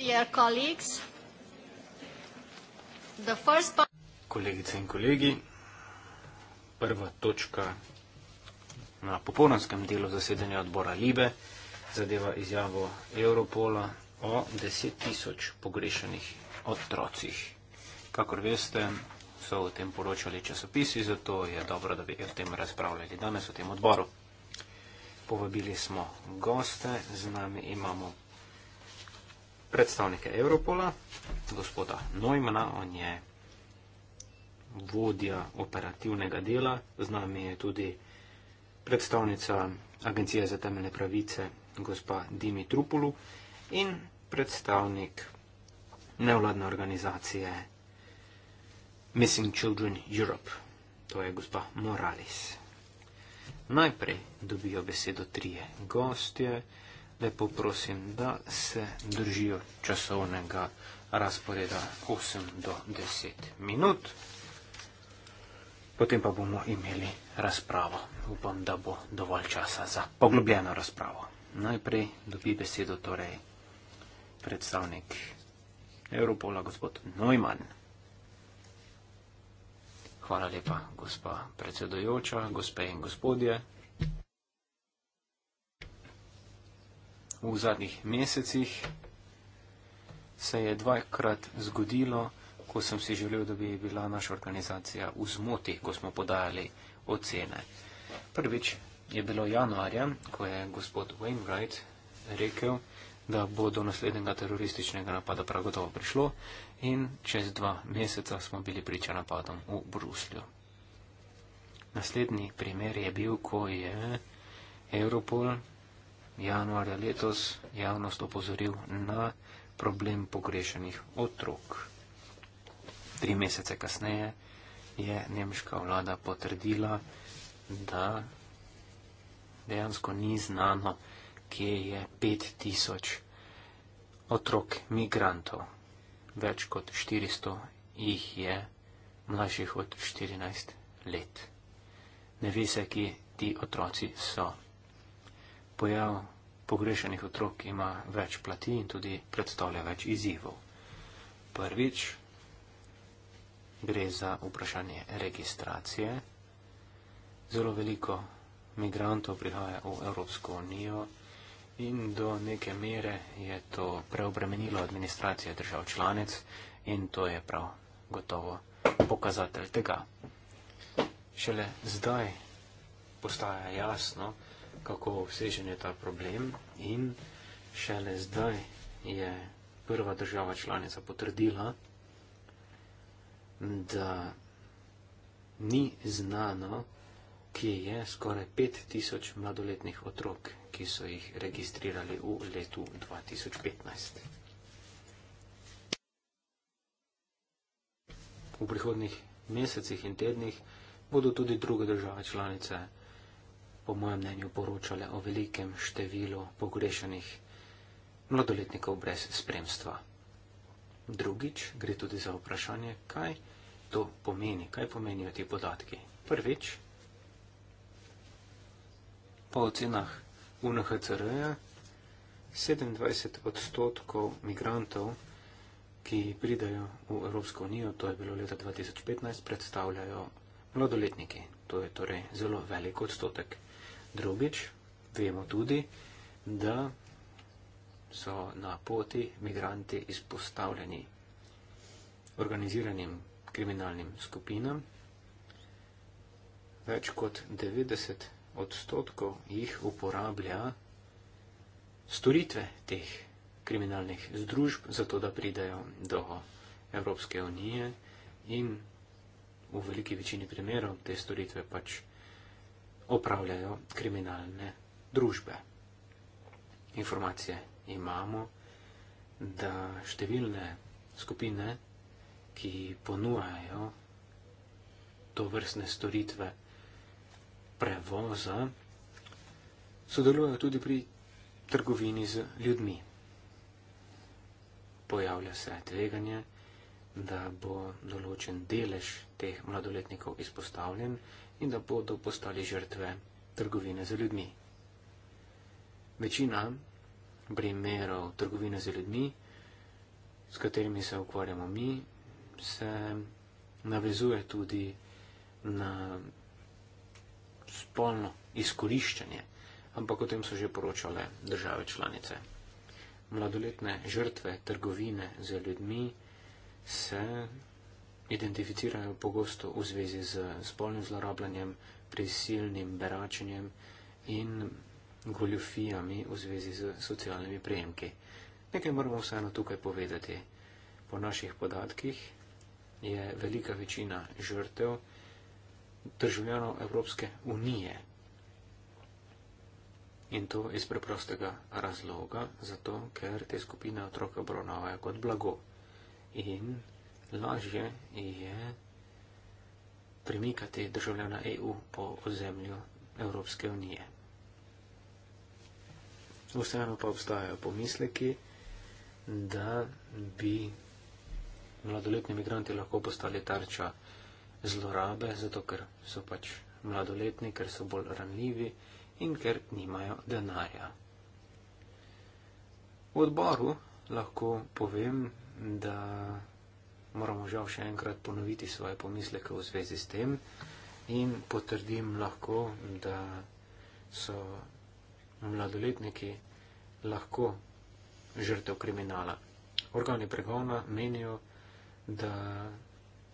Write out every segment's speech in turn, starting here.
Dear colleagues, the first part... Kolegice in kolegi, prva točka na popolnanskem delu zasedanja odbora Libe zadeva izjavo Europola o 10 tisoč pogrešenih otrocih. Kakor veste, so o tem poročali časopisi, zato je dobro, da bi o tem razpravljali danes o tem odboru. Povabili smo goste, z nami imamo predstavnike Europola, gospoda Neumana, on je vodja operativnega dela, z nami je tudi predstavnica Agencije za temeljne pravice, gospa Dimi Trupulu in predstavnik nevladne organizacije Missing Children Europe, to je gospa Morales. Najprej dobijo besedo trije gostje lepo prosim, da se držijo časovnega razporeda 8 do 10 minut. Potem pa bomo imeli razpravo. Upam, da bo dovolj časa za poglobljeno razpravo. Najprej dobi besedo torej predstavnik Evropola, gospod Neumann. Hvala lepa, gospa predsedojoča, gospe in gospodje. v zadnjih mesecih se je dvakrat zgodilo, ko sem si želel, da bi bila naša organizacija v zmoti, ko smo podajali ocene. Prvič je bilo januarja, ko je gospod Wainwright rekel, da bo do naslednjega terorističnega napada pragotovo prišlo in čez dva meseca smo bili priča napadom v Bruslju. Naslednji primer je bil, ko je Europol januarja letos javnost opozoril na problem pogrešenih otrok. Tri mesece kasneje je nemška vlada potrdila, da dejansko ni znano, kje je 5000 otrok migrantov. Več kot 400 jih je mlajših od 14 let. Ne ve se, kje ti otroci so pojav pogrešenih otrok ima več plati in tudi predstavlja več izzivov. Prvič gre za vprašanje registracije. Zelo veliko migrantov prihaja v Evropsko unijo in do neke mere je to preobremenilo administracije držav članic in to je prav gotovo pokazatelj tega. Šele zdaj postaja jasno, kako obsežen je ta problem in šele zdaj je prva država članica potrdila, da ni znano, kje je skoraj 5000 mladoletnih otrok, ki so jih registrirali v letu 2015. V prihodnih mesecih in tednih bodo tudi druge države članice po mojem mnenju, poročale o velikem številu pogrešanih mladoletnikov brez spremstva. Drugič gre tudi za vprašanje, kaj to pomeni, kaj pomenijo ti podatki. Prvič, po ocenah UNHCR-ja, 27 odstotkov migrantov, ki pridajo v Evropsko unijo, to je bilo leta 2015, predstavljajo mladoletniki. To je torej zelo velik odstotek. Drugič, vemo tudi, da so na poti migranti izpostavljeni organiziranim kriminalnim skupinam. Več kot 90 odstotkov jih uporablja storitve teh kriminalnih združb, zato da pridajo do Evropske unije in v veliki večini primerov te storitve pač opravljajo kriminalne družbe. Informacije imamo, da številne skupine, ki ponujajo to vrstne storitve prevoza, sodelujejo tudi pri trgovini z ljudmi. Pojavlja se tveganje, da bo določen delež teh mladoletnikov izpostavljen in da bodo postali žrtve trgovine z ljudmi. Večina primerov trgovine z ljudmi, s katerimi se ukvarjamo mi, se navezuje tudi na spolno izkoriščanje, ampak o tem so že poročale države članice. Mladoletne žrtve trgovine z ljudmi se identificirajo pogosto v zvezi z spolnim zlorabljanjem, prisilnim beračenjem in goljufijami v zvezi z socialnimi prejemki. Nekaj moramo vseeno tukaj povedati. Po naših podatkih je velika večina žrtev državljanov Evropske unije. In to iz preprostega razloga, zato ker te skupine otroke obravnavajo kot blago. In lažje je premikati državljana EU po ozemlju Evropske unije. Vseeno pa obstajajo pomisleki, da bi mladoletni imigranti lahko postali tarča zlorabe, zato ker so pač mladoletni, ker so bolj ranljivi in ker nimajo denarja. V odboru lahko povem, da moramo žal še enkrat ponoviti svoje pomisleke v zvezi s tem in potrdim lahko, da so mladoletniki lahko žrtev kriminala. Organi pregona menijo, da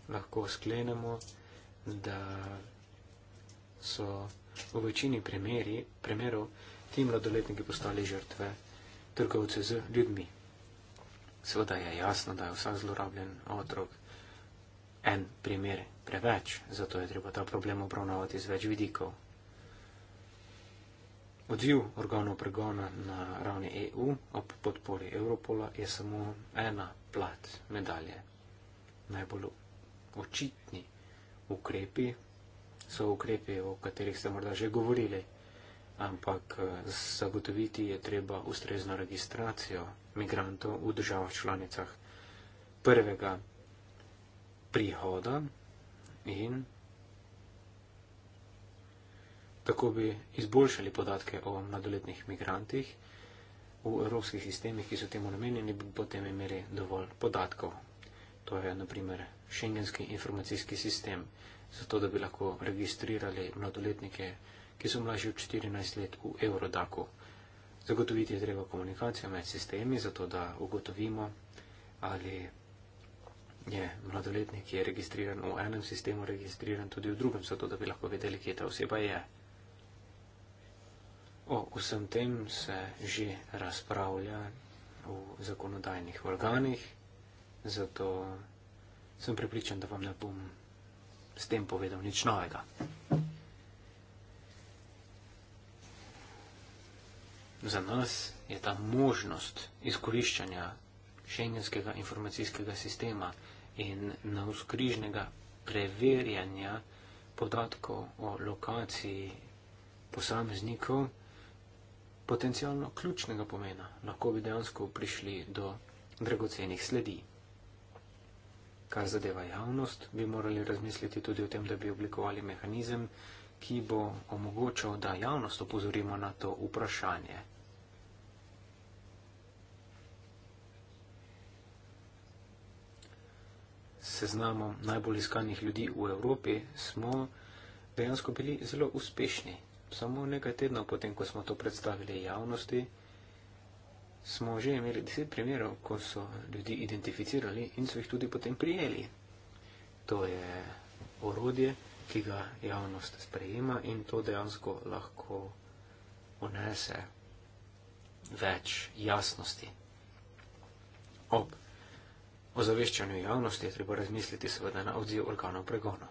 lahko sklenemo, da so v večini primeri, primerov ti mladoletniki postali žrtve trgovce z ljudmi. Seveda je jasno, da je vsak zlorabljen otrok en primer preveč, zato je treba ta problem obravnavati z več vidikov. Odziv organov pregona na ravni EU ob podpori Evropola je samo ena plat medalje. Najbolj očitni ukrepi so ukrepi, o katerih ste morda že govorili, ampak eh, zagotoviti je treba ustrezno registracijo migrantov v državah članicah prvega prihoda in tako bi izboljšali podatke o mladoletnih migrantih v evropskih sistemih, ki so temu namenjeni, bi potem imeli dovolj podatkov. To je naprimer šengenski informacijski sistem, zato da bi lahko registrirali mladoletnike, ki so mlajši od 14 let v Eurodaku. Zagotoviti je treba komunikacijo med sistemi, zato da ugotovimo, ali je mladoletnik, ki je registriran v enem sistemu, registriran tudi v drugem, zato da bi lahko vedeli, kje ta oseba je. O vsem tem se že razpravlja v zakonodajnih organih, zato sem pripričan, da vam ne bom s tem povedal nič novega. za nas je ta možnost izkoriščanja šengenskega informacijskega sistema in navzkrižnega preverjanja podatkov o lokaciji posameznikov potencialno ključnega pomena. Lahko bi dejansko prišli do dragocenih sledi. Kar zadeva javnost, bi morali razmisliti tudi o tem, da bi oblikovali mehanizem, ki bo omogočal, da javnost opozorimo na to vprašanje. seznamom najbolj iskanih ljudi v Evropi, smo dejansko bili zelo uspešni. Samo nekaj tednov potem, ko smo to predstavili javnosti, smo že imeli deset primerov, ko so ljudi identificirali in so jih tudi potem prijeli. To je orodje, ki ga javnost sprejema in to dejansko lahko unese več jasnosti. Ob O zaveščanju javnosti je treba razmisliti seveda na odziv organov pregona.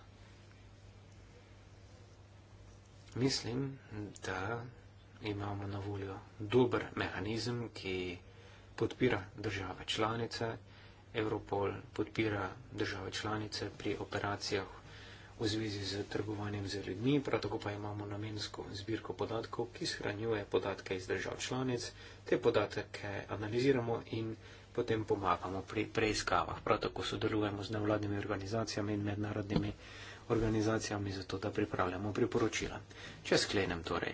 Mislim, da imamo na voljo dober mehanizem, ki podpira države članice, Europol podpira države članice pri operacijah v zvezi z trgovanjem z ljudmi, prav tako pa imamo namensko zbirko podatkov, ki shranjuje podatke iz držav članic, te podatke analiziramo in potem pomagamo pri preiskavah. Prav tako sodelujemo z nevladnimi organizacijami in mednarodnimi organizacijami za to, da pripravljamo priporočila. Če sklenem torej,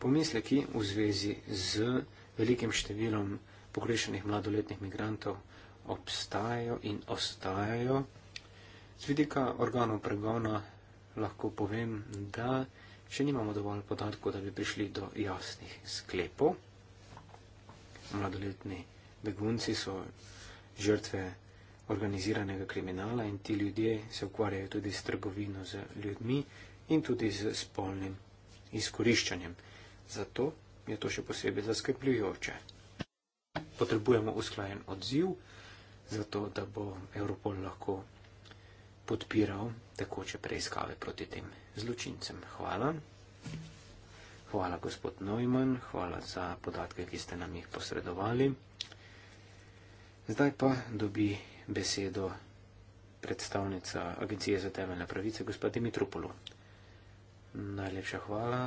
pomisleki v zvezi z velikim številom pogrešenih mladoletnih migrantov obstajajo in ostajajo. Z vidika organov pregona lahko povem, da še nimamo dovolj podatkov, da bi prišli do jasnih sklepov. Mladoletni Begunci so žrtve organiziranega kriminala in ti ljudje se ukvarjajo tudi s trgovino z ljudmi in tudi z spolnim izkoriščanjem. Zato je to še posebej zaskrbljujoče. Potrebujemo usklajen odziv, zato da bo Europol lahko podpiral tekoče preiskave proti tem zločincem. Hvala. Hvala, gospod Neumann, hvala za podatke, ki ste nam jih posredovali. Zdaj pa dobi besedo predstavnica Agencije za temeljne pravice, gospod Dimitropolo. Najlepša hvala,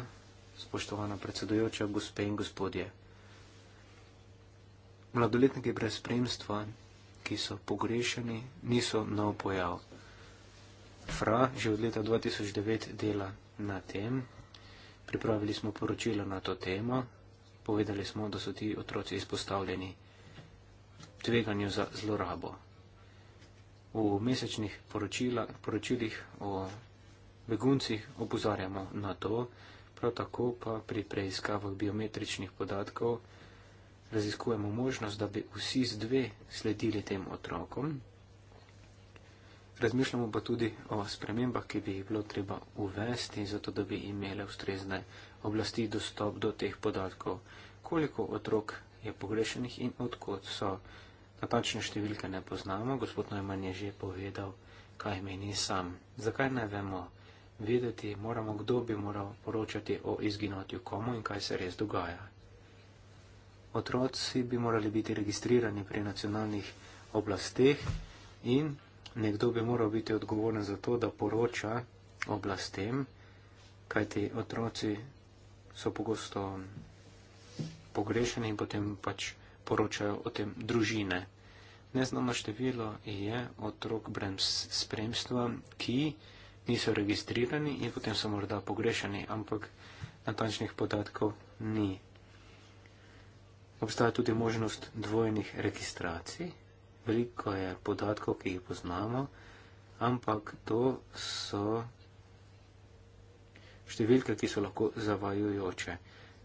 spoštovana predsedujoča, gospe in gospodje. Mladoletniki brez spremstva, ki so pogrešeni, niso na pojav. FRA že od leta 2009 dela na tem. Pripravili smo poročilo na to temo. Povedali smo, da so ti otroci izpostavljeni tveganju za zlorabo. V mesečnih poročila, poročilih o beguncih opozarjamo na to, prav tako pa pri preiskavah biometričnih podatkov raziskujemo možnost, da bi vsi z dve sledili tem otrokom. Razmišljamo pa tudi o spremembah, ki bi jih bilo treba uvesti, zato da bi imele ustrezne oblasti dostop do teh podatkov, koliko otrok je pogrešenih in odkot so. Natančne številke ne poznamo, gospod Najman je že povedal, kaj meni sam. Zakaj ne vemo? Vedeti moramo, kdo bi moral poročati o izginotju komu in kaj se res dogaja. Otroci bi morali biti registrirani pri nacionalnih oblasteh in nekdo bi moral biti odgovoren za to, da poroča oblastem, kajti otroci so pogosto pogrešeni in potem pač poročajo o tem družine. Neznano število je otrok brez spremstva, ki niso registrirani in potem so morda pogrešani, ampak natančnih podatkov ni. Obstaja tudi možnost dvojnih registracij. Veliko je podatkov, ki jih poznamo, ampak to so številke, ki so lahko zavajujoče.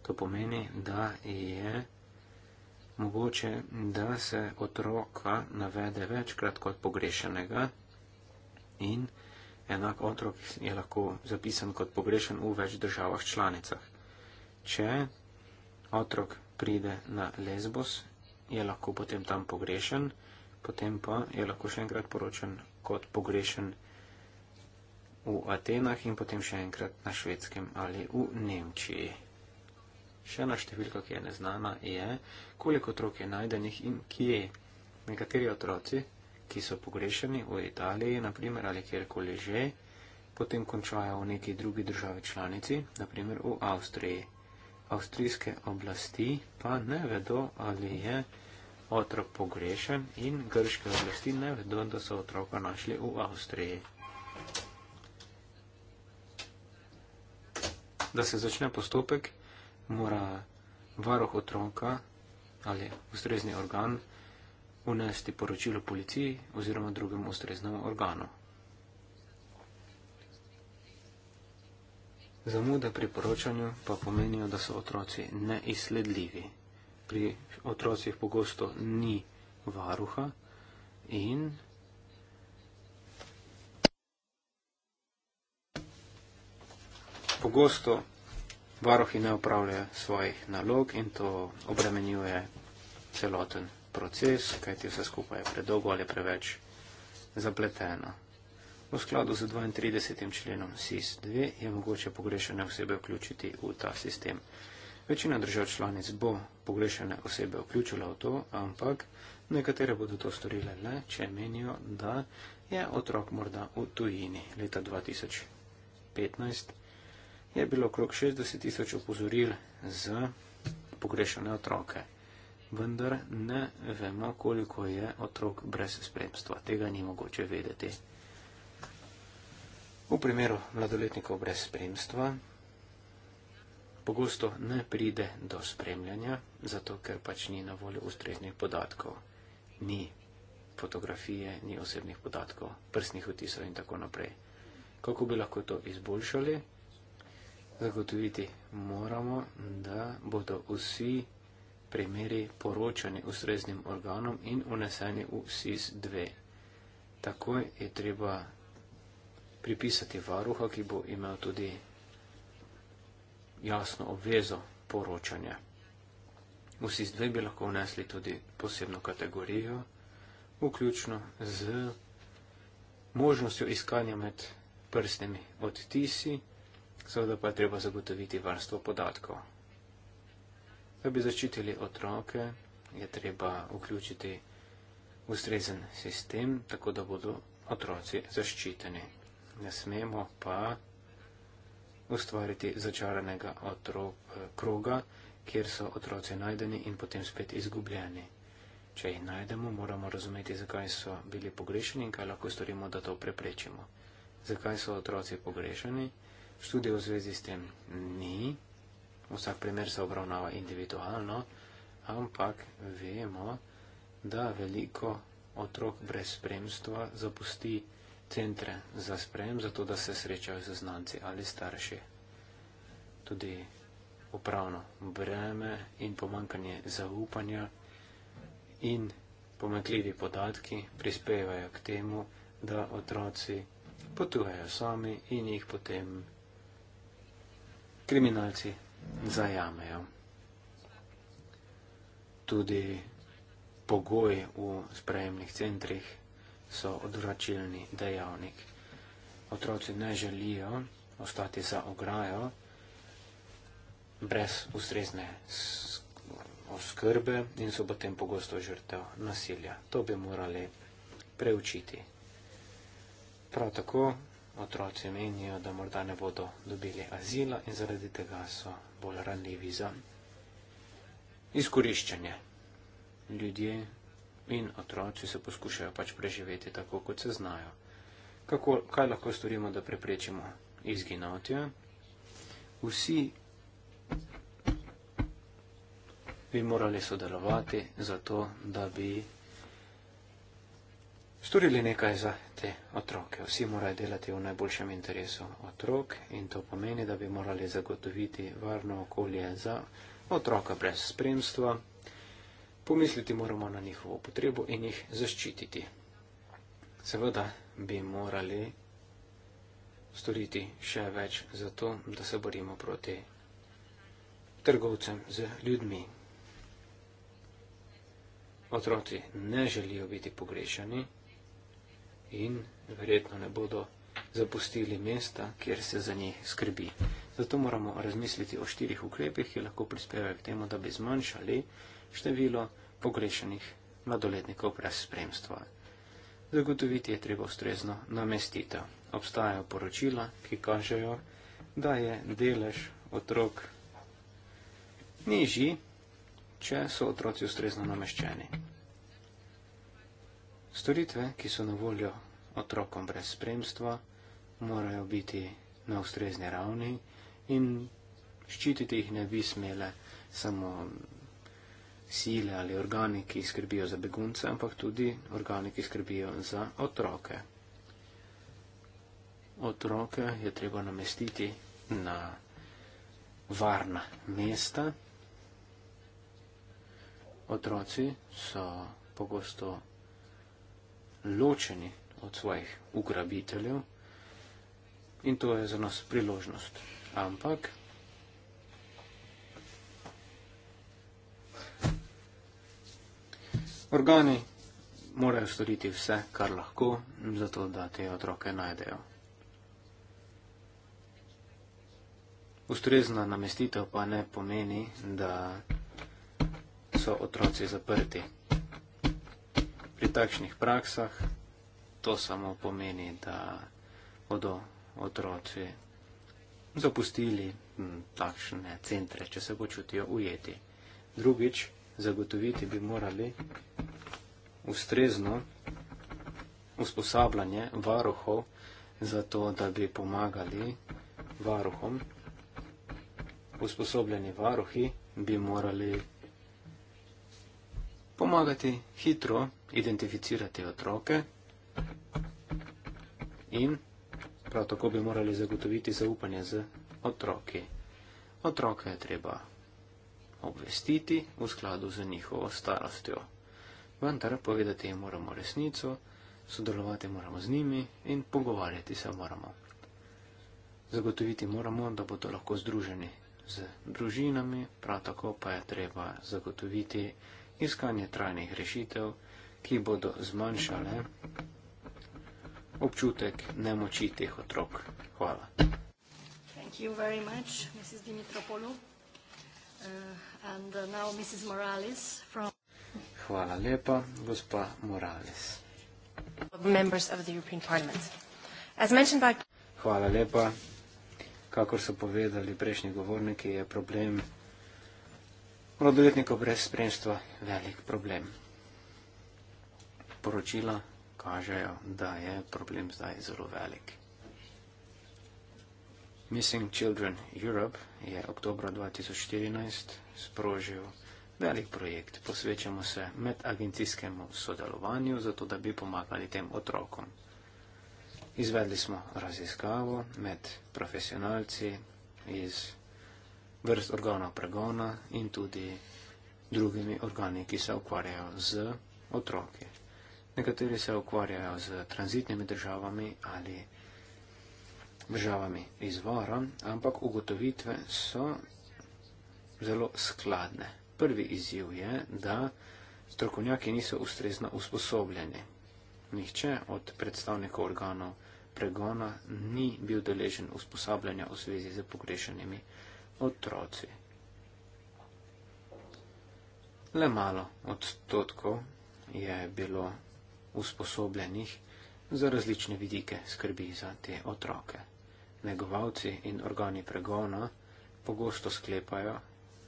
To pomeni, da je mogoče, da se otroka navede večkrat kot pogrešenega in enak otrok je lahko zapisan kot pogrešen v več državah članicah. Če otrok pride na lesbos, je lahko potem tam pogrešen, potem pa je lahko še enkrat poročen kot pogrešen v Atenah in potem še enkrat na švedskem ali v Nemčiji. Še ena številka, ki je neznana, je, koliko otrok je najdenih in kje. Nekateri otroci, ki so pogrešeni v Italiji, naprimer, ali kjerkoli že, potem končajo v neki drugi državi članici, naprimer v Avstriji. Avstrijske oblasti pa ne vedo, ali je otrok pogrešen in grške oblasti ne vedo, da so otroka našli v Avstriji. Da se začne postopek, mora varoh otroka ali ustrezni organ unesti poročilo policiji oziroma drugemu ustreznemu organu. Zamude pri poročanju pa pomenijo, da so otroci neizsledljivi. Pri otrocih pogosto ni varuha in pogosto varohi ne upravljajo svojih nalog in to obremenjuje celoten proces, kajti vse skupaj je predolgo ali preveč zapleteno. V skladu z 32. členom SIS-2 je mogoče pogrešene osebe vključiti v ta sistem. Večina držav članic bo pogrešene osebe vključila v to, ampak nekatere bodo to storile le, če menijo, da je otrok morda v tujini leta 2015 je bilo okrog 60 tisoč opozoril za pogrešane otroke. Vendar ne vemo, koliko je otrok brez spremstva. Tega ni mogoče vedeti. V primeru mladoletnikov brez spremstva pogosto ne pride do spremljanja, zato ker pač ni na voljo ustreznih podatkov. Ni fotografije, ni osebnih podatkov, prstnih otisov in tako naprej. Kako bi lahko to izboljšali? zagotoviti moramo, da bodo vsi primeri poročani ustreznim organom in uneseni v SIS-2. Takoj je treba pripisati varuha, ki bo imel tudi jasno obvezo poročanja. V SIS-2 bi lahko unesli tudi posebno kategorijo, vključno z možnostjo iskanja med prstnimi odtisi, Seveda pa je treba zagotoviti varstvo podatkov. Da bi zaščitili otroke, je treba vključiti ustrezen sistem, tako da bodo otroci zaščiteni. Ne smemo pa ustvariti začaranega otrok, kroga, kjer so otroci najdeni in potem spet izgubljeni. Če jih najdemo, moramo razumeti, zakaj so bili pogrešeni in kaj lahko storimo, da to preprečimo. Zakaj so otroci pogrešeni? študij v zvezi s tem ni, vsak primer se obravnava individualno, ampak vemo, da veliko otrok brez spremstva zapusti centre za sprem, zato da se srečajo z znanci ali starši. Tudi upravno breme in pomankanje zaupanja in pomakljivi podatki prispevajo k temu, da otroci potujejo sami in jih potem kriminalci zajamejo. Tudi pogoji v sprejemnih centrih so odvračilni dejavnik. Otroci ne želijo ostati za ograjo brez ustrezne oskrbe in so potem pogosto žrtev nasilja. To bi morali preučiti. Prav tako otroci menijo, da morda ne bodo dobili azila in zaradi tega so bolj ranljivi za izkoriščanje. Ljudje in otroci se poskušajo pač preživeti tako, kot se znajo. Kako, kaj lahko storimo, da preprečimo izginotje? Vsi bi morali sodelovati za to, da bi storili nekaj za te otroke. Vsi morajo delati v najboljšem interesu otrok in to pomeni, da bi morali zagotoviti varno okolje za otroka brez spremstva. Pomisliti moramo na njihovo potrebo in jih zaščititi. Seveda bi morali storiti še več za to, da se borimo proti trgovcem z ljudmi. Otroci ne želijo biti pogrešani, in verjetno ne bodo zapustili mesta, kjer se za njih skrbi. Zato moramo razmisliti o štirih ukrepih, ki lahko prispevajo k temu, da bi zmanjšali število pogrešenih mladoletnikov brez spremstva. Zagotoviti je treba ustrezno namestitev. Obstajajo poročila, ki kažejo, da je delež otrok nižji, če so otroci ustrezno nameščeni. Storitve, ki so na voljo otrokom brez spremstva, morajo biti na ustrezni ravni in ščititi jih ne bi smele samo sile ali organi, ki skrbijo za begunce, ampak tudi organi, ki skrbijo za otroke. Otroke je treba namestiti na varna mesta. Otroci so pogosto ločeni od svojih ugrabiteljev in to je za nas priložnost. Ampak organi morajo storiti vse, kar lahko, zato da te otroke najdejo. Ustrezna namestitev pa ne pomeni, da so otroci zaprti. Pri takšnih praksah to samo pomeni, da bodo otroci zapustili hm, takšne centre, če se počutijo ujeti. Drugič, zagotoviti bi morali ustrezno usposabljanje varuhov za to, da bi pomagali varuhom. Usposobljeni varuhi bi morali pomagati hitro identificirati otroke, In prav tako bi morali zagotoviti zaupanje z otroki. Otroke je treba obvestiti v skladu z njihovo starostjo. Vendar povedati jim moramo resnico, sodelovati moramo z njimi in pogovarjati se moramo. Zagotoviti moramo, da bodo lahko združeni z družinami, prav tako pa je treba zagotoviti iskanje trajnih rešitev, ki bodo zmanjšale občutek nemoči teh otrok. Hvala. Thank you very much, Mrs. Dimitropoulou. Uh, and uh, now Mrs. Morales from Hvala lepa, gospa Morales. Members of the European Parliament. As mentioned by Hvala lepa. Kakor so povedali prejšnji govorniki, je problem mladoletnikov brez spremstva velik problem. Poročila kažejo, da je problem zdaj zelo velik. Missing Children Europe je oktober 2014 sprožil velik projekt. Posvečamo se medagencijskemu sodelovanju, zato da bi pomagali tem otrokom. Izvedli smo raziskavo med profesionalci iz vrst organov pregona in tudi drugimi organi, ki se ukvarjajo z otroki. Nekateri se ukvarjajo z tranzitnimi državami ali državami izvora, ampak ugotovitve so zelo skladne. Prvi izjiv je, da strokovnjaki niso ustrezno usposobljeni. Nihče od predstavnikov organov pregona ni bil deležen usposabljanja v zvezi z pogrešanimi otroci. Le malo odstotkov je bilo usposobljenih za različne vidike skrbi za te otroke. Negovalci in organi pregona pogosto sklepajo,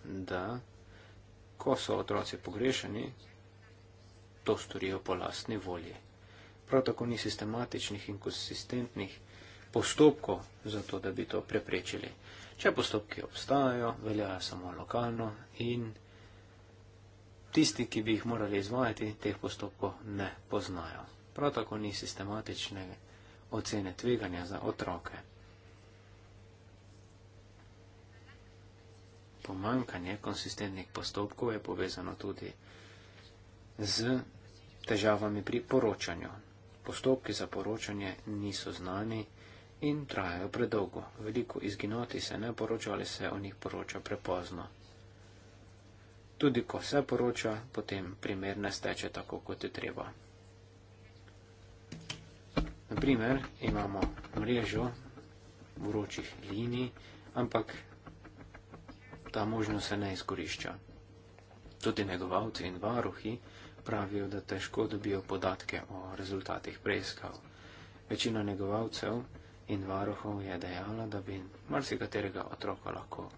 da ko so otroci pogrešani, to storijo po lastni volji. Prav tako ni sistematičnih in konsistentnih postopkov za to, da bi to preprečili. Če postopki obstajajo, veljajo samo lokalno in tisti, ki bi jih morali izvajati, teh postopkov ne poznajo. Prav tako ni sistematične ocene tveganja za otroke. Pomankanje konsistentnih postopkov je povezano tudi z težavami pri poročanju. Postopki za poročanje niso znani in trajajo predolgo. Veliko izginoti se ne poroča ali se o njih poroča prepozno tudi ko se poroča, potem primer ne steče tako, kot je treba. Naprimer, imamo mrežo vročih linij, ampak ta možnost se ne izkorišča. Tudi negovalci in varuhi pravijo, da težko dobijo podatke o rezultatih preiskav. Večina negovalcev in varuhov je dejala, da bi marsikaterega otroka lahko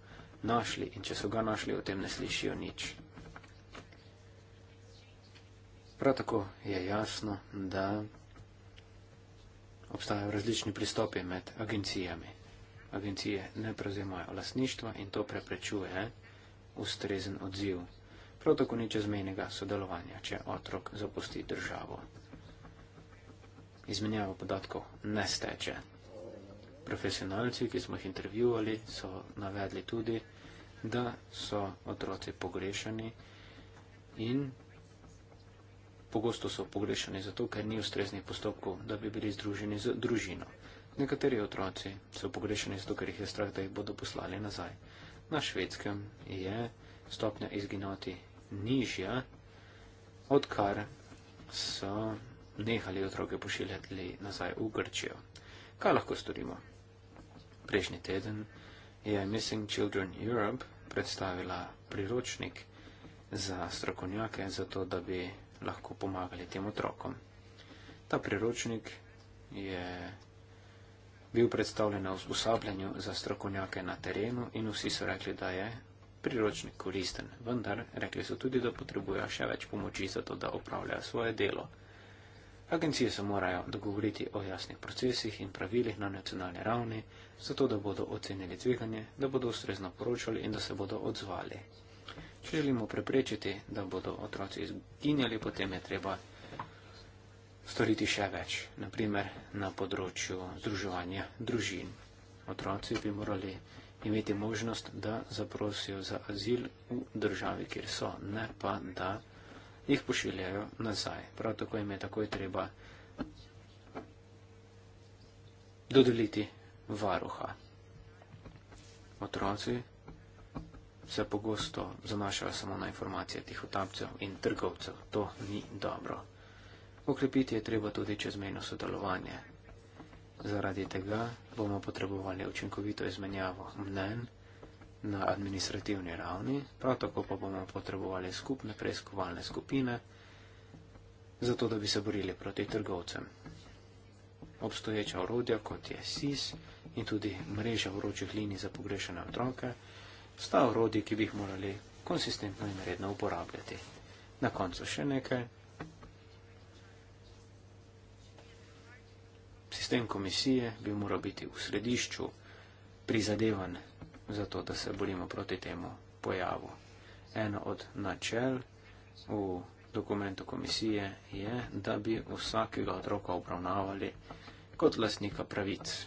našli in če so ga našli, o tem ne slišijo nič. Prav tako je jasno, da obstajajo različni pristopi med agencijami. Agencije ne prevzemajo lasništva in to preprečuje ustrezen odziv. Prav tako ni čezmenega sodelovanja, če otrok zapusti državo. Izmenjava podatkov ne steče profesionalci, ki smo jih intervjuvali, so navedli tudi, da so otroci pogrešani in pogosto so pogrešani zato, ker ni ustreznih postopkov, da bi bili združeni z družino. Nekateri otroci so pogrešani zato, ker jih je strah, da jih bodo poslali nazaj. Na švedskem je stopnja izginoti nižja, odkar so nehali otroke pošiljati nazaj v Grčijo. Kaj lahko storimo? Prejšnji teden je Missing Children Europe predstavila priročnik za strokovnjake, zato da bi lahko pomagali tem otrokom. Ta priročnik je bil predstavljen na usposabljanju za strokovnjake na terenu in vsi so rekli, da je priročnik koristen, vendar rekli so tudi, da potrebujejo še več pomoči za to, da opravljajo svoje delo. Agencije se morajo dogovoriti o jasnih procesih in pravilih na nacionalni ravni, zato da bodo ocenili tveganje, da bodo ustrezno poročali in da se bodo odzvali. Če želimo preprečiti, da bodo otroci izginjali, potem je treba storiti še več, naprimer na področju združevanja družin. Otroci bi morali imeti možnost, da zaprosijo za azil v državi, kjer so, ne pa da jih pošiljajo nazaj. Prav tako jim je takoj treba dodeliti varuha. Otroci se pogosto zanašajo samo na informacije tihotapcev in trgovcev. To ni dobro. Okrepiti je treba tudi čezmejno sodelovanje. Zaradi tega bomo potrebovali učinkovito izmenjavo mnen na administrativni ravni, prav tako pa bomo potrebovali skupne preiskovalne skupine, zato da bi se borili proti trgovcem. Obstoječa orodja, kot je SIS in tudi mreža vročih linij za pogrešene otroke, sta orodji, ki bi jih morali konsistentno in redno uporabljati. Na koncu še nekaj. Sistem komisije bi moral biti v središču prizadevan zato da se borimo proti temu pojavu. Eno od načel v dokumentu komisije je, da bi vsakega otroka obravnavali kot lasnika pravic.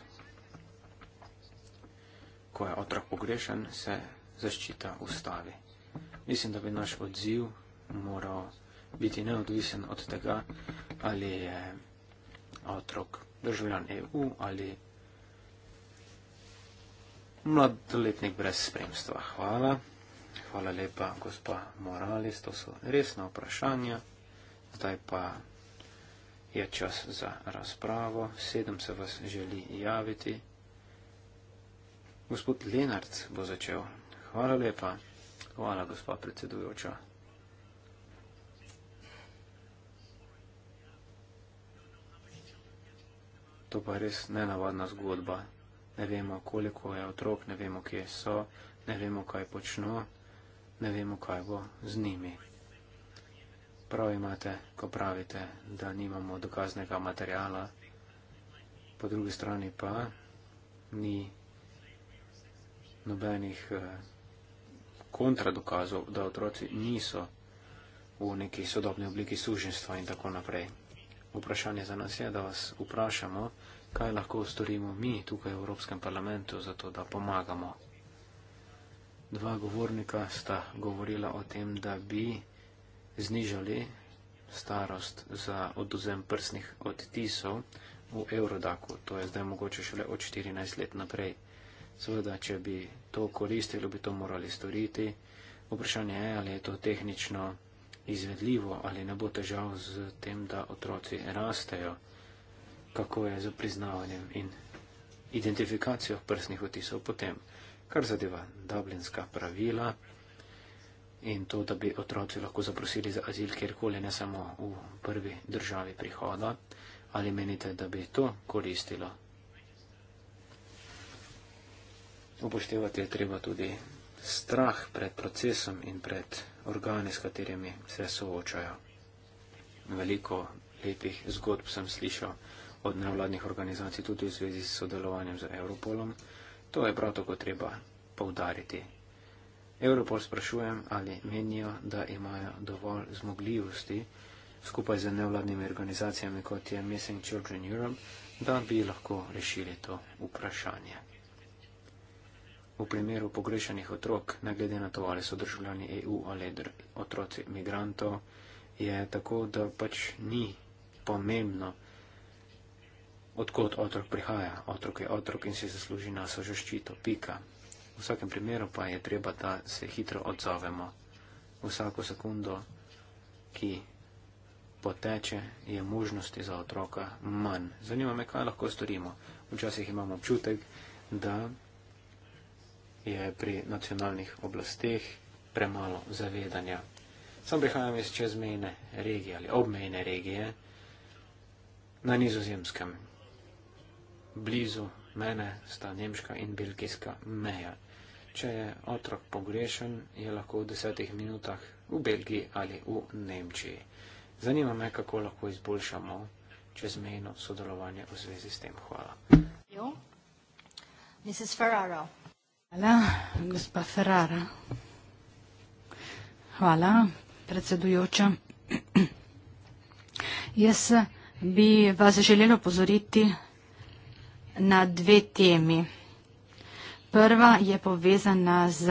Ko je otrok pogrešen, se zaščita ustavi. Mislim, da bi naš odziv moral biti neodvisen od tega, ali je otrok državljan EU ali Mladoletnik brez spremstva. Hvala. Hvala lepa, gospa Morales. To so resna vprašanja. Zdaj pa je čas za razpravo. Sedem se vas želi javiti. Gospod Lenarc bo začel. Hvala lepa. Hvala, gospa predsedujoča. To pa je res nenavadna zgodba ne vemo, koliko je otrok, ne vemo, kje so, ne vemo, kaj počno, ne vemo, kaj bo z njimi. Prav imate, ko pravite, da nimamo dokaznega materijala, po drugi strani pa ni nobenih eh, kontradokazov, da otroci niso v neki sodobni obliki suženstva in tako naprej. Vprašanje za nas je, da vas vprašamo, kaj lahko storimo mi tukaj v Evropskem parlamentu za to, da pomagamo. Dva govornika sta govorila o tem, da bi znižali starost za oduzem prsnih odtisov v Eurodaku. To je zdaj mogoče šele od 14 let naprej. Seveda, če bi to koristili, bi to morali storiti. Vprašanje je, ali je to tehnično izvedljivo, ali ne bo težav z tem, da otroci rastejo kako je z priznavanjem in identifikacijo prstnih otisov potem, kar zadeva dublinska pravila in to, da bi otroci lahko zaprosili za azil kjerkoli, ne samo v prvi državi prihoda, ali menite, da bi to koristilo? Upoštevati je treba tudi strah pred procesom in pred organi, s katerimi se soočajo. Veliko lepih zgodb sem slišal od nevladnih organizacij tudi v zvezi s sodelovanjem z Europolom. To je prav tako treba povdariti. Europol sprašujem, ali menijo, da imajo dovolj zmogljivosti skupaj z nevladnimi organizacijami, kot je Missing Children Europe, da bi lahko rešili to vprašanje. V primeru pogrešanih otrok, ne glede na to, ali so državljani EU ali otroci migrantov, je tako, da pač ni pomembno, odkot otrok prihaja. Otrok je otrok in si zasluži naso žoščito, pika. V vsakem primeru pa je treba, da se hitro odzovemo. Vsako sekundo, ki poteče, je možnosti za otroka manj. Zanima me, kaj lahko storimo. Včasih imamo občutek, da je pri nacionalnih oblasteh premalo zavedanja. Sam prihajam iz čezmejne regije ali obmejne regije na nizozemskem blizu mene sta nemška in belgijska meja. Če je otrok pogrešen, je lahko v desetih minutah v Belgiji ali v Nemčiji. Zanima me, kako lahko izboljšamo čezmejno sodelovanje v zvezi s tem. Hvala. Hvala, gospa Ferrara. Hvala, predsedujoča. Jaz bi vas želela opozoriti, na dve temi. Prva je povezana z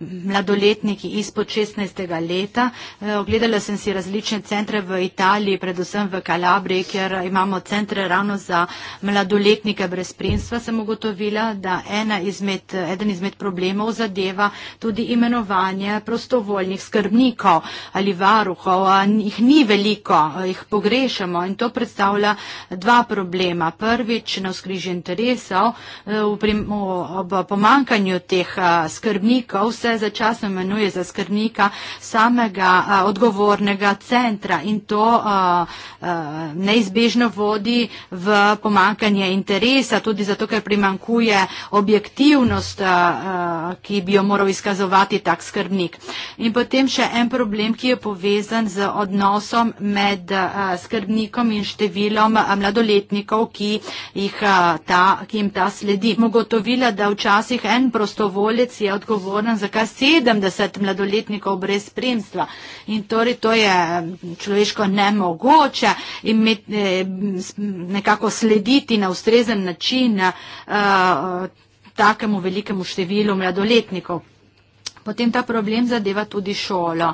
mladoletniki izpod 16. leta. E, ogledala sem si različne centre v Italiji, predvsem v Kalabriji, ker imamo centre ravno za mladoletnike brez spremstva. Sem ugotovila, da ena izmed, eden izmed problemov zadeva tudi imenovanje prostovoljnih skrbnikov ali varuhov. Njih ni veliko, jih pogrešamo in to predstavlja dva problema. Prvič, na skrižen interesov, e, v primu ob pomankanju teh skrbnikov se začasno imenuje za skrbnika samega odgovornega centra in to neizbežno vodi v pomankanje interesa, tudi zato, ker primankuje objektivnost, ki bi jo moral izkazovati tak skrbnik. In potem še en problem, ki je povezan z odnosom med skrbnikom in številom mladoletnikov, ki, ta, ki jim ta sledi. Mogotovila, da včasih včasih en prostovoljec je odgovoren za kar 70 mladoletnikov brez spremstva. In torej to je človeško nemogoče imeti, eh, nekako slediti na ustrezen način eh, takemu velikemu številu mladoletnikov. Potem ta problem zadeva tudi šolo.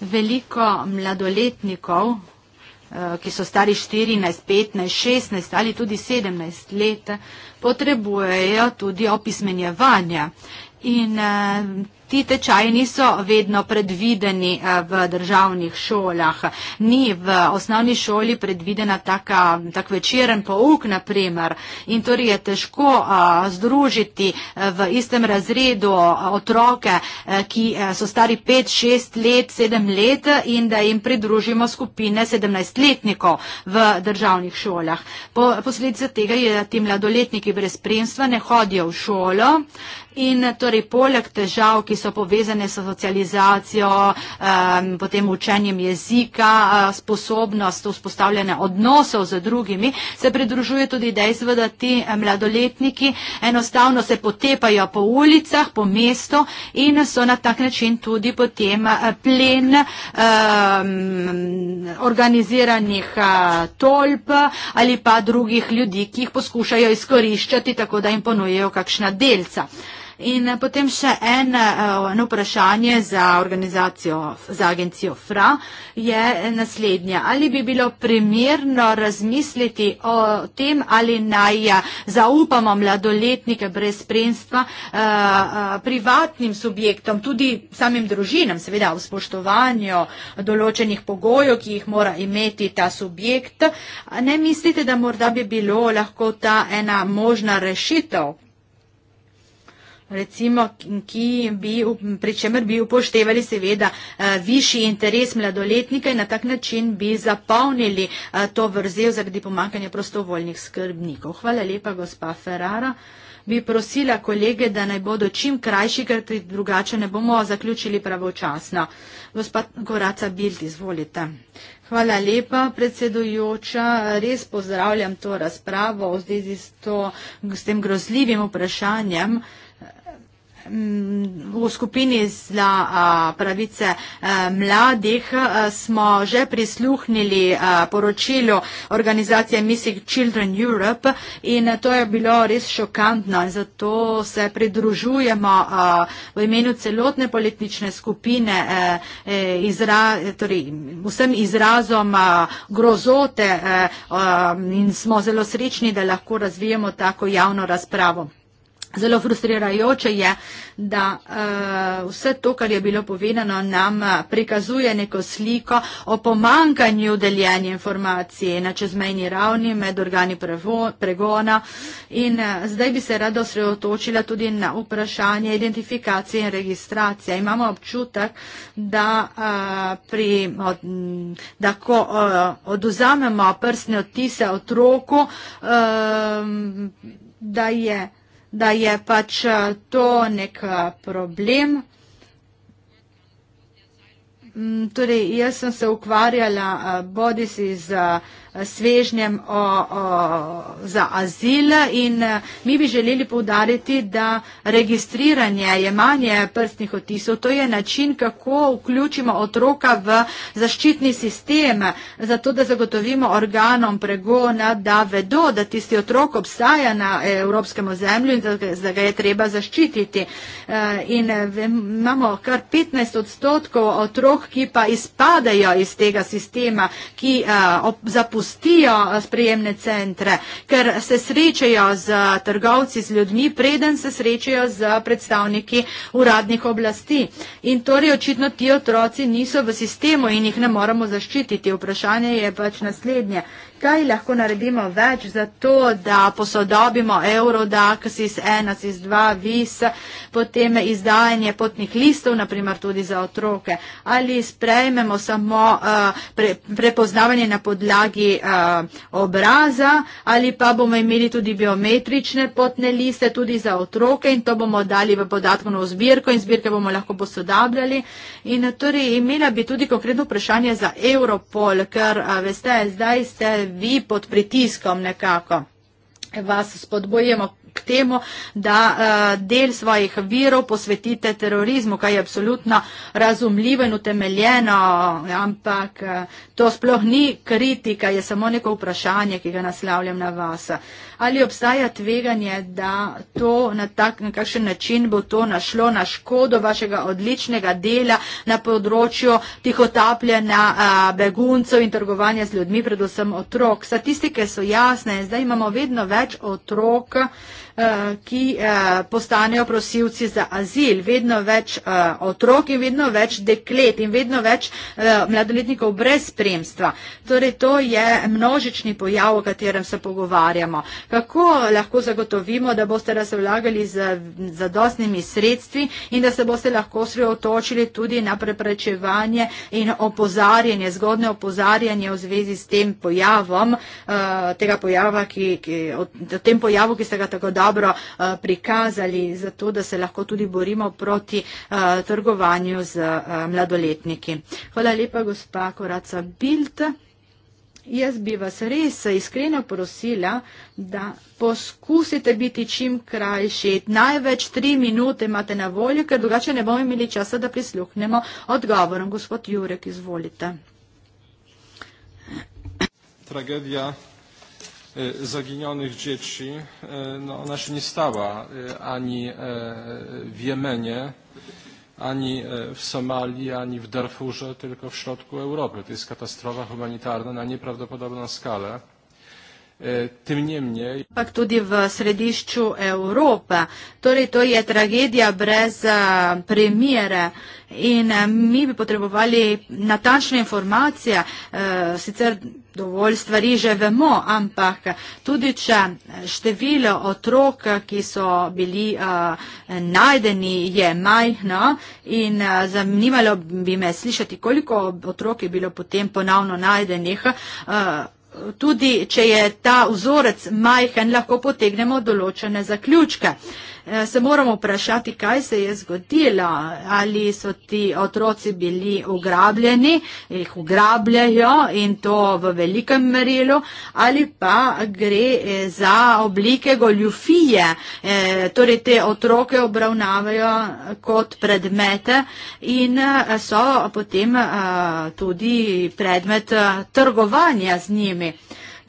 Veliko mladoletnikov Eh, ki so stari 14, 15, 16 ali tudi 17 let, potrebujejo tudi opismenjevanja. In, uh, ti tečaji niso vedno predvideni eh, v državnih šolah. Ni v osnovni šoli predvidena taka, tak večeren pouk, naprimer, in torej je težko eh, združiti eh, v istem razredu otroke, ki so stari 5, 6 let, 7 let in da jim pridružimo skupine 17-letnikov v državnih šolah. Posledica tega je, da ti mladoletniki brez spremstva ne hodijo v šolo in torej poleg težav, ki so povezane s socializacijo, potem učenjem jezika, sposobnost vzpostavljanja odnosov z drugimi, se pridružuje tudi dejstvo, da ti mladoletniki enostavno se potepajo po ulicah, po mestu in so na tak način tudi potem plen organiziranih tolp ali pa drugih ljudi, ki jih poskušajo izkoriščati, tako da jim ponujejo kakšna delca. In eh, potem še en, eh, eno vprašanje za organizacijo, za agencijo FRA je naslednje. Ali bi bilo primerno razmisliti o tem, ali naj eh, zaupamo mladoletnike brez spremstva privatnim subjektom, tudi samim družinam, seveda v spoštovanju določenih pogojev, ki jih mora imeti ta subjekt. Ne mislite, da morda bi bilo lahko ta ena možna rešitev? recimo, ki bi, pri čemer bi upoštevali seveda eh, višji interes mladoletnika in na tak način bi zapolnili eh, to vrzel zaradi pomankanja prostovoljnih skrbnikov. Hvala lepa, gospa Ferrara. Bi prosila kolege, da naj bodo čim krajši, ker drugače ne bomo zaključili pravočasno. Gospa Goraca Bild, izvolite. Hvala lepa, predsedujoča. Res pozdravljam to razpravo v zvezi s, to, s tem grozljivim vprašanjem v skupini za pravice mladih smo že prisluhnili poročilo organizacije Missing Children Europe in to je bilo res šokantno in zato se pridružujemo v imenu celotne politične skupine e, izra, torej, vsem izrazom grozote in smo zelo srečni, da lahko razvijemo tako javno razpravo. Zelo frustrirajoče je, da uh, vse to, kar je bilo povedano, nam eh, prikazuje neko sliko o pomankanju deljenja informacije na čezmejni ravni med organi prevo, pregona. In uh, zdaj bi se rada osredotočila tudi na vprašanje identifikacije in registracije. Imamo občutek, da, uh, pri, od, da ko uh, oduzamemo prstne odtise otroku, uh, da je da je pač eh, to nek eh, problem. Mm, Tudi torej, jaz sem se ukvarjala eh, bodisi z svežnjem o, o, za azil in eh, mi bi želeli povdariti, da registriranje, jemanje prstnih otisov, to je način, kako vključimo otroka v zaščitni sistem, zato da zagotovimo organom pregona, da vedo, da tisti otrok obstaja na eh, evropskem ozemlju in da ga je treba zaščititi. Eh, in imamo kar 15 odstotkov otrok, ki pa izpadajo iz tega sistema, ki zapustijo zapustijo eh, sprejemne centre, ker se srečajo z trgovci, z ljudmi, preden se srečajo z predstavniki uradnih oblasti. In torej očitno ti otroci niso v sistemu in jih ne moramo zaščititi. Vprašanje je pač naslednje kaj lahko naredimo več za to, da posodobimo Eurodac, SIS 1, SIS 2, VIS, potem izdajanje potnih listov, naprimer tudi za otroke, ali sprejmemo samo uh, pre, prepoznavanje na podlagi uh, obraza, ali pa bomo imeli tudi biometrične potne liste tudi za otroke in to bomo dali v podatkovno zbirko in zbirke bomo lahko posodabljali. In torej imela bi tudi konkretno vprašanje za Europol, ker uh, veste, zdaj ste vi pod pritiskom nekako. Vas spodbojemo k temu, da uh, del svojih virov posvetite terorizmu, kaj je absolutno razumljivo in utemeljeno, ampak uh, to sploh ni kritika, je samo neko vprašanje, ki ga naslavljam na vas. Uh, ali obstaja tveganje, da to na tak, na kakšen način bo to našlo na škodo vašega odličnega dela na področju tihotapljena beguncev in trgovanja z ljudmi, predvsem otrok. Statistike so jasne, zdaj imamo vedno več otrok, ki postanejo prosilci za azil, vedno več otrok in vedno več deklet in vedno več mladoletnikov brez spremstva. Torej, to je množični pojav, o katerem se pogovarjamo kako lahko zagotovimo, da boste razvlagali z zadostnimi sredstvi in da se boste lahko sreotočili tudi na preprečevanje in opozarjanje, zgodne opozarjanje v zvezi s tem pojavom, eh, tega pojava, ki, ki, tem pojavu, ki ste ga tako dobro eh, prikazali, zato da se lahko tudi borimo proti eh, trgovanju z mladoletniki. Hvala lepa, gospa Koraca Bilt. Jaz bi vas res iskreno prosila, da poskusite biti čim krajši. Največ tri minute imate na voljo, ker drugače ne bomo imeli časa, da prisluhnemo odgovorom. Gospod Jurek, izvolite. Tragedija e, zaginjonih dječi e, no, ona še ni stala e, ani v Jemenje ani e, w Somalii, ani w Darfurze, tylko w środku Europy. To jest katastrofa humanitarna na nieprawdopodobną skalę. E, Pak tudi v središču Evrope. Torej, to je tragedija brez e, premjere in e, mi bi potrebovali natančne informacije, sicer dovolj stvari že vemo, ampak tudi če število otrok, ki so bili najdeni, je majhno in zanimalo bi me slišati, koliko otrok je bilo potem ponovno najdenih tudi če je ta vzorec majhen, lahko potegnemo določene zaključke. Eh, se moramo vprašati, kaj se je zgodilo, ali so ti otroci bili ugrabljeni, jih ugrabljajo in to v velikem merilu, ali pa gre eh, za oblike goljufije, eh, torej te otroke obravnavajo kot predmete in so potem tudi predmet trgovanja z njimi.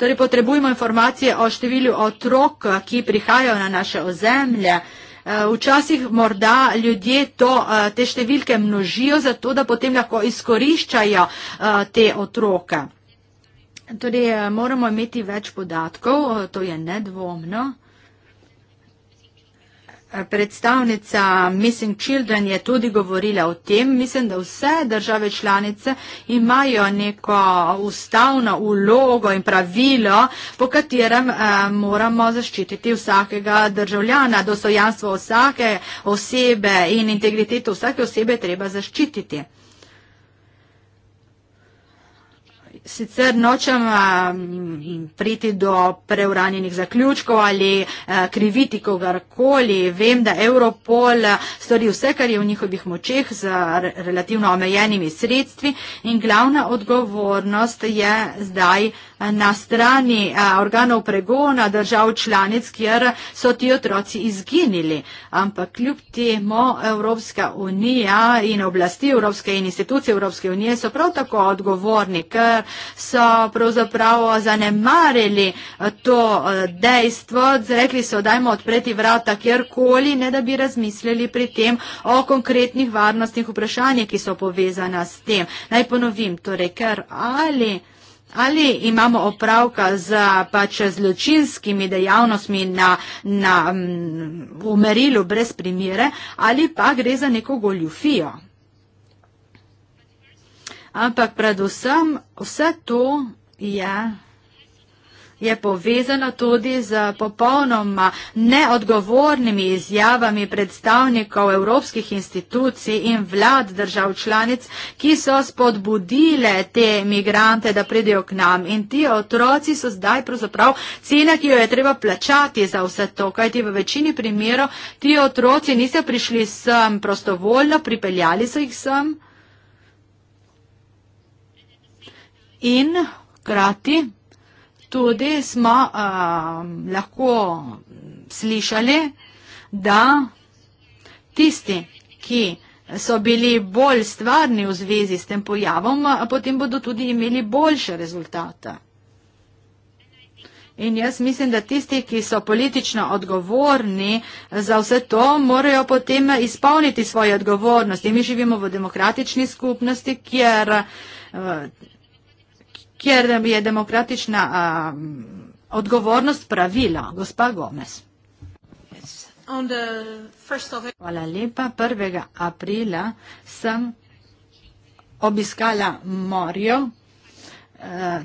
Torej, potrebujemo informacije o številu otrok, ki prihajajo na naše ozemlje. E, včasih morda ljudje to, e, te številke množijo, zato da potem lahko izkoriščajo e, te otroke. Torej, moramo imeti več podatkov, to je nedvomno. Predstavnica Missing Children je tudi govorila o tem. Mislim, da vse države članice imajo neko ustavno ulogo in pravilo, po katerem eh, moramo zaščititi vsakega državljana. Dostojanstvo vsake osebe in integriteto vsake osebe treba zaščititi. sicer nočem um, priti do preuranjenih zaključkov ali uh, kriviti kogarkoli. Vem, da Europol uh, stori vse, kar je v njihovih močeh z relativno omejenimi sredstvi in glavna odgovornost je zdaj na strani organov pregona držav članic, kjer so ti otroci izginili. Ampak kljub temu Evropska unija in oblasti Evropske in institucije Evropske unije so prav tako odgovorni, ker so pravzaprav zanemarili to dejstvo. Rekli so, dajmo odpreti vrata kjerkoli, ne da bi razmislili pri tem o konkretnih varnostnih vprašanjih, ki so povezana s tem. Naj ponovim, torej, ker ali. Ali imamo opravka z pač zločinskimi dejavnostmi na, na umerilu brez primere ali pa gre za neko goljufijo. Ampak predvsem vse to je je povezano tudi z popolnoma neodgovornimi izjavami predstavnikov evropskih institucij in vlad držav članic, ki so spodbudile te migrante, da pridejo k nam. In ti otroci so zdaj pravzaprav cena, ki jo je treba plačati za vse to, kajti v večini primerov ti otroci niso prišli sem prostovoljno, pripeljali so jih sem. In krati tudi smo um, lahko slišali, da tisti, ki so bili bolj stvarni v zvezi s tem pojavom, potem bodo tudi imeli boljše rezultate. In jaz mislim, da tisti, ki so politično odgovorni za vse to, morajo potem izpolniti svojo odgovornost. In mi živimo v demokratični skupnosti, kjer kjer je demokratična a, odgovornost pravila, gospa Gomez. Hvala lepa. 1. aprila sem obiskala morjo. A,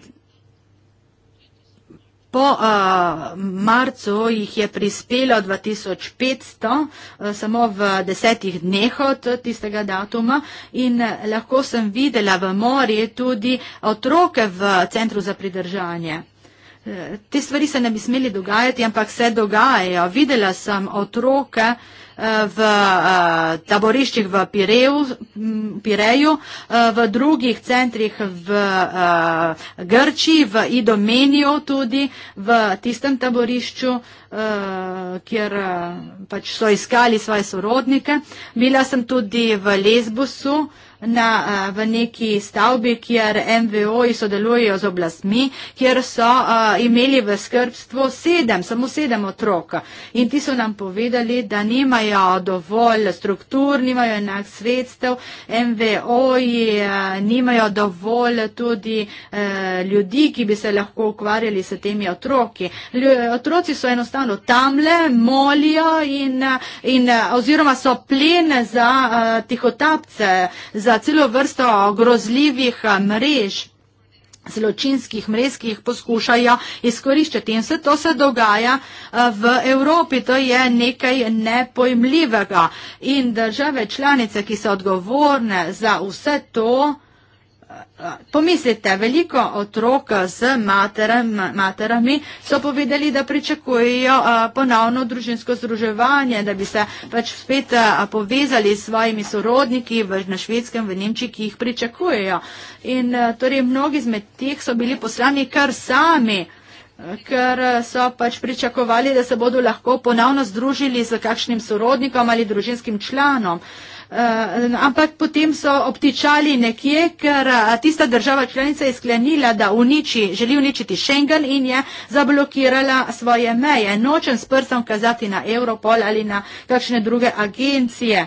Po uh, marcu jih je prispelo 2500, uh, eh, samo v desetih dneh od tistega datuma in eh, lahko sem videla v morje tudi otroke v centru za pridržanje. Te stvari se ne bi smeli dogajati, ampak se dogajajo. Videla sem otroke, uh, v eh, taboriščih v Pireju, Pireju, eh, v drugih centrih v eh, Grčiji, v Idomenijo tudi, v tistem taborišču, kjer pač so iskali svoje sorodnike. Bila sem tudi v Lesbosu, na, eh, v neki stavbi, kjer MVO-ji sodelujejo z oblastmi, kjer so uh, imeli v skrbstvu sedem, samo sedem otrok. In ti so nam povedali, da nimajo dovolj struktur, nimajo enak sredstev, MVO-ji uh, eh, nimajo dovolj tudi uh, ljudi, ki bi se lahko ukvarjali s temi otroki. Lj otroci so enostavno tamle, molijo in, in, oziroma so plen za uh, tihotapce, za celo vrsto grozljivih eh, mrež zločinskih mrez, ki jih poskušajo izkoriščati. In vse to se dogaja eh, v Evropi. To je nekaj nepojmljivega. In države članice, ki so odgovorne za vse to, pomislite, veliko otrok z materem, materami so povedali, da pričakujejo ponovno družinsko združevanje, da bi se pač spet povezali s svojimi sorodniki v, na švedskem, v Nemčiji, ki jih pričakujejo. In torej mnogi izmed teh so bili poslani kar sami ker so pač pričakovali, da se bodo lahko ponovno združili z kakšnim sorodnikom ali družinskim članom. Uh, Eh, ampak potem so obtičali nekje, ker eh, tista država članica je sklenila, da uniči, želi uničiti Schengen in je zablokirala svoje meje. Nočem s prstom kazati na Europol ali na kakšne druge agencije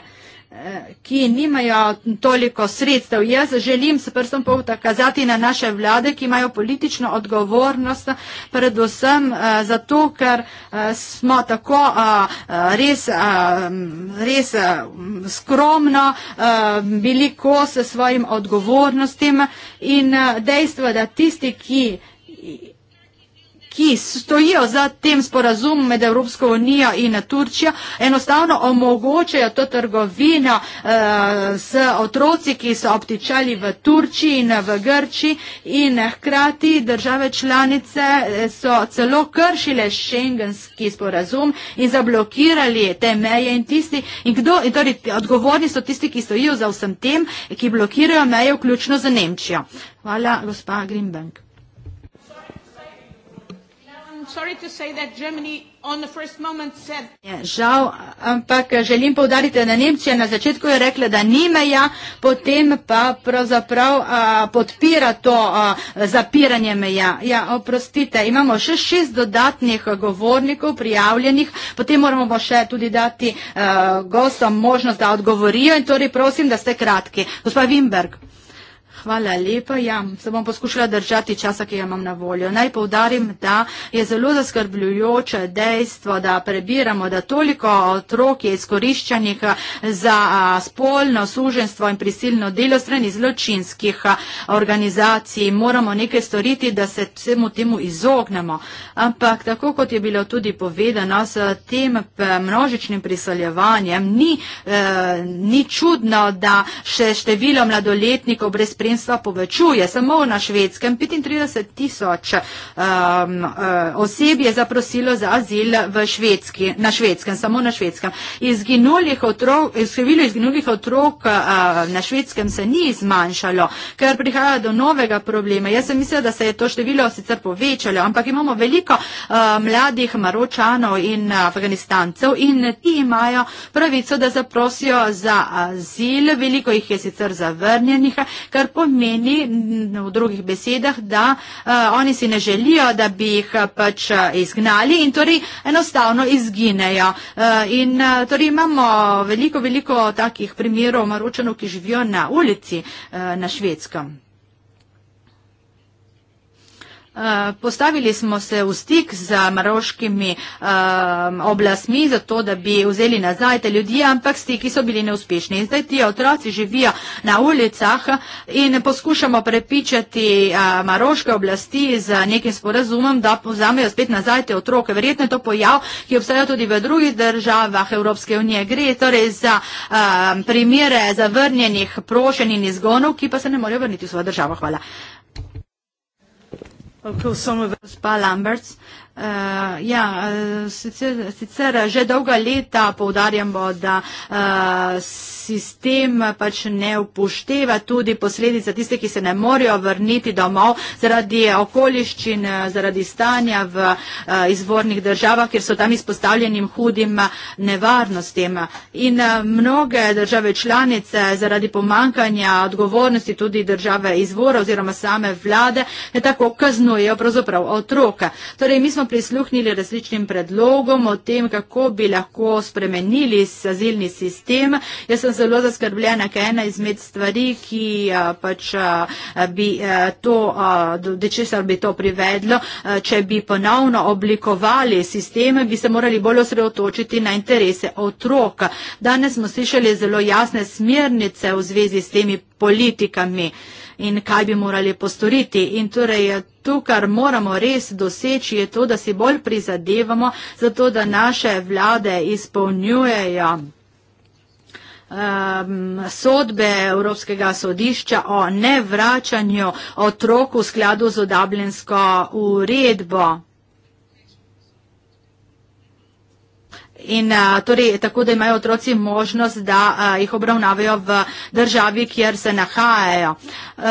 ki nimajo toliko sredstev. Jaz želim s prstom pouta kazati na naše vlade, ki imajo politično odgovornost, predvsem uh, zato, ker uh, smo tako uh, res, uh, res uh, skromno uh, bili ko se svojim odgovornostim in uh, dejstvo, da tisti, ki ki stojijo za tem sporazumom med Evropsko unijo in Turčijo, enostavno omogočajo to trgovino eh, s otroci, ki so obtičali v Turčiji in v Grči in hkrati države članice eh, so celo kršile šengenski sporazum in zablokirali te meje in tisti, in kdo, in torej odgovorni so tisti, ki stojijo za vsem tem, ki blokirajo meje vključno z Nemčijo. Hvala, gospa Grimbank. Je, žal, ampak eh, želim povdariti, da Nemčija na začetku je rekla, da ni meja, potem pa pravzaprav a, eh, podpira to a, eh, zapiranje meja. Ja, oprostite, imamo še šest dodatnih govornikov prijavljenih, potem moramo še tudi dati a, gostom možnost, da odgovorijo in torej prosim, da ste kratki. Gospa Wimberg. Hvala lepa. Ja, se bom poskušala držati časa, ki ga imam na voljo. Naj povdarim, da je zelo zaskrbljujoče dejstvo, da prebiramo, da toliko otrok je izkoriščenih eh, za eh, spolno suženstvo in prisilno delo strani zločinskih eh, organizacij. Moramo nekaj storiti, da se vsemu temu izognemo. Ampak tako kot je bilo tudi povedano, s tem množičnim prisoljevanjem ni, eh, ni čudno, da še število mladoletnikov brez prijatelja spremstva povečuje. Samo na švedskem 35 tisoč um, uh, oseb je zaprosilo za azil švedski, na švedskem, samo na švedskem. Izginulih otrok, izginulih otrok uh, na švedskem se ni zmanjšalo, ker prihaja do novega problema. Jaz sem mislila, da se je to število sicer povečalo, ampak imamo veliko uh, mladih maročanov in uh, afganistancev in ti imajo pravico, da zaprosijo za azil. Veliko jih je sicer zavrnjenih, kar pomeni v drugih besedah, da uh, oni si ne želijo, da bi jih eh, pač eh, izgnali in torej enostavno izginejo. Uh, in uh, torej imamo veliko, veliko takih primerov maročanov, ki živijo na ulici uh, na švedskem. Eh, postavili smo se v stik z maroškimi ehm, oblastmi, zato da bi vzeli nazaj te ljudi, ampak stiki so bili neuspešni. In zdaj ti otroci živijo na ulicah in poskušamo prepičati eh, maroške oblasti z nekim sporazumom, da povzamejo spet nazaj te otroke. Verjetno je to pojav, ki obstaja tudi v drugih državah Evropske unije. Gre torej za ehm, primere zavrnjenih prošenj in izgonov, ki pa se ne morejo vrniti v svojo državo. Hvala. Uh, Of course, some of us, Bar Lamberts, Uh, ja, eh, sicer, sicer že dolga leta povdarjamo, da uh, sistem pač ne upošteva tudi posledica tiste, ki se ne morejo vrniti domov zaradi okoliščin, zaradi stanja v uh, izvornih državah, ker so tam izpostavljenim hudim nevarnostim. In uh, mnoge države članice zaradi pomankanja odgovornosti tudi države izvora oziroma same vlade, ne tako kaznujejo pravzaprav otroke. Torej, prisluhnili različnim predlogom o tem, kako bi lahko spremenili sazilni sistem. Jaz sem zelo zaskrbljena, ker ena izmed stvari, ki pač bi to, da česar bi to privedlo, če bi ponovno oblikovali sistem, bi se morali bolj osredotočiti na interese otroka. Danes smo slišali zelo jasne smernice v zvezi s temi politikami in kaj bi morali postoriti. In torej to, kar moramo res doseči, je to, da si bolj prizadevamo za to, da naše vlade izpolnjujejo um, sodbe Evropskega sodišča o nevračanju otrok v skladu z odabljensko uredbo. In uh, torej, tako da imajo otroci možnost, da uh, jih obravnavajo v državi, kjer se nahajajo. Uh,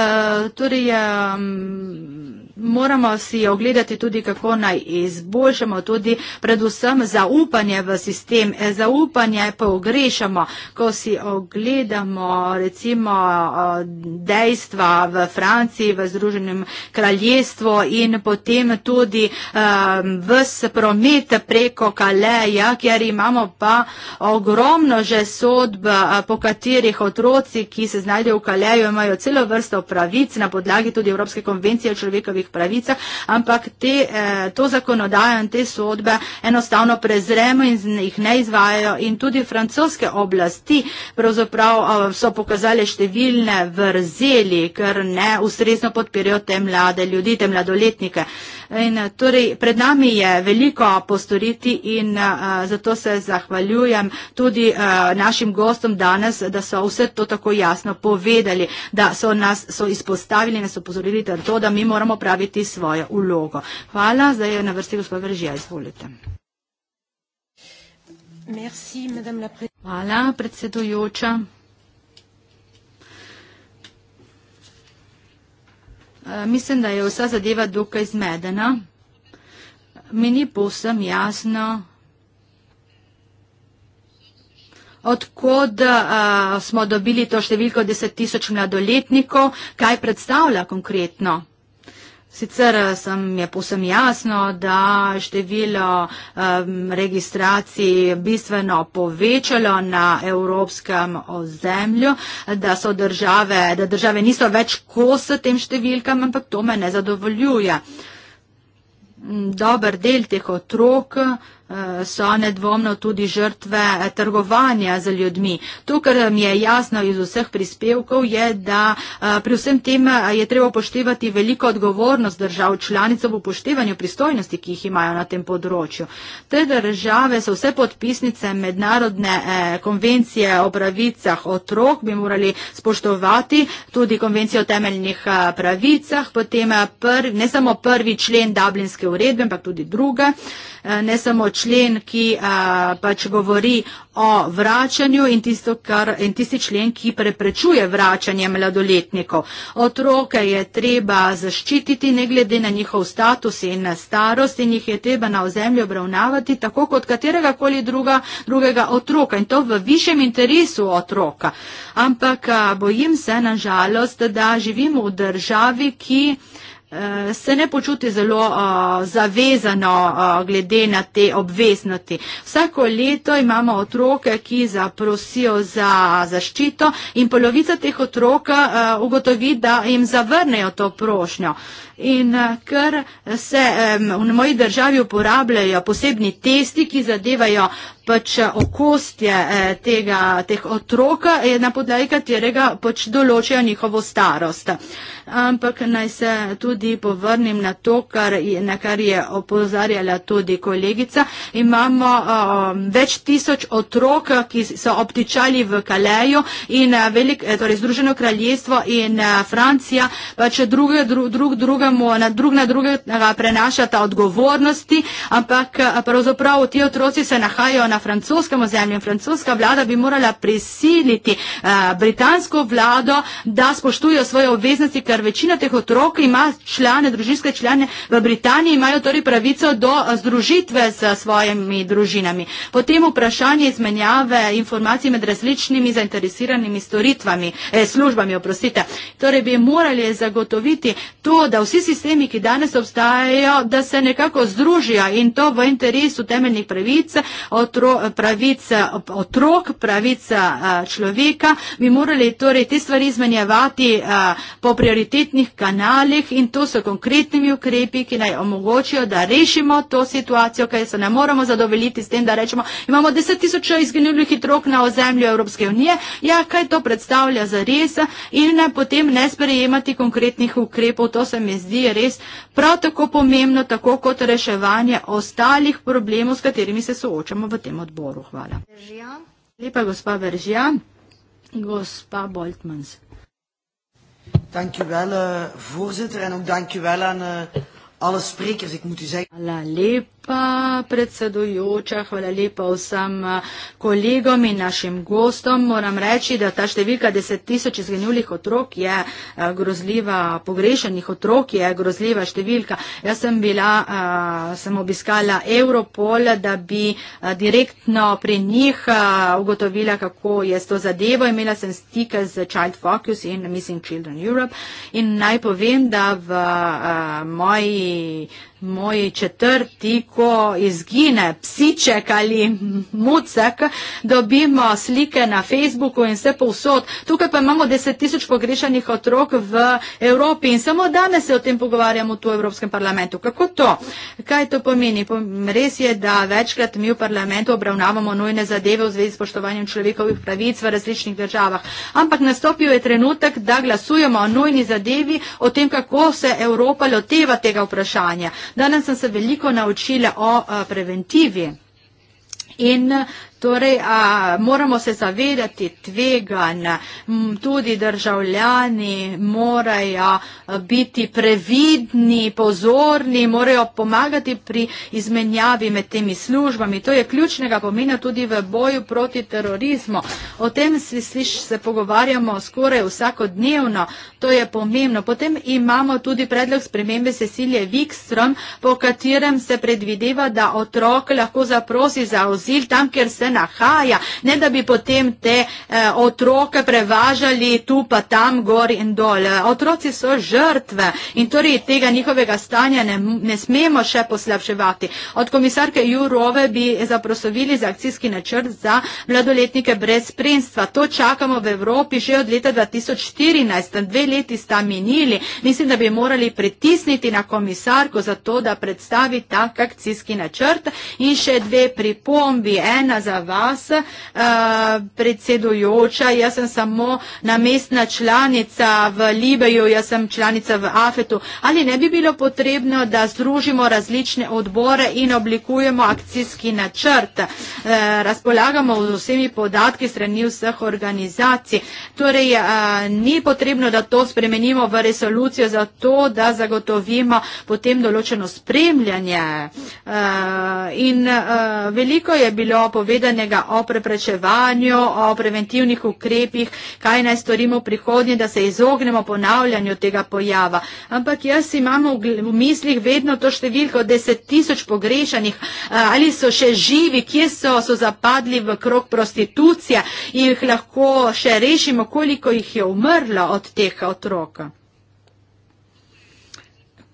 torej, um, moramo si ogledati tudi, kako naj izboljšamo tudi predvsem zaupanje v sistem. E, zaupanje pa ogrešamo, ko si ogledamo recimo dejstva v Franciji, v Združenem kraljestvu in potem tudi um, vs promet preko Kaleja, kjer imamo pa ogromno že sodb, e, po katerih otroci, ki se znajdejo v Kaleju, imajo celo vrsto pravic na podlagi tudi Evropske konvencije o človekovih človekovih pravicah, ampak te, eh, to zakonodajo in te sodbe enostavno prezremo in jih ne izvajajo in tudi francoske oblasti pravzaprav eh, so pokazali številne vrzeli, ker ne ustrezno podpirajo te mlade ljudi, te mladoletnike. In eh, torej pred nami je veliko postoriti in uh, zato se zahvaljujem tudi uh, našim gostom danes, da so vse to tako jasno povedali, da so nas so izpostavili in so pozorili na to, da mi moramo praviti svojo ulogo. Hvala, zdaj je na vrsti gospod Vržija, izvolite. Merci, Hvala, predsedujoča. Eh, mislim, da je vsa zadeva dokaj zmedena. Mi ni povsem jasno, odkud eh, smo dobili to številko 10 tisoč mladoletnikov, kaj predstavlja konkretno. Sicer eh, sem je posem jasno, da število um, registracij bistveno povečalo na evropskem ozemlju, da so države, da države niso več kos tem številkam, ampak to me ne zadovoljuje. Mm, dober del teh otrok uh, Eh, so nedvomno tudi žrtve eh, trgovanja z ljudmi. To, kar eh, mi je jasno iz vseh prispevkov, je, da pri vsem tem je treba upoštevati veliko odgovornost držav članic v upoštevanju pristojnosti, ki jih imajo na tem področju. Te države so vse podpisnice mednarodne konvencije o pravicah otrok, bi morali spoštovati tudi konvencijo o temeljnih pravicah, potem prvi, ne samo prvi člen Dublinske uredbe, ampak tudi druge. Eh, ne samo člen, ki eh, pač govori o vračanju in, tisto, kar, in tisti člen, ki preprečuje vračanje mladoletnikov. Otroke je treba zaščititi ne glede na njihov status in na starost in jih je treba na ozemlju obravnavati tako kot katerega koli druga, drugega otroka in to v višjem interesu otroka. Ampak eh, bojim se na žalost, da živimo v državi, ki. Uh, Eh, se ne počuti zelo uh, zavezano uh, glede na te obveznosti. Vsako leto imamo otroke, ki zaprosijo za zaščito in polovica teh otrok uh, ugotovi, da jim zavrnejo to prošnjo. In uh, ker se um, v moji državi uporabljajo posebni testi, ki zadevajo pač eh, okostje eh, tega, teh otrok, eh, na podlagi katerega pač določajo njihovo starost. Ampak naj se tudi povrnim na to, kar je, na kar je opozarjala tudi kolegica. Imamo eh, več tisoč otrok, ki so optičali v Kaleju in eh, velik, torej Združeno kraljestvo in Francija pač drug, drug drugemu na drug na drugega prenašata odgovornosti, ampak pravzaprav ti otroci se nahajajo na francoskem ozemlju in francoska vlada bi morala prisiliti a, eh, britansko vlado, da spoštujejo svoje obveznosti, ker večina teh otrok ima člane, družinske člane v Britaniji, imajo torej pravico do eh, združitve s svojimi družinami. Potem vprašanje izmenjave informacij med različnimi zainteresiranimi storitvami, eh, službami, oprostite. Torej bi morali zagotoviti to, da vsi sistemi, ki danes obstajajo, da se nekako združijo in to v interesu temeljnih pravic otrok pravica otrok, pravica človeka. Bi morali torej te stvari izmenjevati po prioritetnih kanalih in to so konkretnimi ukrepi, ki naj omogočijo, da rešimo to situacijo, ker se ne moramo zadovoljiti s tem, da rečemo, imamo 10 tisoč izginulih otrok na ozemlju Evropske unije. Ja, kaj to predstavlja za res in ne, potem ne sprejemati konkretnih ukrepov. To se mi zdi res prav tako pomembno, tako kot reševanje ostalih problemov, s katerimi se soočamo v tem tem odboru. Hvala. Veržijan. Lepa gospa Veržjan, gospa Boltmans. Dankjewel, uh, voorzitter, en ook dankjewel aan uh, alle sprekers. Ik moet u zeggen. Hallo, lep lepa, predsedujoča, hvala lepa vsem eh, kolegom in našim gostom. Moram reči, da ta številka 10 tisoč izginulih otrok je eh, grozljiva, pogrešenih otrok je grozljiva številka. Jaz sem bila, eh, sem obiskala Europol, da bi direktno pri njih ugotovila, kako je s to zadevo. Imela sem stike z Child Focus in Missing Children Europe in naj povem, da v moji moj četrti, ko izgine psiček ali mucek, dobimo slike na Facebooku in vse povsod. Tukaj pa imamo 10 tisoč pogrešanih otrok v Evropi in samo danes se o tem pogovarjamo tu v Evropskem parlamentu. Kako to? Kaj to pomeni? Res je, da večkrat mi v parlamentu obravnavamo nujne zadeve v zvezi s poštovanjem človekovih pravic v različnih državah. Ampak nastopil je trenutek, da glasujemo o nujni zadevi, o tem, kako se Evropa loteva tega vprašanja. Danes sem se veliko naučila o eh, preventivi in Torej, a, moramo se zavedati tveganj, tudi državljani morajo biti previdni, pozorni, morajo pomagati pri izmenjavi med temi službami. To je ključnega pomena tudi v boju proti terorizmu. O tem si, sliš, se pogovarjamo skoraj vsakodnevno, to je pomembno. Potem imamo tudi predlog spremembe Cecilije Vikstrom, po katerem se predvideva, da otrok lahko zaprosi za ozil tam, kjer se nahaja, ne da bi potem te eh, otroke prevažali tu pa tam gor in dol. Eh, otroci so žrtve in torej tega njihovega stanja ne, ne smemo še poslabševati. Od komisarke Jurove bi zaprosovili za akcijski načrt za mladoletnike brez spremstva. To čakamo v Evropi že od leta 2014. Dve leti sta minili. Mislim, da bi morali pritisniti na komisarko za to, da predstavi tak akcijski načrt. In še dve pripombi. Ena za vas, eh, predsedujoča. Jaz sem samo namestna članica v Libeju, jaz sem članica v Afetu. Ali ne bi bilo potrebno, da združimo različne odbore in oblikujemo akcijski načrt? Eh, razpolagamo z vsemi podatki strani vseh organizacij. Torej, eh, ni potrebno, da to spremenimo v resolucijo za to, da zagotovimo potem določeno spremljanje. In veliko je bilo povedano, zavedanega o preprečevanju, o preventivnih ukrepih, kaj naj storimo v prihodnje, da se izognemo ponavljanju tega pojava. Ampak jaz imam v, v mislih vedno to številko 10 tisoč pogrešanih, eh, ali so še živi, kje so, so zapadli v krog prostitucija in jih lahko še rešimo, koliko jih je umrlo od teh otroka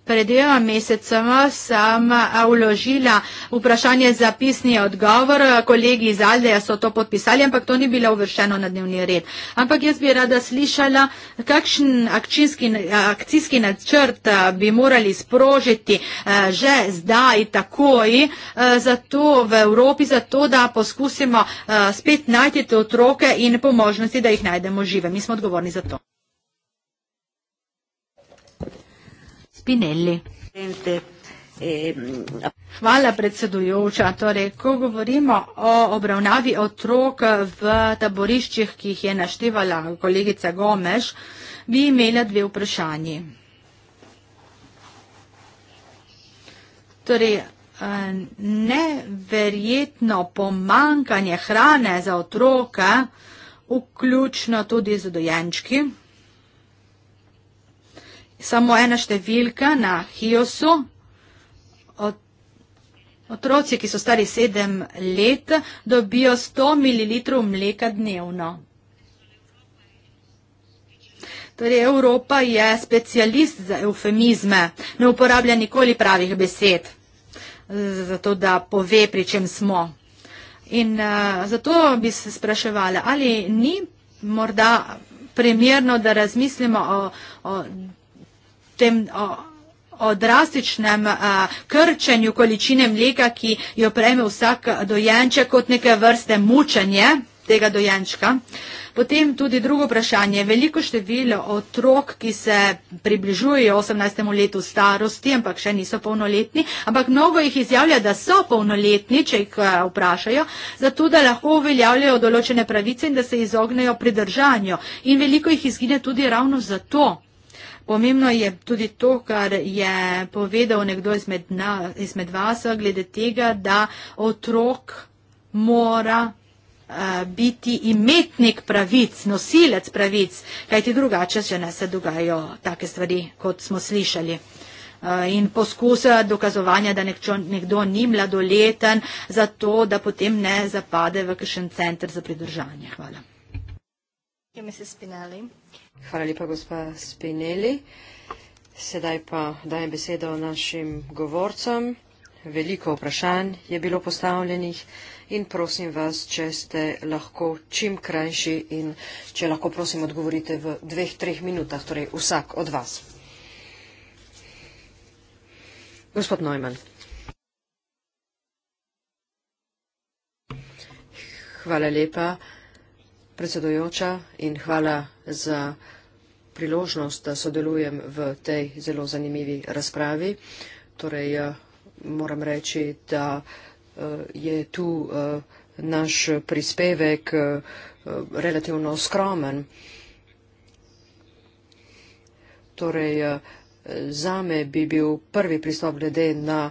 pred dvema mesecema sem eh, vložila vprašanje za pisni odgovor, kolegi iz Aldeja so to podpisali, ampak to ni bilo uvršeno na dnevni red. Ampak jaz bi rada slišala, kakšen akčinski, akcijski načrt eh, bi morali sprožiti eh, že zdaj, takoj, zato v Evropi, zato da poskusimo spet najti te otroke in po možnosti, da jih najdemo žive. Mi smo odgovorni za to. Spinelli. Hvala predsedujoča. Torej, ko govorimo o obravnavi otrok v taboriščih, ki jih je naštevala kolegica Gomeš, bi imela dve vprašanji. Torej, eh, neverjetno pomankanje hrane za otroke, vključno tudi za dojenčki samo ena številka na Hiosu. Od Otroci, ki so stari sedem let, dobijo 100 ml mleka dnevno. Torej, Evropa je specialist za eufemizme, ne uporablja nikoli pravih besed, zato da pove, pri čem smo. In uh, zato bi se spraševala, ali ni morda primerno, da razmislimo o. o tem o, o drastičnem a, krčenju količine mleka, ki jo prejme vsak dojenček kot neke vrste mučenje tega dojenčka. Potem tudi drugo vprašanje. Veliko število otrok, ki se približujejo 18. letu starosti, ampak še niso polnoletni, ampak mnogo jih izjavlja, da so polnoletni, če jih vprašajo, zato da lahko uveljavljajo določene pravice in da se izognejo pridržanju. In veliko jih izgine tudi ravno zato. Pomembno je tudi to, kar je povedal nekdo izmed, na, izmed vas, glede tega, da otrok mora eh, biti imetnik pravic, nosilec pravic, kajti drugače že ne se dogajajo take stvari, kot smo slišali. Eh, in poskusa dokazovanja, da nekčo, nekdo ni mladoleten, zato da potem ne zapade v kakšen center za pridržanje. Hvala. Hvala. Hvala lepa, gospa Spinelli. Sedaj pa dajem besedo našim govorcem. Veliko vprašanj je bilo postavljenih in prosim vas, če ste lahko čim krajši in če lahko prosim odgovorite v dveh, treh minutah, torej vsak od vas. Gospod Neumann. Hvala lepa predsedojoča in hvala za priložnost, da sodelujem v tej zelo zanimivi razpravi. Torej, eh, moram reči, da eh, je tu eh, naš prispevek relativno skromen. Torej, zame bi bil prvi pristop glede na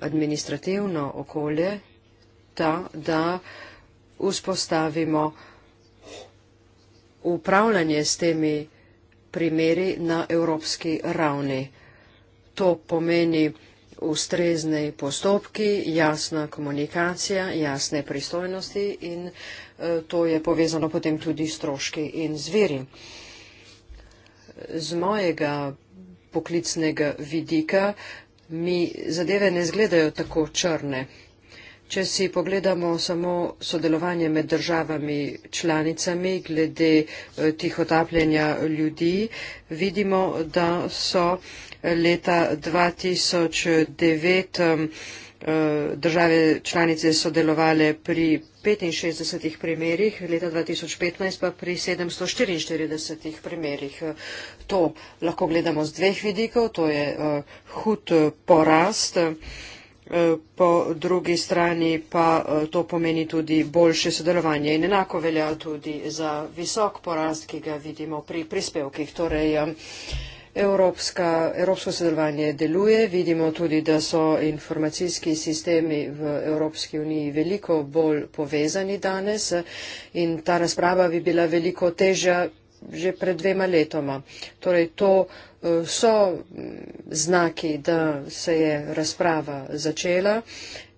administrativno okolje ta, da vzpostavimo upravljanje s temi primeri na evropski ravni. To pomeni ustrezne postopki, jasna komunikacija, jasne pristojnosti in eh, to je povezano potem tudi stroški in zveri. Z mojega poklicnega vidika mi zadeve ne zgledajo tako črne. Če si pogledamo samo sodelovanje med državami članicami glede eh, tih otapljanja ljudi, vidimo, da so eh, leta 2009 eh, države članice sodelovale pri 65 primerih, leta 2015 pa pri 744 primerih. To lahko gledamo z dveh vidikov, to je hud porast E, po drugi strani pa e, to pomeni tudi boljše sodelovanje in enako velja tudi za visok porast, ki ga vidimo pri prispevkih. Torej, e, Evropska, evropsko sodelovanje deluje, vidimo tudi, da so informacijski sistemi v Evropski uniji veliko bolj povezani danes in ta razprava bi bila veliko težja že pred dvema letoma. Torej, to, so znaki, da se je razprava začela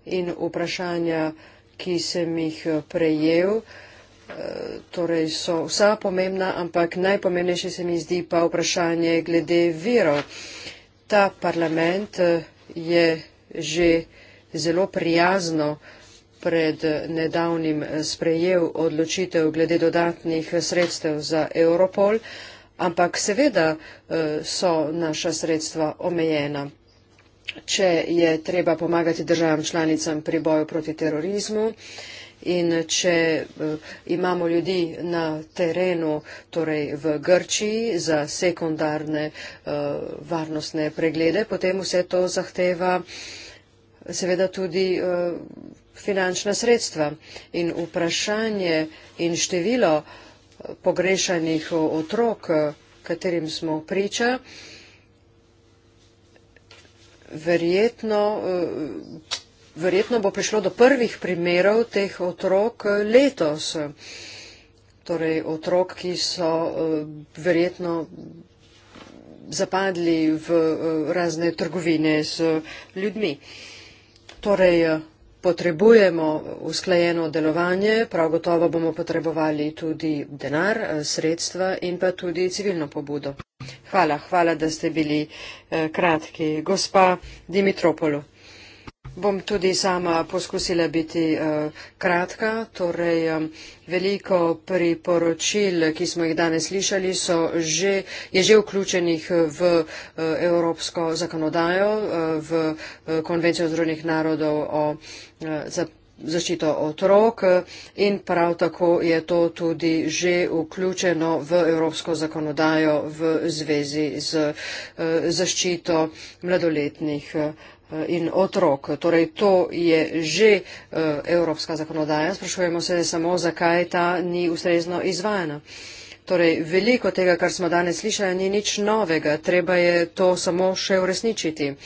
in vprašanja, ki sem jih eh, prejel, eh, torej so vsa pomembna, ampak najpomembnejše se mi zdi pa vprašanje glede virov. Ta parlament eh, je že zelo prijazno pred nedavnim sprejel odločitev glede dodatnih sredstev za Europol. Ampak seveda eh, so naša sredstva omejena. Če je treba pomagati državam članicam pri boju proti terorizmu in če eh, imamo ljudi na terenu, torej v Grčiji, za sekundarne eh, varnostne preglede, potem vse to zahteva seveda tudi finančna sredstva. In vprašanje in število pogrešanih otrok, eh, katerim smo priča, verjetno, eh, verjetno bo prišlo do prvih primerov teh otrok eh, letos. Torej otrok, ki so verjetno zapadli v razne trgovine z ljudmi. Torej, potrebujemo usklajeno delovanje, prav gotovo bomo potrebovali tudi denar, eh, sredstva in pa tudi civilno pobudo. Hvala, hvala, da ste bili eh, kratki. Gospa Dimitropolo. Bom tudi sama poskusila biti uh, kratka. Torej, um, veliko priporočil, ki smo jih danes slišali, že, je že vključenih v uh, evropsko zakonodajo, uh, v uh, konvencijo Združenih narodov o uh, za, zaščito otrok in prav tako je to tudi že vključeno v evropsko zakonodajo v zvezi z uh, zaščito mladoletnih. Uh, in otrok. Torej, to je že eh, evropska zakonodaja. Sprašujemo se samo, zakaj ta ni ustrezno izvajana. Torej, veliko tega, kar smo danes slišali, ni nič novega. Treba je to samo še uresničiti. Uh,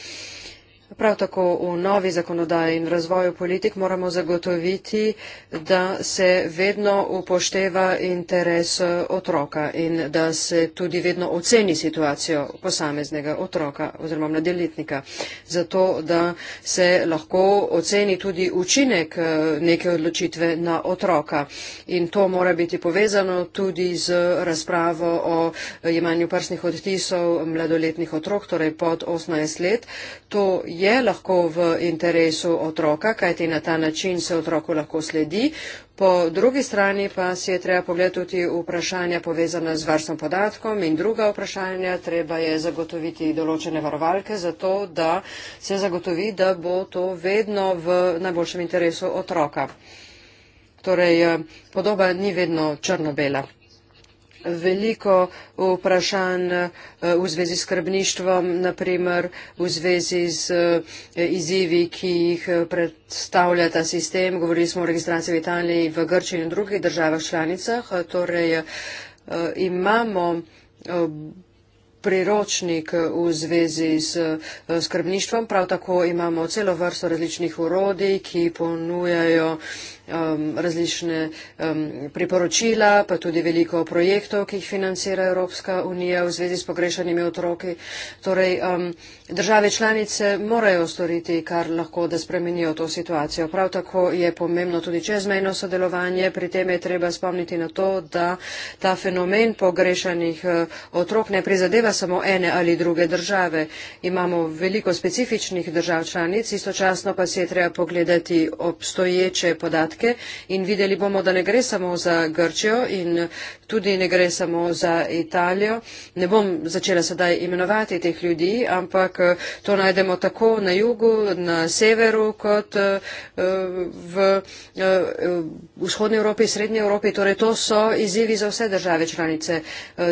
Prav tako v novi zakonodaji in razvoju politik moramo zagotoviti, da se vedno upošteva interes eh, otroka in da se tudi vedno oceni situacijo posameznega otroka oziroma mladeletnika, zato da se lahko oceni tudi učinek eh, neke odločitve na otroka. In to mora biti povezano tudi z razpravo o jemanju prsnih odtisov mladoletnih otrok, torej pod 18 let. To je lahko v interesu otroka, kajti na ta način se otroku lahko sledi. Po drugi strani pa si je treba pogledati vprašanja povezana z varstvom podatkom in druga vprašanja, treba je zagotoviti določene varovalke za to, da se zagotovi, da bo to vedno v najboljšem interesu otroka. Torej, eh, podoba ni vedno črno-bela veliko vprašanj eh, v zvezi s skrbništvom, naprimer v zvezi z eh, izzivi, ki jih eh, predstavlja ta sistem. Govorili smo o registraciji v Italiji, v Grčiji in drugih državah članicah. Torej, imamo priročnik v zvezi s skrbništvom, prav tako imamo celo vrsto različnih urodij, ki ponujajo um, različne um, priporočila, pa tudi veliko projektov, ki jih financira Evropska unija v zvezi s pogrešanimi otroki. Torej, um, države članice morajo storiti, kar lahko, da spremenijo to situacijo. Prav tako je pomembno tudi čezmejno sodelovanje. Pri tem je treba spomniti na to, da ta fenomen pogrešanih uh, otrok ne prizadeva samo ene ali druge države. Imamo veliko specifičnih držav članic, istočasno pa si je treba pogledati obstoječe podatke podatke in videli bomo, da ne gre samo za Grčijo in tudi ne gre samo za Italijo. Ne bom začela sedaj imenovati teh ljudi, ampak eh, to najdemo tako na jugu, na severu, kot eh, v eh, vzhodnji Evropi, srednji Evropi. Torej, to so izzivi za vse države članice.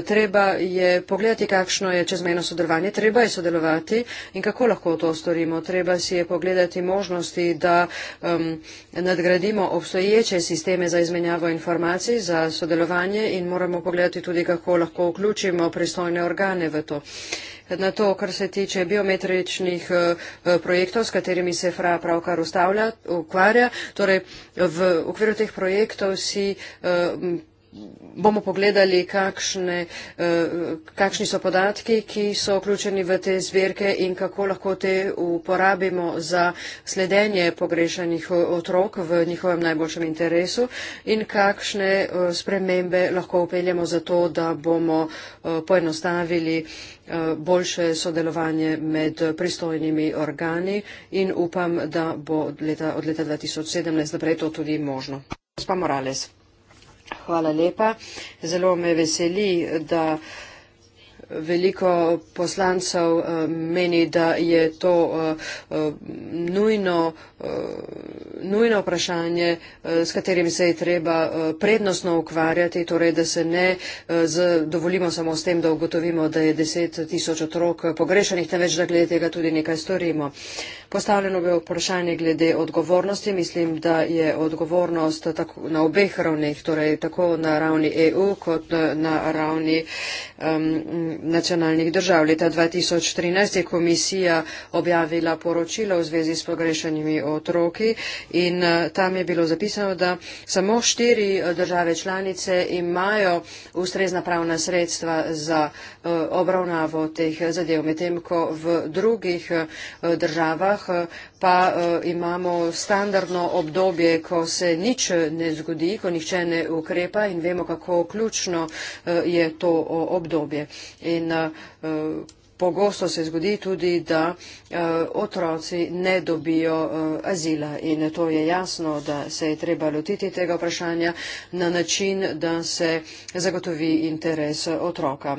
Treba je pogledati, kakšno je čezmejno sodelovanje, treba je sodelovati in kako lahko to storimo. Treba si je pogledati možnosti, da um, nadgradimo obstoječe sisteme za izmenjavo informacij, za sodelovanje in moramo pogledati tudi, kako lahko vključimo pristojne organe v to. Na to, kar se tiče biometričnih eh, projektov, s katerimi se FRA pravkar ustavlja, ukvarja, torej v okviru teh projektov si eh, bomo pogledali, kakšne, eh, kakšni so podatki, ki so vključeni v te zbirke in kako lahko te uporabimo za sledenje pogrešanih otrok v njihovem najboljšem interesu in kakšne eh, spremembe lahko upeljemo za to, da bomo eh, poenostavili boljše sodelovanje med pristojnimi organi in upam, da bo od leta, od leta 2017 naprej to tudi možno. Gospa Morales. Hvala lepa. Zelo me veseli, da veliko poslancev eh, meni, da je to eh, eh, nujno, nujno vprašanje, s katerim se je treba prednostno ukvarjati, torej da se ne dovolimo samo s tem, da ugotovimo, da je deset tisoč otrok pogrešanih, temveč da glede tega tudi nekaj storimo. Postavljeno bi vprašanje glede odgovornosti. Mislim, da je odgovornost na obeh ravneh, torej tako na ravni EU kot na ravni um, nacionalnih držav. Leta 2013 je komisija objavila poročilo v zvezi s pogrešanimi otroki in eh, tam je bilo zapisano, da samo štiri eh, države članice imajo ustrezna pravna sredstva za eh, obravnavo teh zadev, medtem ko v drugih državah pa imamo standardno obdobje, ko se nič ne zgodi, ko nihče ne ukrepa in vemo, kako ključno je to obdobje in uh, pogosto se zgodi tudi, da eh, otroci ne dobijo eh, azila in to je jasno, da se je treba lotiti tega vprašanja na način, da se zagotovi interes eh, otroka.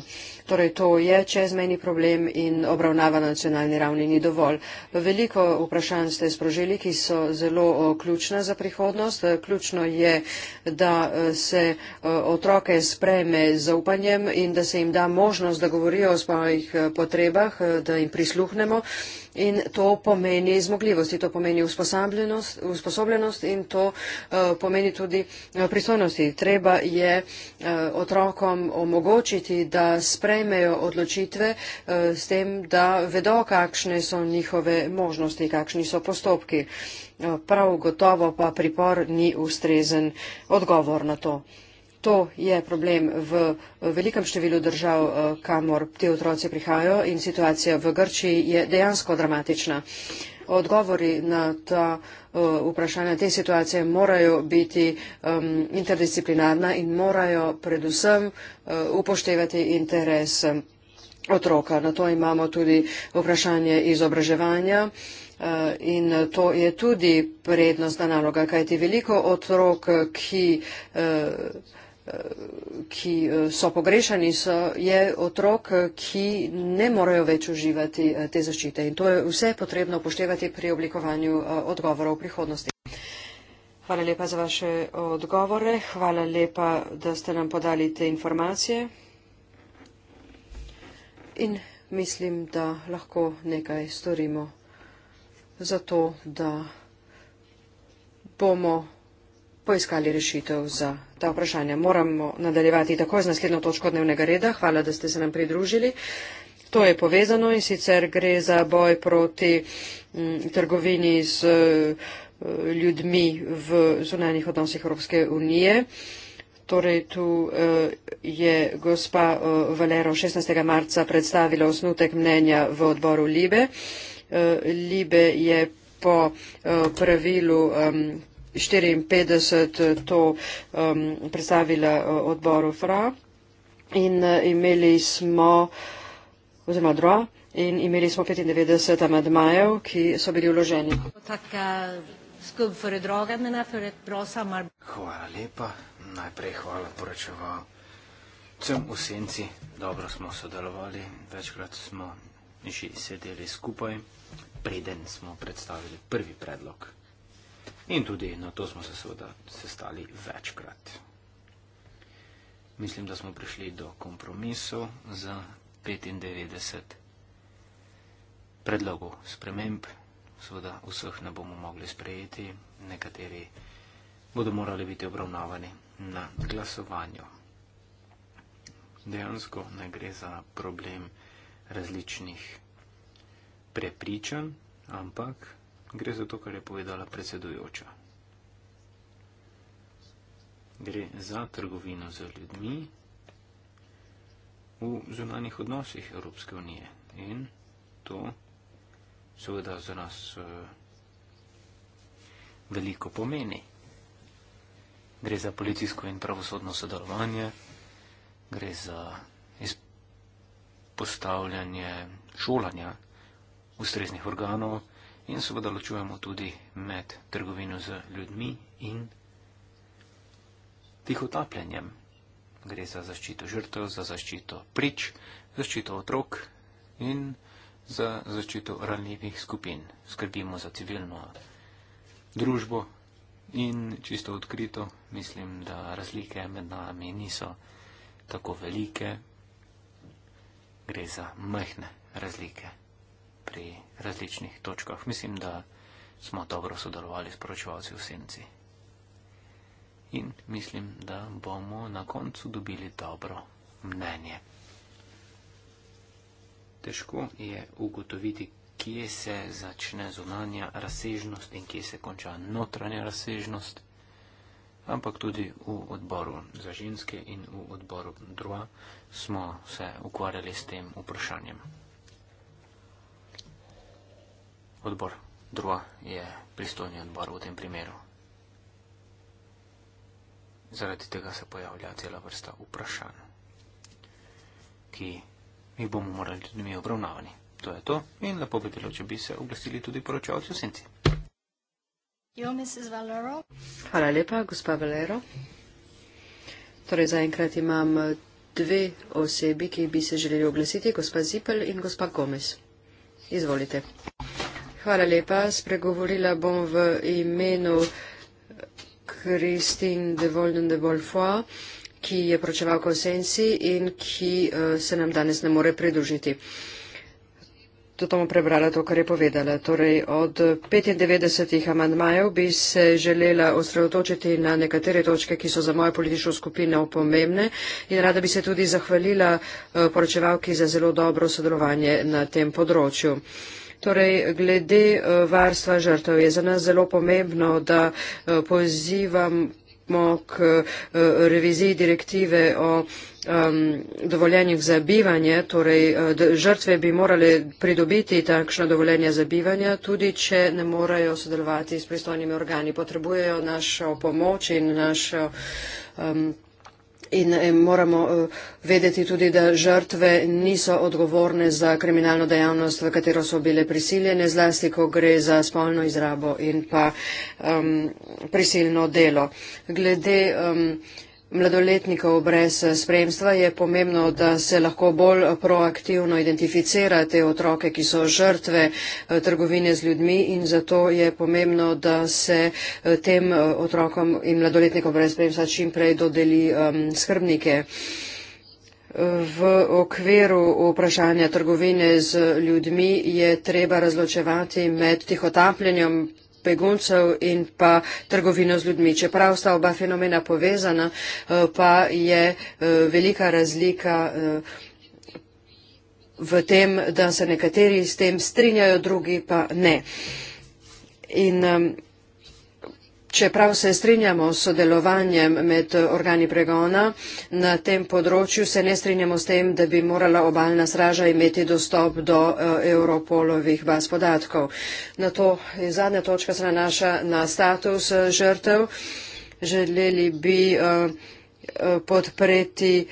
Torej, to je čezmejni problem in obravnava na nacionalni ravni ni dovolj. Veliko vprašanj ste sprožili, ki so zelo ključna za prihodnost. Ključno je, da se otroke spreme z upanjem in da se jim da možnost, da govorijo o svojih potrebah potrebah, eh, da jim prisluhnemo. In to pomeni zmogljivosti, to pomeni usposobljenost in to uh, pomeni tudi eh, pristojnosti. Treba je uh, otrokom omogočiti, da sprejmejo odločitve uh, s tem, da vedo, kakšne so njihove možnosti, kakšni so postopki. Uh, prav gotovo pa pripor ni ustrezen odgovor na to. To je problem v velikem številu držav, eh, kamor te otroci prihajajo in situacija v Grčiji je dejansko dramatična. Odgovori na ta eh, vprašanja te situacije morajo biti um, interdisciplinarna in morajo predvsem uh, upoštevati interes otroka. Na to imamo tudi vprašanje izobraževanja uh, in to je tudi prednostna naloga, kajti veliko otrok, ki. Uh, ki eh, so pogrešani, so, je otrok, ki ne morejo več uživati eh, te zaščite. In to je vse potrebno upoštevati pri oblikovanju eh, odgovorov v prihodnosti. Hvala lepa za vaše odgovore. Hvala lepa, da ste nam podali te informacije. In mislim, da lahko nekaj storimo za to, da bomo poiskali rešitev za ta vprašanja. Moramo nadaljevati takoj z naslednjo točko dnevnega reda. Hvala, da ste se nam pridružili. To je povezano in sicer gre za boj proti mm, trgovini z eh, ljudmi v zunanjih odnosih Evropske unije. Torej, tu eh, je gospa eh, Valero 16. marca predstavila osnutek mnenja v odboru Libe. Libe je po pravilu 54 eh, to um, predstavila eh, odboru FRA in eh, imeli smo, oziroma DRA, in imeli smo 95 amadmajev, ki so bili vloženi. Hvala lepa. Najprej hvala poročeval. Vsem v senci dobro smo sodelovali, večkrat smo že sedeli skupaj, preden smo predstavili prvi predlog. In tudi na to smo se seveda sestali večkrat. Mislim, da smo prišli do kompromisu za 95 predlogov sprememb. Seveda vseh ne bomo mogli sprejeti, nekateri bodo morali biti obravnavani na glasovanju. Dejansko ne gre za problem različnih prepričanj, ampak Gre za to, kar je povedala predsedujoča. Gre za trgovino z ljudmi v zunanjih odnosih Evropske unije. In to seveda za nas uh, veliko pomeni. Gre za policijsko in pravosodno sodelovanje, gre za izpostavljanje šolanja ustreznih organov, in seveda ločujemo tudi med trgovino z ljudmi in tihotapljenjem. Gre za zaščito žrtev, za zaščito prič, zaščito otrok in za zaščito ranljivih skupin. Skrbimo za civilno družbo in čisto odkrito mislim, da razlike med nami niso tako velike. Gre za mehne razlike pri različnih točkah. Mislim, da smo dobro sodelovali s poročevalci v senci. In mislim, da bomo na koncu dobili dobro mnenje. Težko je ugotoviti, kje se začne zunanja razsežnost in kje se konča notranja razsežnost, ampak tudi v odboru za ženske in v odboru druga smo se ukvarjali s tem vprašanjem. odbor. Drugo je pristojni odbor v tem primeru. Zaradi tega se pojavlja cela vrsta vprašanj, ki jih bomo morali tudi mi obravnavani. To je to in lepo bi bilo, če bi se oglasili tudi poročevalci v senci. Jo, Hvala lepa, gospa Valero. Torej, zaenkrat imam eh, dve osebi, ki bi se želeli oglasiti, gospa Zipel in gospa Gomez. Izvolite. Hvala lepa. Spregovorila bom v imenu Christine de Volden de Volfoy, ki je pročevalka v Sensi in ki uh, se nam danes ne more pridružiti. Toto bom prebrala to, kar je povedala. Torej, od 95 amandmajev bi se želela osredotočiti na nekatere točke, ki so za mojo politično skupino pomembne in rada bi se tudi zahvalila eh, poročevalki za zelo dobro sodelovanje na tem področju. Uh, Torej, glede eh, varstva žrtev je za nas zelo pomembno, da eh, pozivam k eh, reviziji direktive o um, dovoljenjih za bivanje. Torej, žrtve bi morale pridobiti takšno dovoljenje za bivanje, tudi če ne morejo sodelovati s pristojnimi organi. Potrebujejo našo pomoč in našo. Um, in eh, moramo eh, vedeti tudi, da žrtve niso odgovorne za kriminalno dejavnost, v katero so bile prisiljene, zlasti, ko gre za spolno izrabo in pa um, prisilno delo. Glede um, mladoletnikov brez spremstva je pomembno, da se lahko bolj proaktivno identificira te otroke, ki so žrtve eh, trgovine z ljudmi in zato je pomembno, da se eh, tem eh, otrokom in mladoletnikom brez spremstva čimprej dodeli um, skrbnike. V okviru vprašanja trgovine z ljudmi je treba razločevati med tihotapljenjem beguncev in pa trgovino z ljudmi. Čeprav sta oba fenomena povezana, eh, pa je eh, velika razlika eh, v tem, da se nekateri s tem strinjajo, drugi pa ne. In um, Čeprav se strinjamo s sodelovanjem med organi pregona na tem področju, se ne strinjamo s tem, da bi morala obaljna straža imeti dostop do eh, Europolovih baz podatkov. Na to zadnja točka se nanaša na status eh, žrtev. Želeli bi eh, podpreti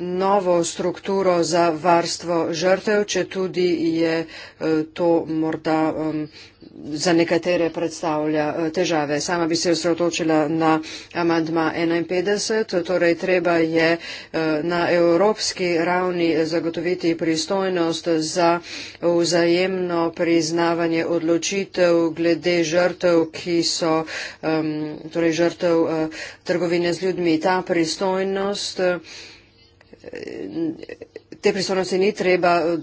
novo strukturo za varstvo žrtev, če tudi je to morda za nekatere predstavlja eh, težave. Sama bi se osredotočila na amandma 51, torej treba je eh, na evropski ravni zagotoviti pristojnost za vzajemno priznavanje odločitev glede žrtev, ki so torej žrtev eh, trgovine z ljudmi. Ta pristojnost te pristojnosti ni treba eh,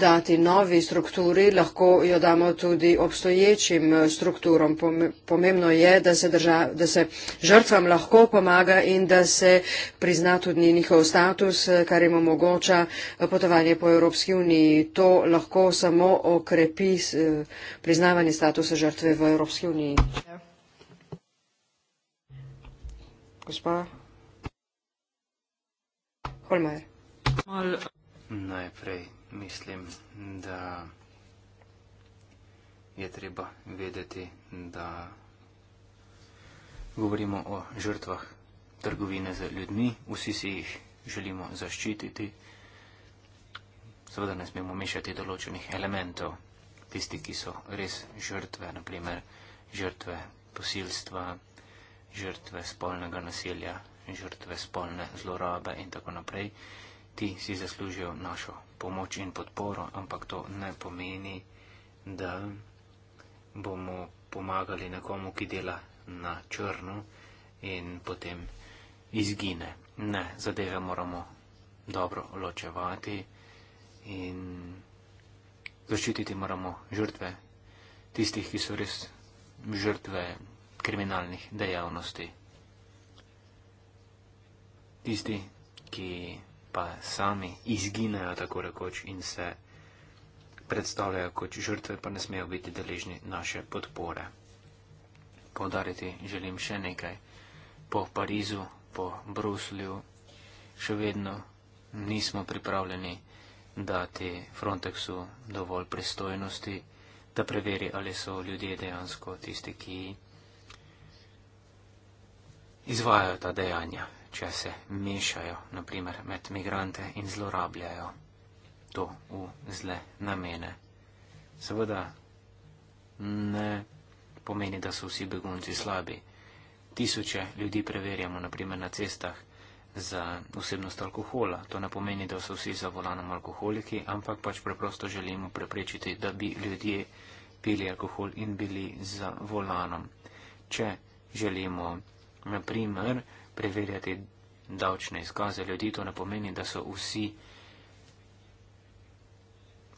dati novi strukturi, lahko jo damo tudi obstoječim eh, strukturom. Pomembno je, da se, drža, da se žrtvam lahko pomaga in da se prizna tudi njihov status, eh, kar jim omogoča potovanje po Evropski uniji. To lahko samo okrepi priznavanje statusa žrtve v Evropski uniji. Gospa Holmajer. Mal... Najprej mislim, da je treba vedeti, da govorimo o žrtvah trgovine z ljudmi, vsi si jih želimo zaščititi. Seveda ne smemo mešati določenih elementov, tisti, ki so res žrtve, naprimer žrtve posilstva, žrtve spolnega nasilja, žrtve spolne zlorabe in tako naprej ti si zaslužijo našo pomoč in podporo, ampak to ne pomeni, da bomo pomagali nekomu, ki dela na črnu in potem izgine. Ne, zadeve moramo dobro ločevati in zaščititi moramo žrtve tistih, ki so res žrtve kriminalnih dejavnosti. Tisti, ki pa sami izginejo, tako rekoč, in se predstavljajo kot žrtve, pa ne smejo biti deležni naše podpore. Podariti želim še nekaj. Po Parizu, po Bruslju, še vedno nismo pripravljeni dati Frontexu dovolj pristojnosti, da preveri, ali so ljudje dejansko tisti, ki izvajajo ta dejanja če se mešajo naprimer med migrante in zlorabljajo to v zle namene. Seveda ne pomeni, da so vsi begunci slabi. Tisoče ljudi preverjamo naprimer na cestah za vsebnost alkohola. To ne pomeni, da so vsi za volanom alkoholiki, ampak pač preprosto želimo preprečiti, da bi ljudje pili alkohol in bili za volanom. Če želimo, na primer, preverjati davčne izkaze ljudi, to ne pomeni, da so vsi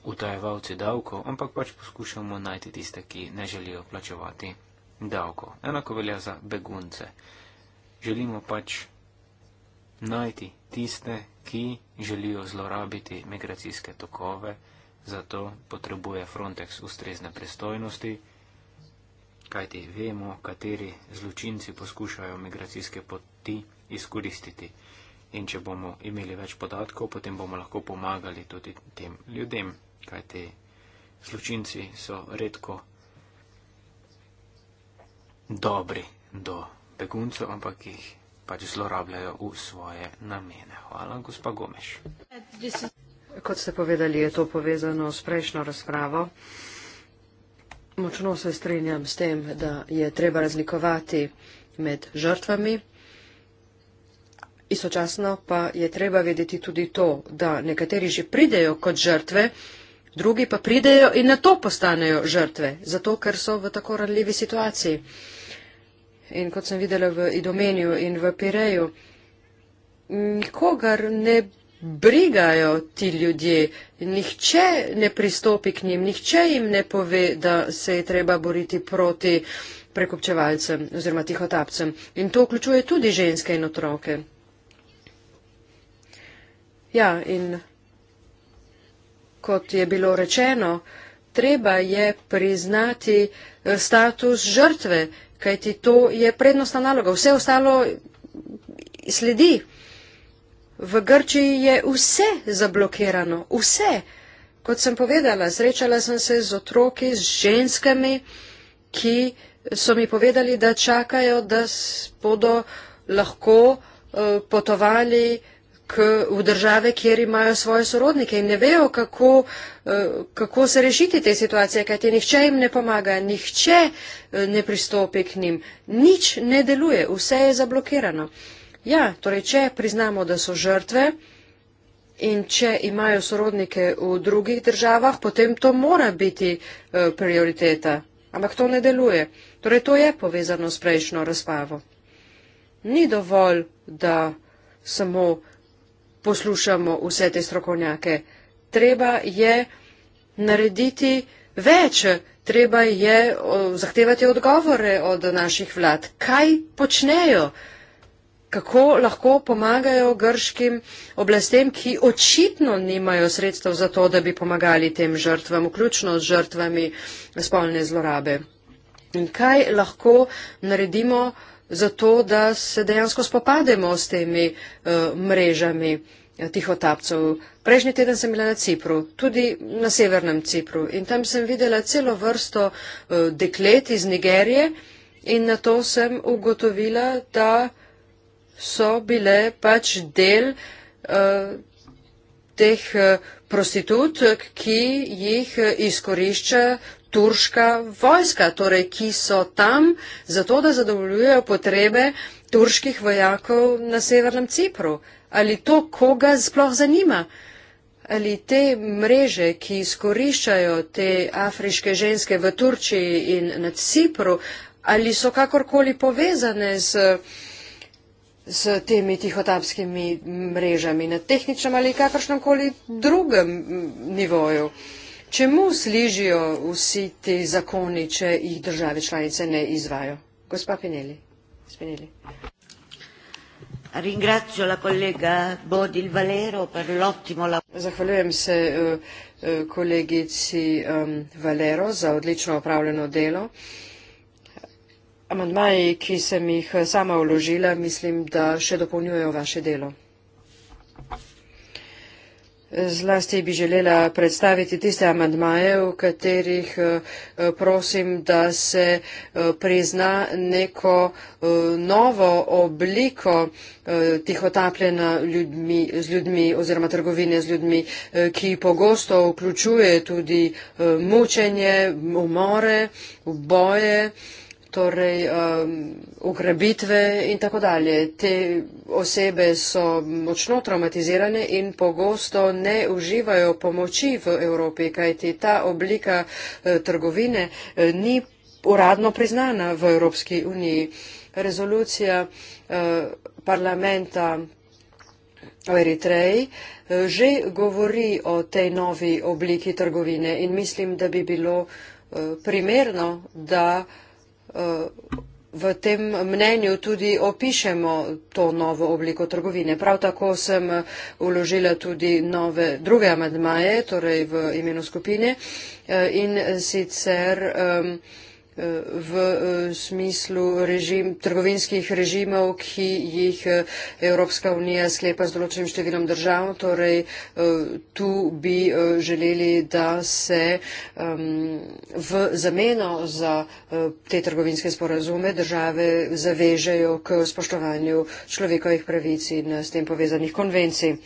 utajevalci davkov, ampak pač poskušamo najti tiste, ki ne želijo plačevati davkov. Enako velja za begunce. Želimo pač najti tiste, ki želijo zlorabiti migracijske tokove, zato potrebuje Frontex ustrezne pristojnosti kajti vemo, kateri zločinci poskušajo migracijske poti izkoristiti. In če bomo imeli več podatkov, potem bomo lahko pomagali tudi tem ljudem, kajti zločinci so redko dobri do beguncev, ampak jih pač zlorabljajo v svoje namene. Hvala, gospa Gomeš. Kot ste povedali, je to povezano s prejšnjo razpravo. Močno se strinjam s tem, da je treba razlikovati med žrtvami. Istočasno pa je treba vedeti tudi to, da nekateri že pridejo kot žrtve, drugi pa pridejo in na to postanejo žrtve, zato ker so v tako ranljivi situaciji. In kot sem videla v Idomenju in v Pireju, nikogar ne brigajo ti ljudje, nihče ne pristopi k njim, nihče jim ne pove, da se je treba boriti proti prekupčevalcem oziroma tihotapcem. In to vključuje tudi ženske in otroke. Ja, in kot je bilo rečeno, treba je priznati eh, status žrtve, kajti to je prednostna naloga. Vse ostalo sledi. V Grčiji je vse zablokirano, vse. Kot sem povedala, srečala sem se z otroki, z ženskami, ki so mi povedali, da čakajo, da bodo lahko eh, potovali k, v države, kjer imajo svoje sorodnike in ne vejo, kako, eh, kako se rešiti te situacije, kajti nihče jim ne pomaga, nihče eh, ne pristopi k njim, nič ne deluje, vse je zablokirano. Ja, torej, če priznamo, da so žrtve in če imajo sorodnike v drugih državah, potem to mora biti eh, prioriteta. Ampak to ne deluje. Torej, to je povezano s prejšnjo razpavo. Ni dovolj, da samo poslušamo vse te strokovnjake. Treba je narediti več, treba je zahtevati odgovore od naših vlad. Kaj počnejo? kako lahko pomagajo grškim oblastem, ki očitno nimajo sredstev za to, da bi pomagali tem žrtvam, vključno z žrtvami spolne zlorabe. In kaj lahko naredimo za to, da se dejansko spopademo s temi uh, mrežami eh, tihotapcev. Prejšnji teden sem bila na Cipru, tudi na severnem Cipru in tam sem videla celo vrsto uh, deklet iz Nigerije in na to sem ugotovila, da uh, so bile pač del uh, teh eh, prostitutk, ki jih eh, izkorišča turška vojska, torej ki so tam zato, da zadovoljujejo potrebe turških vojakov na severnem Cipru. Ali to koga sploh zanima? Ali te mreže, ki izkoriščajo te afriške ženske v Turčiji in na Cipru, ali so kakorkoli povezane z. Uh, s temi tihotapskimi mrežami na tehničnem ali kakršnem koli drugem nivoju. Čemu sližijo vsi ti zakoni, če jih države članice ne izvajo? Gospa Pineli. Spineli. Ringrazio la collega Bodil Valero per l'ottimo lavoro. Zahvaljujem se uh, uh, kolegici um, Valero za odlično opravljeno delo. Uh, Amandmaji, ki sem jih eh, sama vložila, mislim, da še dopolnjujejo vaše delo. Zlasti bi želela predstaviti tiste amandmaje, v katerih eh, eh, prosim, da se prizna neko novo obliko tihotapljena ljudmi, z ljudmi oziroma trgovine z ljudmi, ki pogosto vključuje tudi mučenje, umore, boje torej um, ugrabitve um, in tako dalje. Te osebe so močno traumatizirane in pogosto ne uživajo pomoči v Evropi, kajti ta oblika uh, trgovine uh, ni uradno priznana v Evropski uniji. Rezolucija uh, parlamenta v Eritreji že govori o tej novi obliki trgovine in mislim, da bi bilo primerno, da uh, v tem mnenju tudi opišemo to novo obliko trgovine. Prav tako sem uložila tudi nove druge amadmaje, torej v imenu skupine eh, in sicer um, Eh, v eh, smislu režim, trgovinskih režimov, ki jih eh, Evropska unija sklepa z določenim številom držav. Torej, tu bi želeli, da se ehm, v zameno za te trgovinske sporazume države zavežejo k spoštovanju človekovih pravic in s tem povezanih konvencij.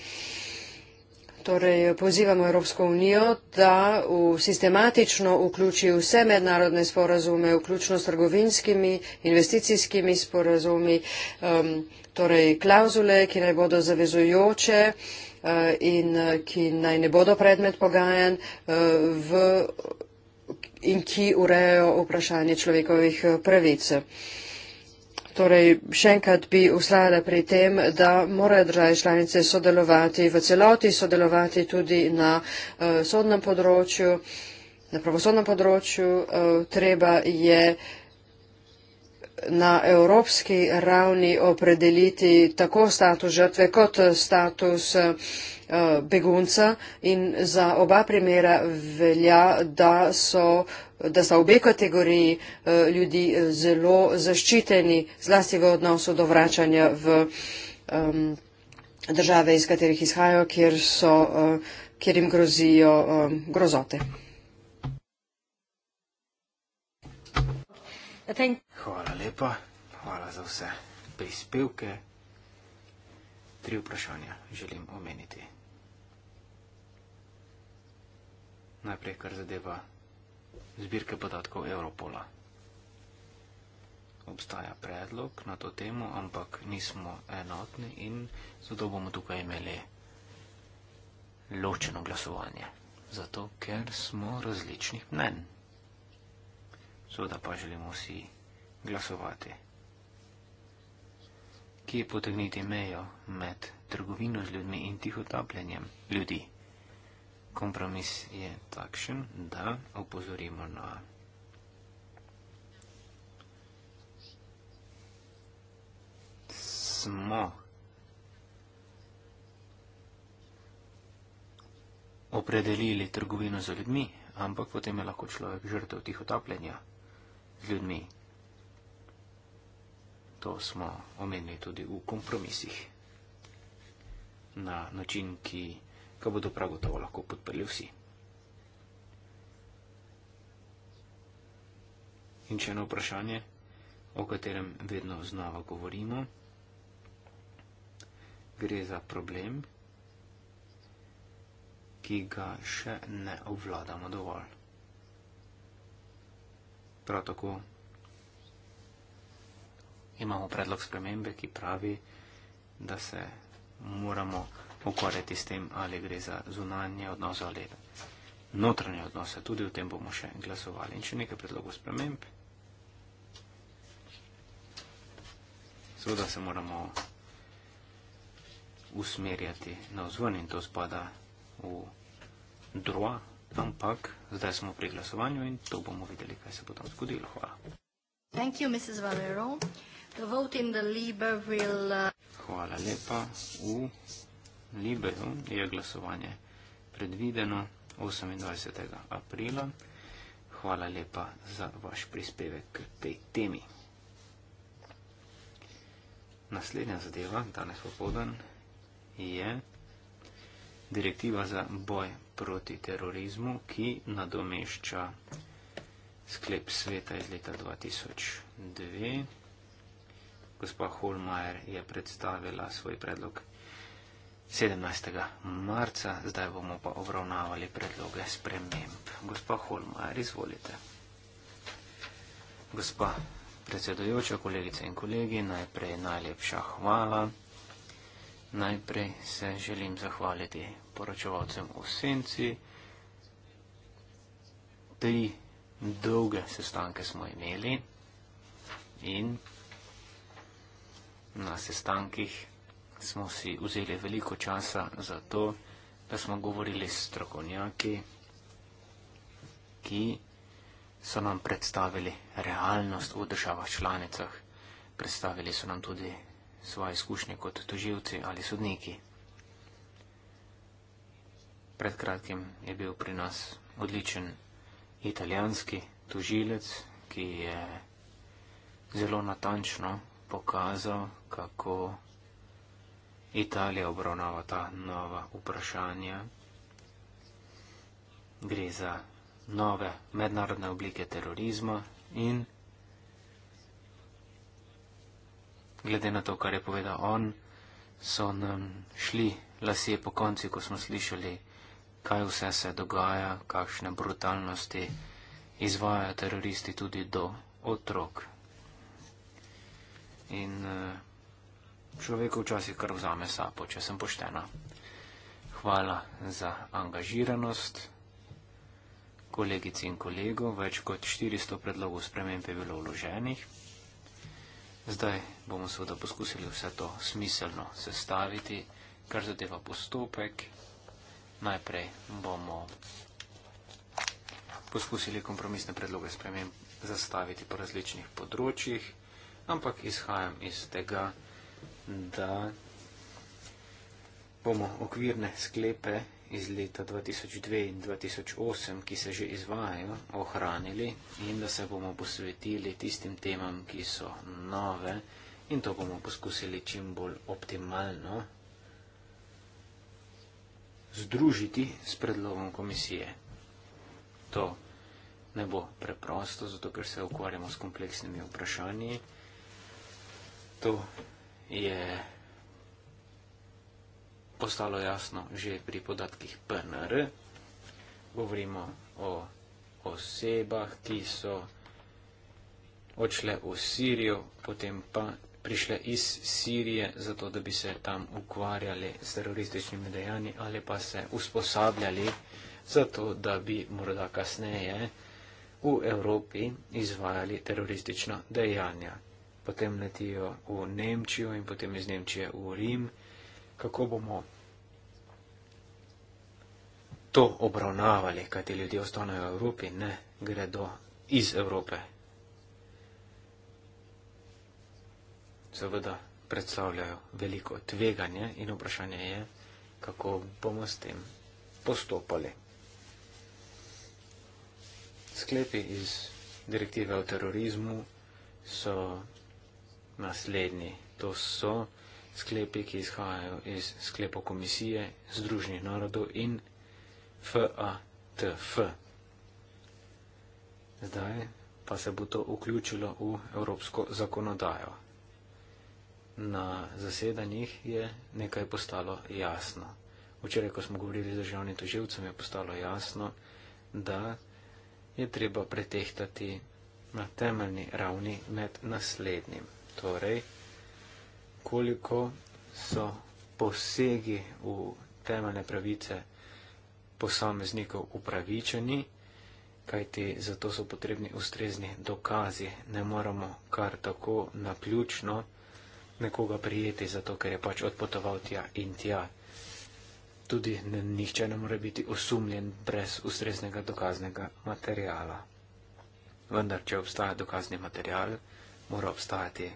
Torej, pozivamo Evropsko unijo, da v sistematično vključi vse mednarodne sporazume, vključno s trgovinskimi, investicijskimi sporazumi, um, torej klauzule, ki naj bodo zavezujoče uh, in uh, ki naj ne bodo predmet pogajanj uh, in ki urejajo vprašanje človekovih uh, pravic. Uh, Torej, še enkrat bi ustrajala pri tem, da morajo države članice sodelovati v celoti, sodelovati tudi na eh, sodnem področju, na pravosodnem področju. Eh, treba je na evropski ravni opredeliti tako status žrtve kot status eh, begunca in za oba primera velja, da so da sta obe kategoriji eh, ljudi eh, zelo zaščiteni, zlasti v odnosu do vračanja v um, države, iz katerih izhajajo, kjer, so, uh, kjer jim grozijo um, grozote. Thank Hvala lepa, hvala za vse prispevke. Tri vprašanja želim omeniti. Najprej, kar zadeva zbirke podatkov Europola. Obstaja predlog na to temo, ampak nismo enotni in zato bomo tukaj imeli ločeno glasovanje. Zato, ker smo različnih mnen. Seveda pa želimo vsi glasovati. Kje potegniti mejo med trgovino z ljudmi in tihotapljanjem ljudi? Kompromis je takšen, da opozorimo na smo opredelili trgovino z ljudmi, ampak potem je lahko človek žrtev tihotapljanja z ljudmi, To smo omenili tudi v kompromisih na način, ki ga bodo prav gotovo lahko podprli vsi. In še eno vprašanje, o katerem vedno znova govorimo. Gre za problem, ki ga še ne obvladamo dovolj. Prav tako imamo predlog spremembe, ki pravi, da se moramo ukvarjati s tem, ali gre za zunanje odnose ali notranje odnose. Tudi o tem bomo še glasovali. In če nekaj predlogov sprememb, seveda se moramo usmerjati na vzvon in to spada v droa, ampak zdaj smo pri glasovanju in to bomo videli, kaj se bo tam zgodilo. Hvala. Thank you, Mrs. Valero. Uh, Hvala lepa. V Libeju je glasovanje predvideno 28. aprila. Hvala lepa za vaš prispevek k tej temi. Naslednja zadeva danes popoldan je direktiva za boj proti terorizmu, ki nadomešča sklep sveta iz leta 2002 gospa Holmajer je predstavila svoj predlog 17. marca, zdaj bomo pa obravnavali predloge sprememb. Gospa Holmajer, izvolite. Gospa predsedujoča, kolegice in kolegi, najprej najlepša hvala. Najprej se želim zahvaliti poročevalcem v senci. Tri dolge sestanke smo imeli in na sestankih smo si vzeli veliko časa za to, da smo govorili s strokovnjaki, ki so nam predstavili realnost v državah članicah. Predstavili so nam tudi svoje izkušnje kot toživci ali sodniki. Pred kratkim je bil pri nas odličen italijanski tožilec, ki je zelo natančno pokazal, kako Italija obravnava ta nova vprašanja. Gre za nove mednarodne oblike terorizma in glede na to, kar je povedal on, so nam šli lasje po konci, ko smo slišali, kaj vse se dogaja, kakšne brutalnosti izvajajo teroristi tudi do otrok in eh, človeku včasih kar vzame sapo, če sem poštena. Hvala za angažiranost kolegici in kolegov, več kot 400 predlogov sprememb je bilo vloženih. Zdaj bomo seveda poskusili vse to smiselno sestaviti, kar zadeva postopek. Najprej bomo poskusili kompromisne predloge sprememb zastaviti po različnih področjih ampak izhajam iz tega, da bomo okvirne sklepe iz leta 2002 in 2008, ki se že izvajajo, ohranili in da se bomo posvetili tistim temam, ki so nove in to bomo poskusili čim bolj optimalno združiti s predlogom komisije. To ne bo preprosto, zato ker se ukvarjamo s kompleksnimi vprašanji. Kristu je postalo jasno že pri podatkih PNR. Govorimo o osebah, ki so odšle v Sirijo, potem pa prišle iz Sirije, zato da bi se tam ukvarjali s terorističnimi dejanji ali pa se usposabljali, zato da bi morda kasneje v Evropi izvajali teroristična dejanja potem letijo v Nemčijo in potem iz Nemčije v Rim. Kako bomo to obravnavali, kaj ti ljudje ostanejo v Evropi, ne gredo iz Evrope. Seveda predstavljajo veliko tveganje in vprašanje je, kako bomo s tem postopali. Sklepi iz direktive o terorizmu so naslednji. To so sklepi, ki izhajajo iz sklepo komisije Združenih narodov in FATF. Zdaj pa se bo to vključilo v evropsko zakonodajo. Na zasedanjih je nekaj postalo jasno. Včeraj, ko smo govorili z državnim toživcem, je postalo jasno, da je treba pretehtati na temeljni ravni med naslednjim torej koliko so posegi v temeljne pravice posameznikov upravičeni, kajti zato so potrebni ustrezni dokazi. Ne moramo kar tako naključno nekoga prijeti, zato ker je pač odpotoval tja in tja. Tudi ne, nihče ne more biti osumljen brez ustreznega dokaznega materijala. Vendar, če obstaja dokazni material, mora obstajati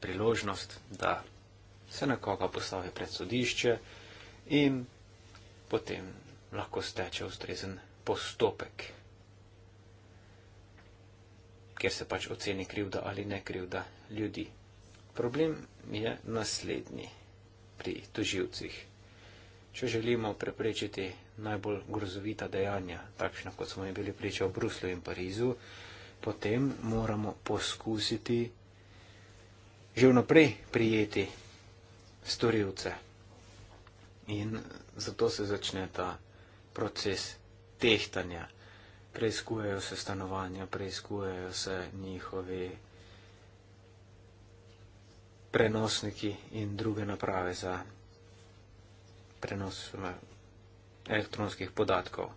priložnost, da se nekoga postavi pred sodišče in potem lahko steče ustrezen postopek, kjer se pač oceni krivda ali ne krivda ljudi. Problem je naslednji pri toživcih. Če želimo preprečiti najbolj grozovita dejanja, takšna kot smo jim bili priča v Bruslu in Parizu, potem moramo poskusiti že vnaprej prijeti storilce. In zato se začne ta proces tehtanja. Preizkujejo se stanovanja, preizkujejo se njihovi prenosniki in druge naprave za prenos eh, elektronskih podatkov.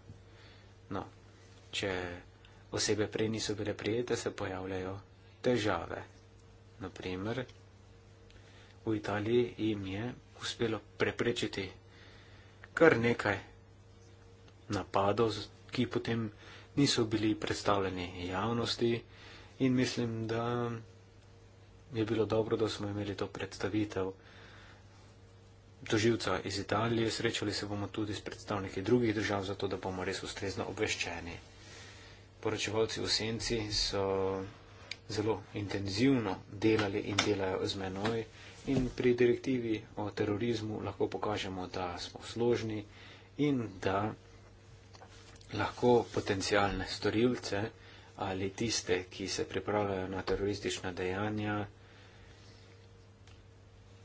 No, če osebe prej niso bile prijete, se pojavljajo težave. Naprimer, v Italiji jim je uspelo preprečiti kar nekaj napadov, ki potem niso bili predstavljeni javnosti in mislim, da je bilo dobro, da smo imeli to predstavitev doživca iz Italije. Srečali se bomo tudi s predstavniki drugih držav, zato da bomo res ustrezno obveščeni poročevalci v senci so zelo intenzivno delali in delajo z menoj in pri direktivi o terorizmu lahko pokažemo, da smo složni in da lahko potencijalne storilce ali tiste, ki se pripravljajo na teroristična dejanja,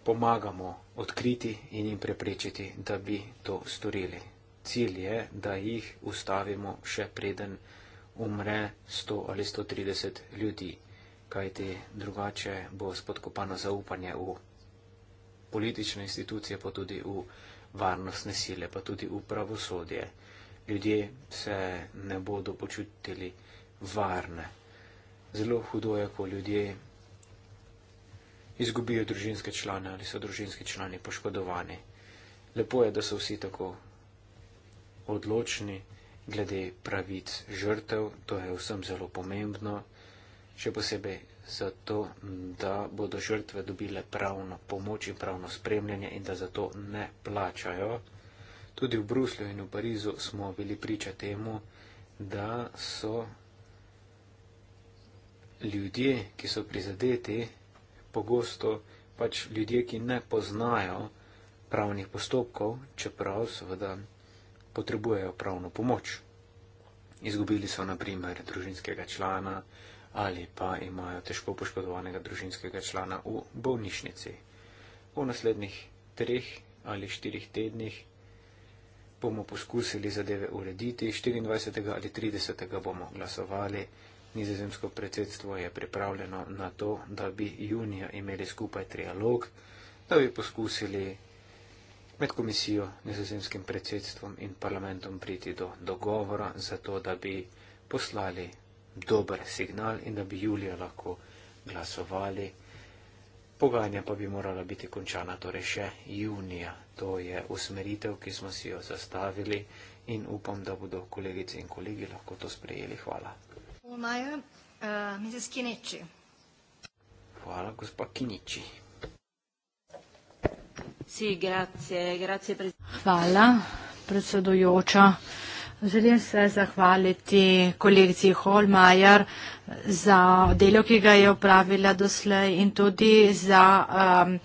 pomagamo odkriti in jim preprečiti, da bi to storili. Cilj je, da jih ustavimo še preden umre 100 ali 130 ljudi, kajti drugače bo spodkopano zaupanje v politične institucije, pa tudi v varnostne sile, pa tudi v pravosodje. Ljudje se ne bodo počutili varne. Zelo hudo je, ko ljudje izgubijo družinske člane ali so družinski člani poškodovani. Lepo je, da so vsi tako odločni glede pravic žrtev, to je vsem zelo pomembno, še posebej zato, da bodo žrtve dobile pravno pomoč in pravno spremljanje in da zato ne plačajo. Tudi v Bruslju in v Parizu smo bili priča temu, da so ljudje, ki so prizadeti, pogosto pač ljudje, ki ne poznajo pravnih postopkov, čeprav seveda potrebujejo pravno pomoč. Izgubili so naprimer družinskega člana ali pa imajo težko poškodovanega družinskega člana v bolnišnici. V naslednjih treh ali štirih tednih bomo poskusili zadeve urediti, 24. ali 30. bomo glasovali. Nizozemsko predsedstvo je pripravljeno na to, da bi junija imeli skupaj trialog, da bi poskusili med komisijo, nizozemskim predsedstvom in parlamentom priti do dogovora, zato da bi poslali dober signal in da bi julija lahko glasovali. Pogajanja pa bi morala biti končana torej še junija. To je usmeritev, ki smo si jo zastavili in upam, da bodo kolegice in kolegi lahko to sprejeli. Hvala. Eh, Hvala, gospa Kinici. Hvala, predsedujoča. Želim se zahvaliti kolegici Holmajer za delo, ki ga je opravila doslej in tudi za um,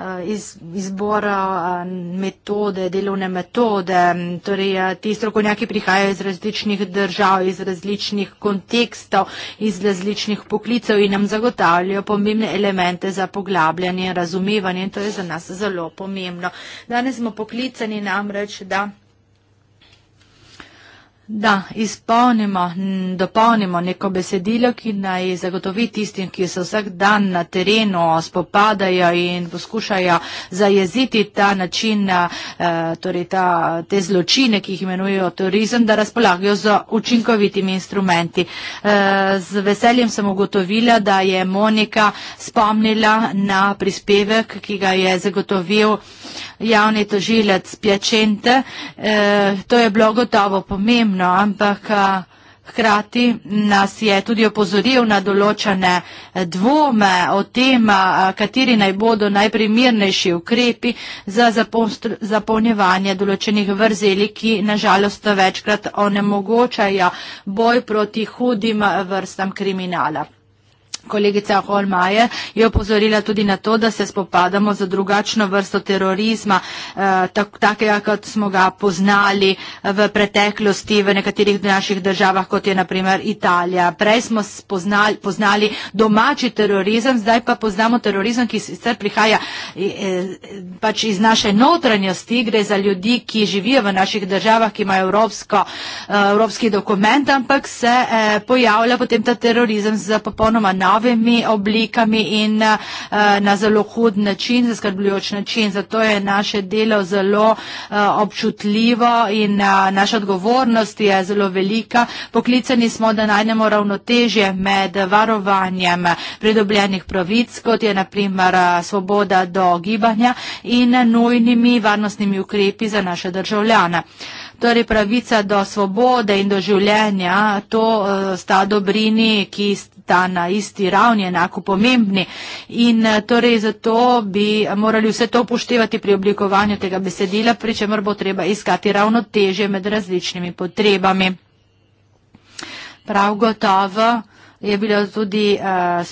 Eh, iz, izbora eh, metode, delovne metode. Torej, eh, ti strokovnjaki prihajajo iz različnih držav, iz različnih kontekstov, iz različnih poklicev in nam zagotavljajo pomembne elemente za poglabljanje in razumevanje in to je za nas zelo pomembno. Danes smo poklicani namreč, da da izpolnimo, dopolnimo neko besedilo, ki naj zagotovi tistim, ki se vsak dan na terenu spopadajo in poskušajo zajeziti ta način, eh, torej ta, te zločine, ki jih imenujejo turizem, da razpolagajo z učinkovitimi instrumenti. Eh, z veseljem sem ugotovila, da je Monika spomnila na prispevek, ki ga je zagotovil javni tožilec Pjačent. Eh, to je bilo gotovo pomembno, ampak eh, hkrati nas je tudi opozoril na določene eh, dvome o tem, kateri naj bodo najprimernejši ukrepi za zapolnjevanje določenih vrzeli, ki nažalost večkrat onemogočajo boj proti hudim vrstam kriminala. Kolegica Holmaje je opozorila tudi na to, da se spopadamo z drugačno vrsto terorizma, eh, tak, takega, kot smo ga poznali eh, v preteklosti v nekaterih naših državah, kot je naprimer Italija. Prej smo spoznali, poznali domači terorizem, zdaj pa poznamo terorizem, ki sicer prihaja e, pač iz naše notranjosti, gre za ljudi, ki živijo v naših državah, ki imajo evropsko, eh, evropski dokument, ampak se pojavlja potem ta terorizem za popolnoma naravno novimi oblikami in eh, na zelo hud način, zaskrbljujoč način. Zato je naše delo zelo eh, občutljivo in eh, naša odgovornost je zelo velika. Poklicani smo, da najdemo ravnotežje med varovanjem pridobljenih pravic, kot je naprimer svoboda do gibanja in nujnimi varnostnimi ukrepi za naše državljane. Torej pravica do svobode in do življenja, to eh, sta dobrini, ki sta na isti ravni enako pomembni. In eh, torej zato bi morali vse to upoštevati pri oblikovanju tega besedila, pri čemer bo treba iskati ravnoteže med različnimi potrebami. Prav gotovo je bilo tudi, uh,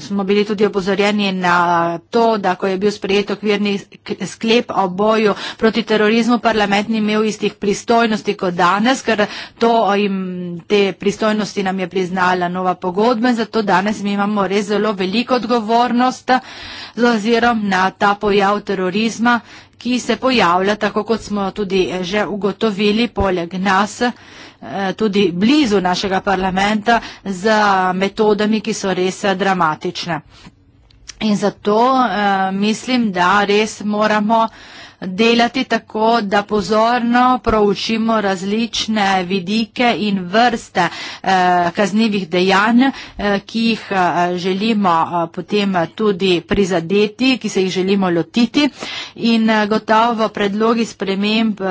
smo bili tudi opozorjeni na to, da ko je bil sprejet okvirni sklep o boju proti terorizmu, parlament ni imel istih pristojnosti kot danes, ker to jim te pristojnosti nam je priznala nova pogodba in zato danes mi imamo res zelo veliko odgovornost z ozirom na ta pojav terorizma, ki se pojavlja, tako kot smo tudi eh, že ugotovili poleg nas. Eh, tudi blizu našega parlamenta z metodami, ki so res eh, dramatične. In zato eh, mislim, da res moramo delati tako, da pozorno proučimo različne vidike in vrste eh, kaznivih dejanj, eh, ki jih eh, želimo eh, potem tudi prizadeti, ki se jih želimo lotiti. In eh, gotovo predlogi sprememb eh,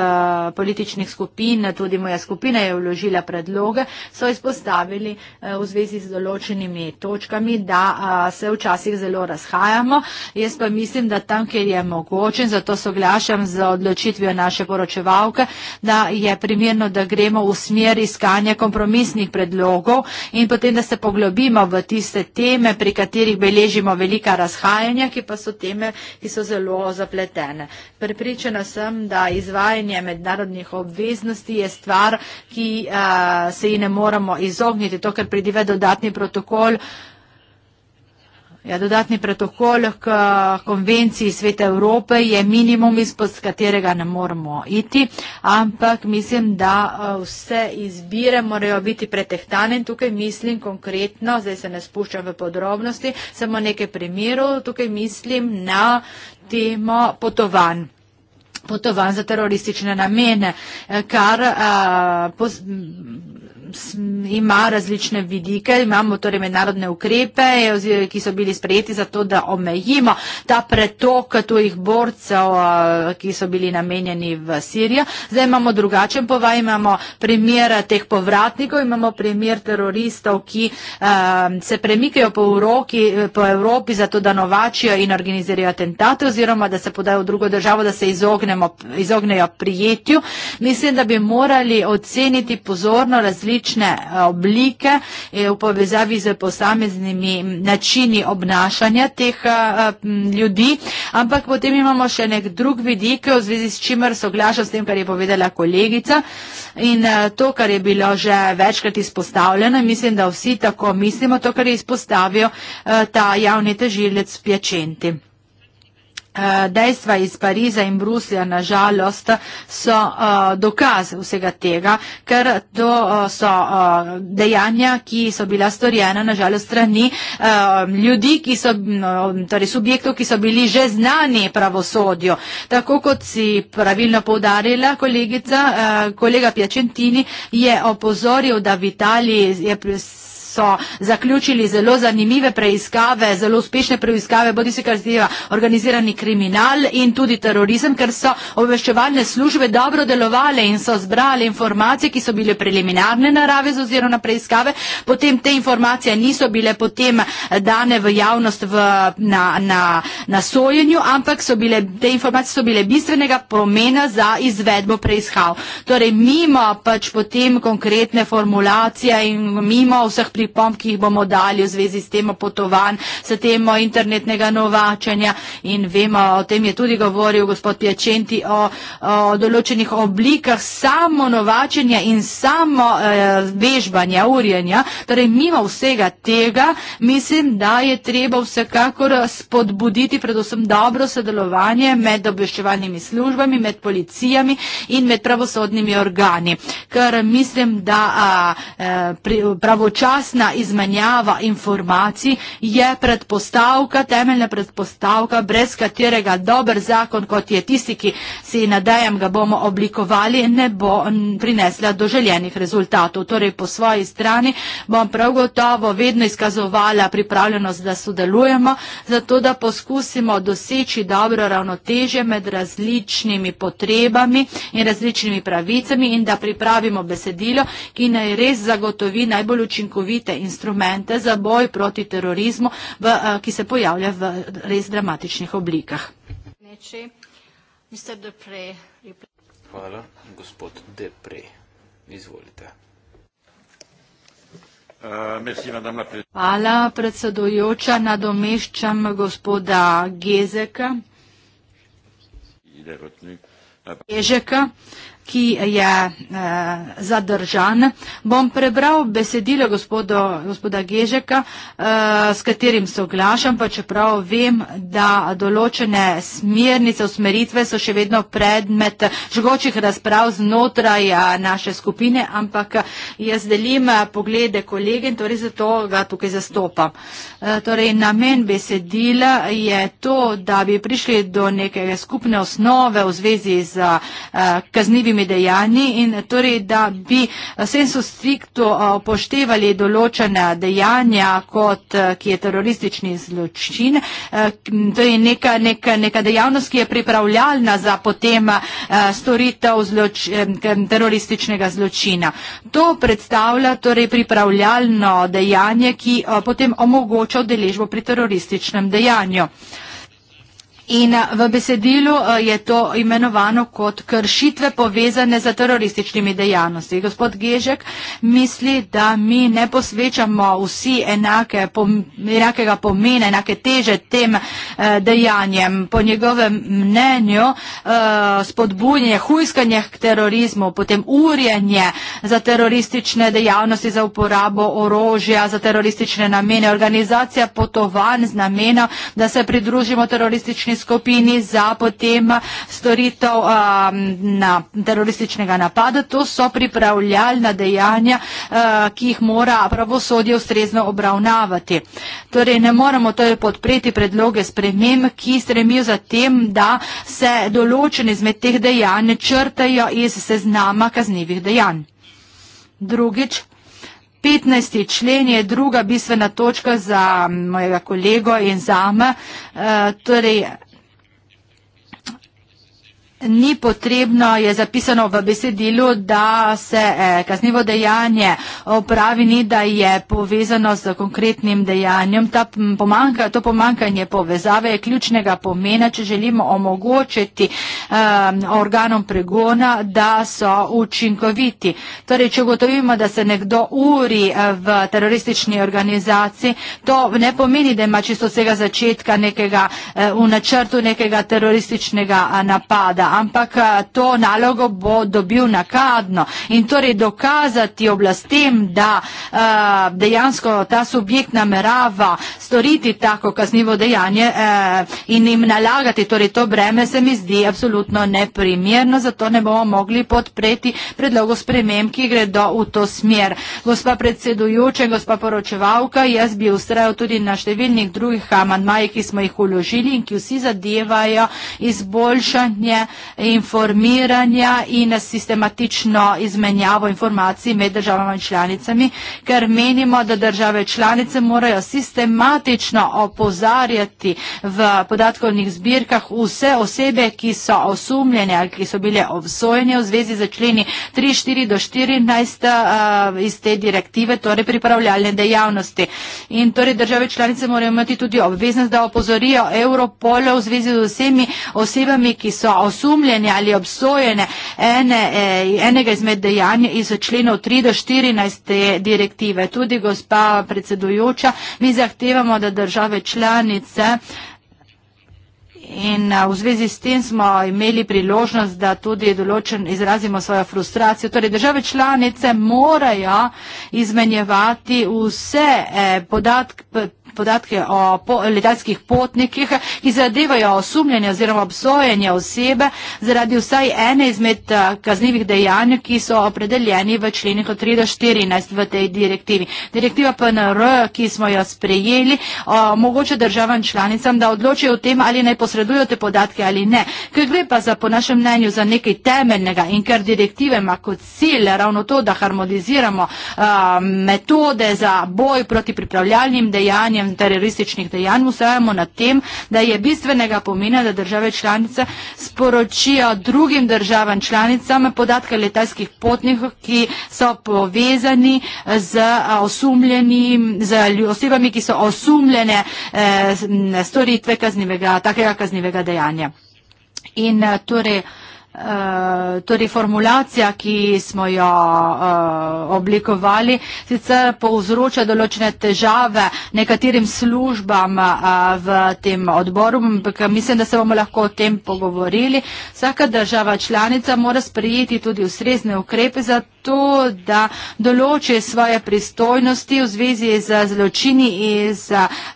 političnih skupin, tudi moja skupina je vložila predloge, so izpostavili eh, v zvezi z določenimi točkami, da eh, se včasih zelo razhajamo. Jaz pa mislim, da tam, kjer je mogoče, zato so glasili, soglašam z odločitvijo naše poročevalke, da je primerno, da gremo v smer iskanja kompromisnih predlogov in potem, da se poglobimo v tiste teme, pri katerih beležimo velika razhajanja, ki pa so teme, ki so zelo zapletene. Pripričana sem, da izvajanje mednarodnih obveznosti je stvar, ki uh, se ji ne moramo izogniti, to, ker pridive dodatni protokol. Ja, dodatni protokol k eh, konvenciji Sveta Evrope je minimum, izpod katerega ne moramo iti, ampak mislim, da eh, vse izbire morajo biti pretehtane in tukaj mislim konkretno, zdaj se ne spuščam v podrobnosti, samo nekaj primerov, tukaj mislim na temo potovanj potovanj za teroristične namene, eh, kar a, pos, ima različne vidike, imamo torej mednarodne ukrepe, ki so bili sprejeti za to, da omejimo ta pretok tujih borcev, ki so bili namenjeni v Sirijo. Zdaj imamo drugačen povaj, imamo primer eh, teh povratnikov, imamo primer teroristov, ki eh, se premikajo po, uroki, eh, po Evropi za to, da novačijo in organizirajo atentate oziroma da se podajo v drugo državo, da se izognemo, izognejo prijetju. Mislim, da bi morali oceniti pozorno različne različne eh, oblike eh, v povezavi z posameznimi načini obnašanja teh eh, ljudi, ampak potem imamo še nek drug vidik, v zvezi s čimer soglašam s tem, kar je povedala kolegica in to, kar je bilo že večkrat izpostavljeno. Mislim, da vsi tako mislimo to, kar je izpostavil ta javni težilec Pjačenti. Eh, dejstva iz Pariza in Bruslja nažalost so eh, dokaz vsega tega, ker to eh, so dejanja, ki so bila storjena nažalost strani ljudi, ki so, no, torej subjektov, ki so bili že znani pravosodju. Tako kot si pravilno povdarila kolegica, kolega Pjačentini je opozoril, da v Italiji je pristopil so zaključili zelo zanimive preiskave, zelo uspešne preiskave, bodi se kar zdiva organizirani kriminal in tudi terorizem, ker so obveščevalne službe dobro delovale in so zbrali informacije, ki so bile preliminarne narave z oziroma na preiskave, potem te informacije niso bile potem eh, dane v javnost v, na, na, na sojenju, ampak so bile, te informacije so bile bistvenega pomena za izvedbo preiskav. Torej, mimo pač potem konkretne formulacije in mimo vseh pripravljenih pripomb, ki jih bomo dali v zvezi s temo potovanj, s temo internetnega novačanja in vemo, o tem je tudi govoril gospod Pjačenti, o, o določenih oblikah samo novačanja in samo eh, vežbanja, urjenja. Torej, mimo vsega tega, mislim, da je treba vsekakor spodbuditi predvsem dobro sodelovanje med obveščevalnimi službami, med policijami in med pravosodnimi organi. Ker mislim, da a, a, eh, pri, pravočasno korisna izmenjava informacij je predpostavka, temeljna predpostavka, brez katerega dober zakon, kot je tisti, ki si nadejam ga bomo oblikovali, ne bo prinesla do željenih rezultatov. Torej, po svoji strani bom prav gotovo vedno izkazovala pripravljenost, da sodelujemo, zato da poskusimo doseči dobro ravnoteže med različnimi potrebami in različnimi pravicami in da pripravimo besedilo, ki naj res zagotovi najbolj učinkovit učinkovite instrumente za boj proti terorizmu, v, eh, ki se pojavlja v res dramatičnih oblikah. Hvala, gospod Depre. Izvolite. Eh, Hvala, predsedujoča. Nadomeščam gospoda Gezeka. Ježeka ki je eh, zadržan. Bom prebral besedilo gospodo, gospoda Gežeka, eh, s katerim soglašam, pa čeprav vem, da določene smernice, usmeritve so še vedno predmet žgočih razprav znotraj eh, naše skupine, ampak jaz delim eh, poglede kolege in torej zato ga tukaj zastopam. Eh, torej, namen besedila je to, da bi prišli do neke skupne osnove v zvezi z eh, kaznivim svojimi dejanji in torej, da bi eh, senso strikto eh, poštevali določena dejanja, kot, eh, ki je teroristični zločin. To torej je neka, neka, neka dejavnost, ki je pripravljalna za potem storitev zloč, terorističnega zločina. To predstavlja torej pripravljalno dejanje, ki potem omogoča udeležbo pri terorističnem dejanju. In eh, v besedilu eh, je to imenovano kot kršitve povezane z terorističnimi dejavnosti. Gospod Gežek misli, da mi ne posvečamo vsi enake, enakega pomena, enake teže tem eh, dejanjem. Po njegovem mnenju spodbujanje, hujskanje k terorizmu, potem urjenje za teroristične dejavnosti, za uporabo orožja, za teroristične namene, organizacija potovanj z namena, da se pridružimo teroristični skupini za potem storitev um, na terorističnega napada. To so pripravljalna dejanja, uh, ki jih mora pravosodje ustrezno obravnavati. Torej, ne moremo torej podpreti predloge sprememb, ki stremijo za tem, da se določene izmed teh dejanj črtajo iz seznama kaznjivih dejanj. Drugič. 15. člen je druga bistvena točka za mm, mojega kolego in zame. Uh, torej, Ni potrebno, je zapisano v besedilu, da se eh, kaznivo dejanje opravi, ni da je povezano z konkretnim dejanjem. Pomanka, to pomankanje povezave je ključnega pomena, če želimo omogočiti um, organom pregona, da so učinkoviti. Torej, če ugotovimo, da se nekdo uri eh, v teroristični organizaciji, to ne pomeni, da ima čisto vsega začetka nekega, v načrtu nekega terorističnega napada ampak to nalogo bo dobil nakadno in torej dokazati oblastem, da dejansko ta subjekt namerava storiti tako kaznivo dejanje e, in jim nalagati, torej to breme se mi zdi absolutno neprimerno, zato ne bomo mogli podpreti predlogo spremem, ki gredo v to smer. Gospa predsedujoče, gospa poročevalka, jaz bi ustrajal tudi na številnih drugih amandmajih, ki smo jih uložili in ki vsi zadevajo izboljšanje. Yeah informiranja in sistematično izmenjavo informacij med državama in članicami, ker menimo, da države članice morajo sistematično opozarjati v podatkovnih zbirkah vse osebe, ki so osumljene ali ki so bile obsojene v zvezi z členi 3, 4 do 14 eh, iz te direktive, torej pripravljalne dejavnosti. In torej države članice morajo imeti tudi obveznost, da opozorijo Europola v zvezi z vsemi osebami, ki so osumljene osumljene ali obsojene ene, eh, enega izmed dejanj iz členov 3 do 14 direktive. Tudi gospa predsedujoča, mi zahtevamo, da države članice. In eh, v zvezi s tem smo imeli priložnost, da tudi določen izrazimo svojo frustracijo. Torej, države članice morajo izmenjevati vse eh, podatke podatke o po letalskih potnikih, ki zadevajo osumljanje oziroma obsojanje osebe zaradi vsaj ene izmed eh, kaznjivih dejanj, ki so opredeljeni v členih od 3 do 14 v tej direktivi. Direktiva PNR, ki smo jo sprejeli, omogoča državam članicam, da odločijo o tem, ali naj posredujo te podatke ali ne. Ker gre pa za, po našem mnenju za nekaj temeljnega in ker direktive ima kot cilj ravno to, da harmoniziramo eh, metode za boj proti pripravljalnim dejanjem, terorističnih dejanj, ustrajamo na tem, da je bistvenega pomena, da države članice sporočijo drugim državam članicam podatke letalskih potnih, ki so povezani z, eh, z osebami, ki so osumljene eh, storitve kaznivega, takega kaznivega dejanja. In, eh, torej, Eh, torej formulacija, ki smo jo eh, oblikovali, sicer povzroča določene težave nekaterim službam eh, v tem odboru, ampak mislim, da se bomo lahko o tem pogovorili. Vsaka država članica mora sprejeti tudi ustrezne ukrepe za to, to, da določi svoje pristojnosti v zvezi z zločini iz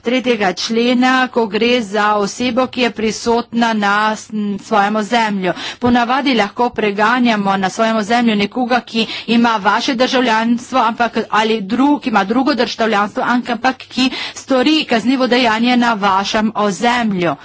tretjega člena, ko gre za osebo, ki je prisotna na svojemu zemlju. Ponavadi lahko preganjamo na svojemu zemlju nekoga, ki ima vaše državljanstvo ampak, ali drug, ki ima drugo državljanstvo, ampak ki stori kaznivo dejanje na vašem ozemlju.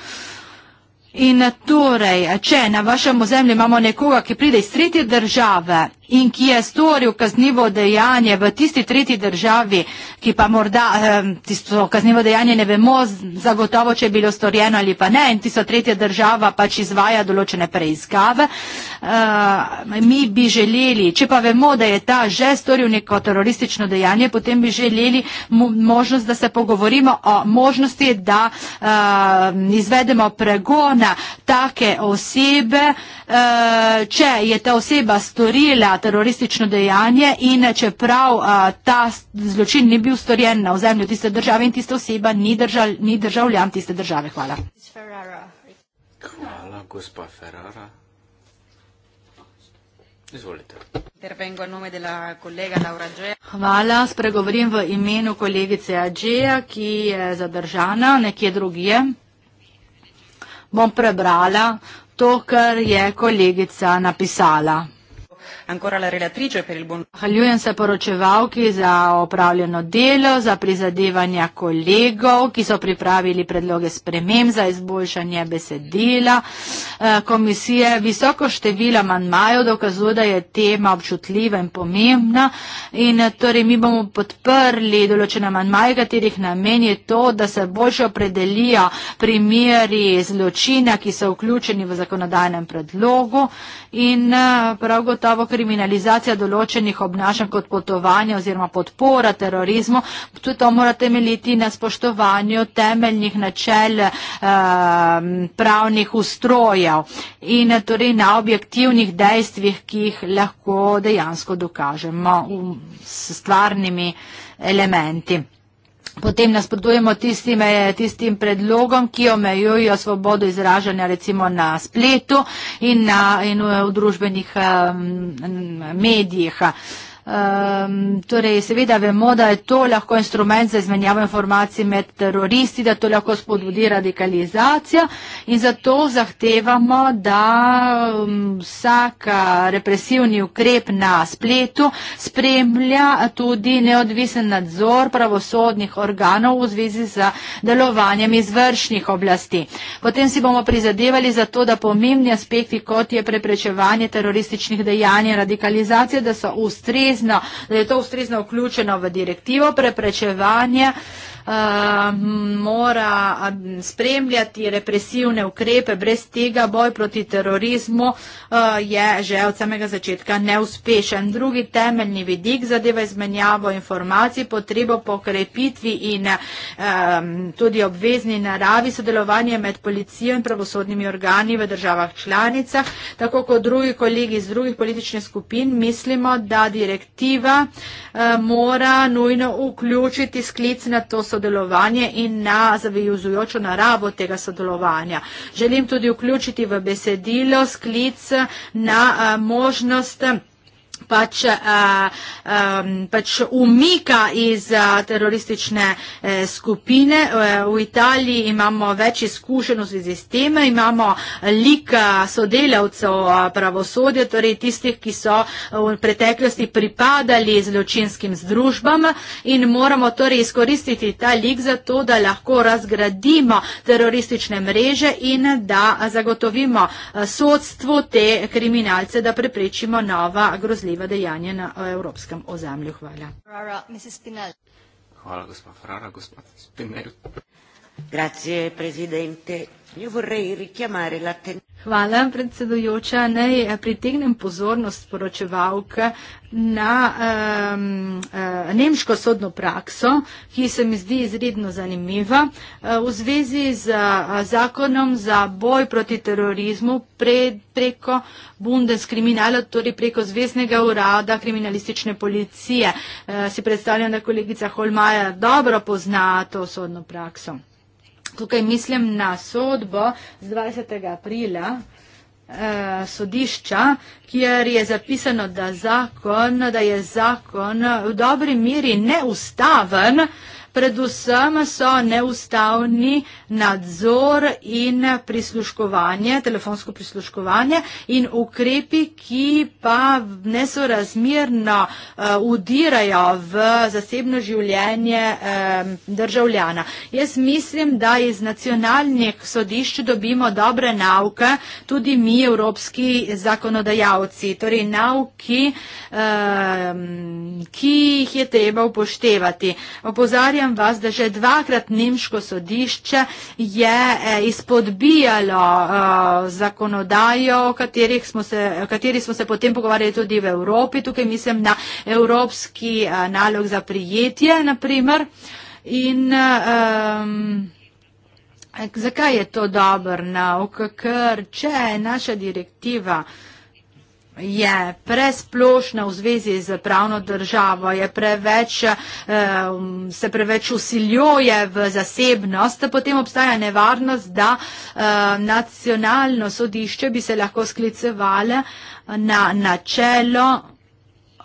In torej, če na vašem ozemlju imamo nekoga, ki pride iz tretje države in ki je storil kaznivo dejanje v tisti tretji državi, ki pa morda ehm, tisto kaznivo dejanje ne vemo zagotovo, če je bilo storjeno ali pa ne in tisto tretja država pač izvaja določene preizkave. Ehm, mi bi želeli, če pa vemo, da je ta že storil neko teroristično dejanje, potem bi želeli možnost, da se pogovorimo o možnosti, da ehm, izvedemo pregona take osebe, če je ta oseba storila teroristično dejanje in čeprav a, ta zločin ni bil storjen na ozemlju tiste države in tista oseba ni, držal, ni državljan tiste države. Hvala. Hvala, gospa Ferrara. Hvala, spregovorim v imenu kolegice Adžeja, ki je zadržana nekje drugje. Bom prebrala to, kar je kolegica napisala. Ancora la relatrice per il buon... Zahvaljujem se poročevalki za opravljeno delo, za prizadevanja kolegov, ki so pripravili predloge sprememb za izboljšanje besedila. Eh, komisije visoko število manjmajo dokazuje, da je tema občutljiva in pomembna in eh, torej mi bomo podprli določena manjmaja, katerih namen je to, da se boljše opredelijo primeri zločina, ki so vključeni v zakonodajnem predlogu in eh, prav gotovo, ker kriminalizacija določenih obnašanj kot potovanja oziroma podpora terorizmu, tudi to mora temeljiti na spoštovanju temeljnih načel um, pravnih ustrojev in torej na objektivnih dejstvih, ki jih lahko dejansko dokažemo s stvarnimi elementi. Potem nasprotujemo tistim, eh, tistim predlogom, ki omejujo svobodo izražanja recimo na spletu in, na, in v družbenih um, medijih. Uh, Um, torej, seveda vemo, da je to lahko instrument za izmenjavo informacij med teroristi, da to lahko spodbudi radikalizacija in zato zahtevamo, da um, ehm, vsaka represivni ukrep na spletu spremlja tudi neodvisen nadzor pravosodnih organov v zvezi z delovanjem izvršnih oblasti. Potem si bomo prizadevali za to, da pomembni aspekti, kot je preprečevanje terorističnih dejanj in radikalizacije, da so ustrezni ustrezno, da je to ustrezno vključeno v direktivo preprečevanja Eh, mora eh, spremljati represivne ukrepe. Brez tega boj proti terorizmu eh, je že od samega začetka neuspešen. Drugi temeljni vidik zadeva izmenjavo informacij, potrebo po krepitvi in tudi obvezni naravi sodelovanje med policijo in pravosodnimi organi v državah članicah. Tako kot drugi kolegi iz drugih političnih skupin mislimo, da direktiva mora nujno vključiti sklic na to sodelovanje sodelovanje in na zavezujočo naravo tega sodelovanja. Želim tudi vključiti v besedilo sklic na eh, možnost pač, uh, um, pač umika iz uh, teroristične uh, skupine. Uh, v Italiji imamo več izkušenj v zvezi s tem, imamo lik sodelavcev pravosodja, torej tistih, ki so v preteklosti pripadali zločinskim združbam in moramo torej izkoristiti ta lik za to, da lahko razgradimo teroristične mreže in da zagotovimo sodstvu te kriminalce, da preprečimo nova grozljiva odkriva dejanje na evropskem ozemlju. Hvala. Hvala, gospod Spinel. Hvala, gospod Frara, gospod Spinel. Grazie, predsednik. Io vorrei richiamare l'attenzione. Hvala, predsedujoča. Naj eh, pritegnem pozornost poročevalk na um, uh, nemško sodno prakso, ki se mi zdi izredno zanimiva uh, v zvezi z uh, zakonom za boj proti terorizmu pred, preko Bundeskriminala, torej preko Zvezdnega urada kriminalistične policije. Uh, si predstavljam, da kolegica Holmaja dobro pozna to sodno prakso tukaj mislim na sodbo z 20. aprila eh, sodišča, kjer je zapisano, da, zakon, da je zakon v dobri miri neustaven, eh, predvsem so neustavni nadzor in prisluškovanje, telefonsko prisluškovanje in ukrepi, ki pa nesorazmirno eh, udirajo v zasebno življenje državljana. Jaz mislim, da iz nacionalnih sodišč dobimo dobre nauke, tudi mi, evropski zakonodajalci, torej nauki, ki jih je treba upoštevati. Opozarjam obveščam vas, da že dvakrat nemško sodišče je eh, izpodbijalo eh, zakonodajo, o, smo se, o kateri smo se potem pogovarjali tudi v Evropi. Tukaj mislim na evropski eh, nalog za prijetje, naprimer. In um, zakaj je to dobro na no, OKK, če je naša direktiva? je presplošna v zvezi z pravno državo, preveč, eh, se preveč usiljuje v zasebnost, potem obstaja nevarnost, da eh, nacionalno sodišče bi se lahko sklicevalo na načelo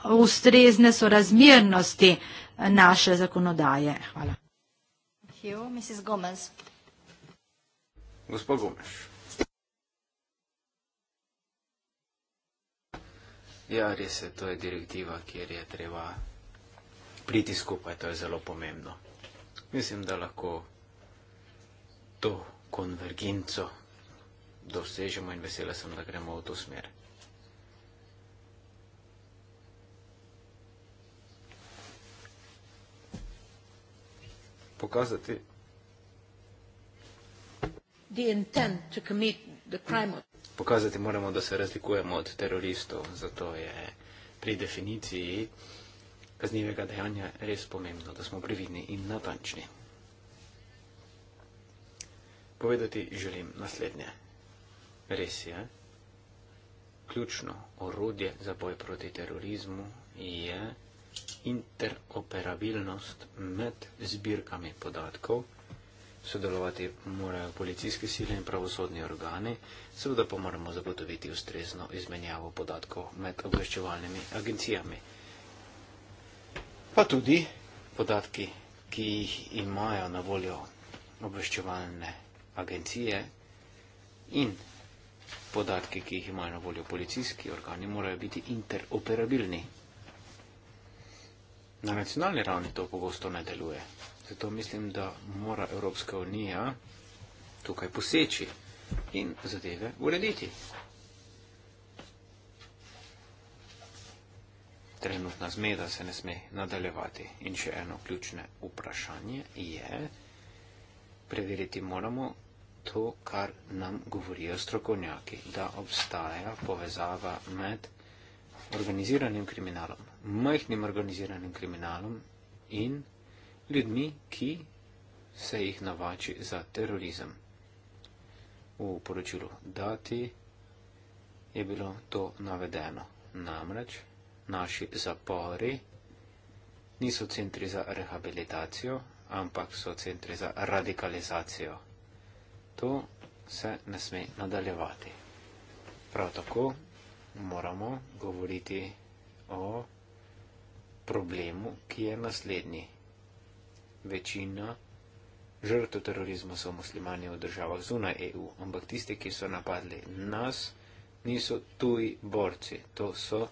ustrezne sorazmernosti naše zakonodaje. Hvala. Gospod Gomes. Ja, res je, to je direktiva, kjer je treba priti skupaj, to je zelo pomembno. Mislim, da lahko to konvergenco dosežemo in vesela sem, da gremo v to smer. Pokazati. The intent to commit the crime of pokazati moramo, da se razlikujemo od teroristov. Zato je pri definiciji kaznjivega dejanja res pomembno, da smo previdni in natančni. Povedati želim naslednje. Res je, ključno orodje za boj proti terorizmu je interoperabilnost med zbirkami podatkov, sodelovati morajo policijske sile in pravosodni organi, seveda pa moramo zagotoviti ustrezno izmenjavo podatkov med obveščevalnimi agencijami. Pa tudi podatki, ki jih imajo na voljo obveščevalne agencije in podatki, ki jih imajo na voljo policijski organi, morajo biti interoperabilni. Na nacionalni ravni to pogosto ne deluje. Zato mislim, da mora Evropska unija tukaj poseči in zadeve urediti. Trenutna zmeda se ne sme nadaljevati. In še eno ključne vprašanje je, preveriti moramo to, kar nam govorijo strokovnjaki, da obstaja povezava med organiziranim kriminalom, majhnim organiziranim kriminalom in kriminalom ljudmi, ki se jih navači za terorizem. V poročilu Dati je bilo to navedeno. Namreč naši zapori niso centri za rehabilitacijo, ampak so centri za radikalizacijo. To se ne sme nadaljevati. Prav tako moramo govoriti o problemu, ki je naslednji večina žrtv terorizma so muslimani v državah zunaj EU, ampak tisti, ki so napadli nas, niso tuji borci, to so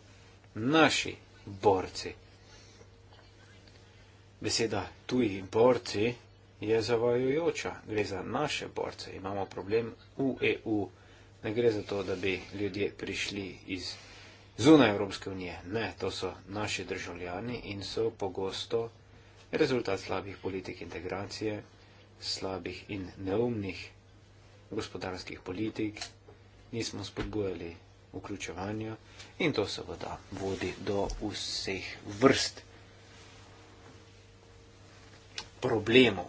naši borci. Beseda tuji borci je zavajojoča, gre za naše borce, imamo problem v EU, ne gre za to, da bi ljudje prišli iz zunaj Evropske unije, ne, to so naši državljani in so pogosto rezultat slabih politik integracije, slabih in neumnih gospodarskih politik, nismo spodbujali vključevanja in to seveda vodi do vseh vrst problemov.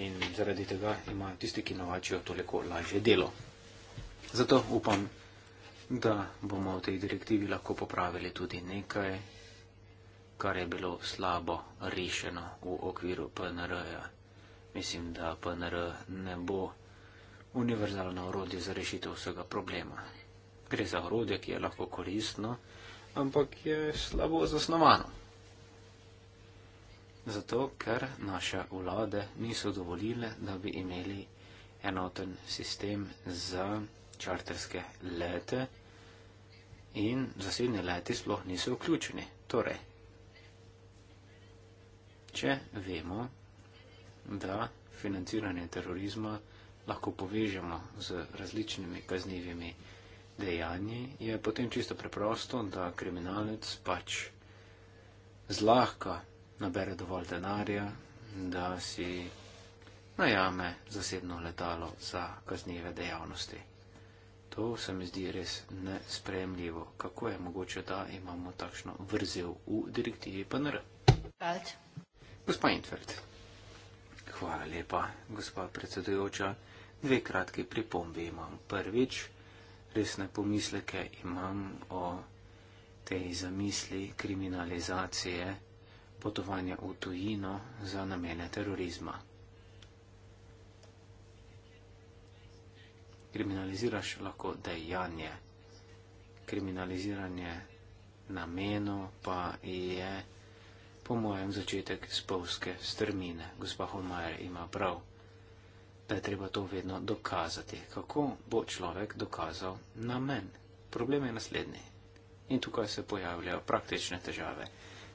In zaradi tega ima tisti, ki navačijo toliko lažje delo. Zato upam, da bomo v tej direktivi lahko popravili tudi nekaj kar je bilo slabo rešeno v okviru PNR-ja. Mislim, da PNR ne bo univerzalno orodje za rešitev vsega problema. Gre za orodje, ki je lahko koristno, ampak je slabo zasnovano. Zato, ker naše vlade niso dovolile, da bi imeli enoten sistem za čarterske lete in zasebne leti sploh niso vključeni. Torej, Če vemo, da financiranje terorizma lahko povežemo z različnimi kaznivimi dejanji, je potem čisto preprosto, da kriminalec pač zlahka nabere dovolj denarja, da si najame zasebno letalo za kaznive dejavnosti. To se mi zdi res nespremljivo. Kako je mogoče, da imamo takšno vrzel v direktivi PNR? Hvala. Gospa Intvert. Hvala lepa, gospa predsedujoča. Dve kratke pripombe imam. Prvič, resne pomisleke imam o tej zamisli kriminalizacije potovanja v tujino za namene terorizma. Kriminaliziraš lahko dejanje. Kriminaliziranje namenov pa je po mojem začetek spolske strmine. Gospa Homajer ima prav, da je treba to vedno dokazati. Kako bo človek dokazal namen? Problem je naslednji. In tukaj se pojavljajo praktične težave.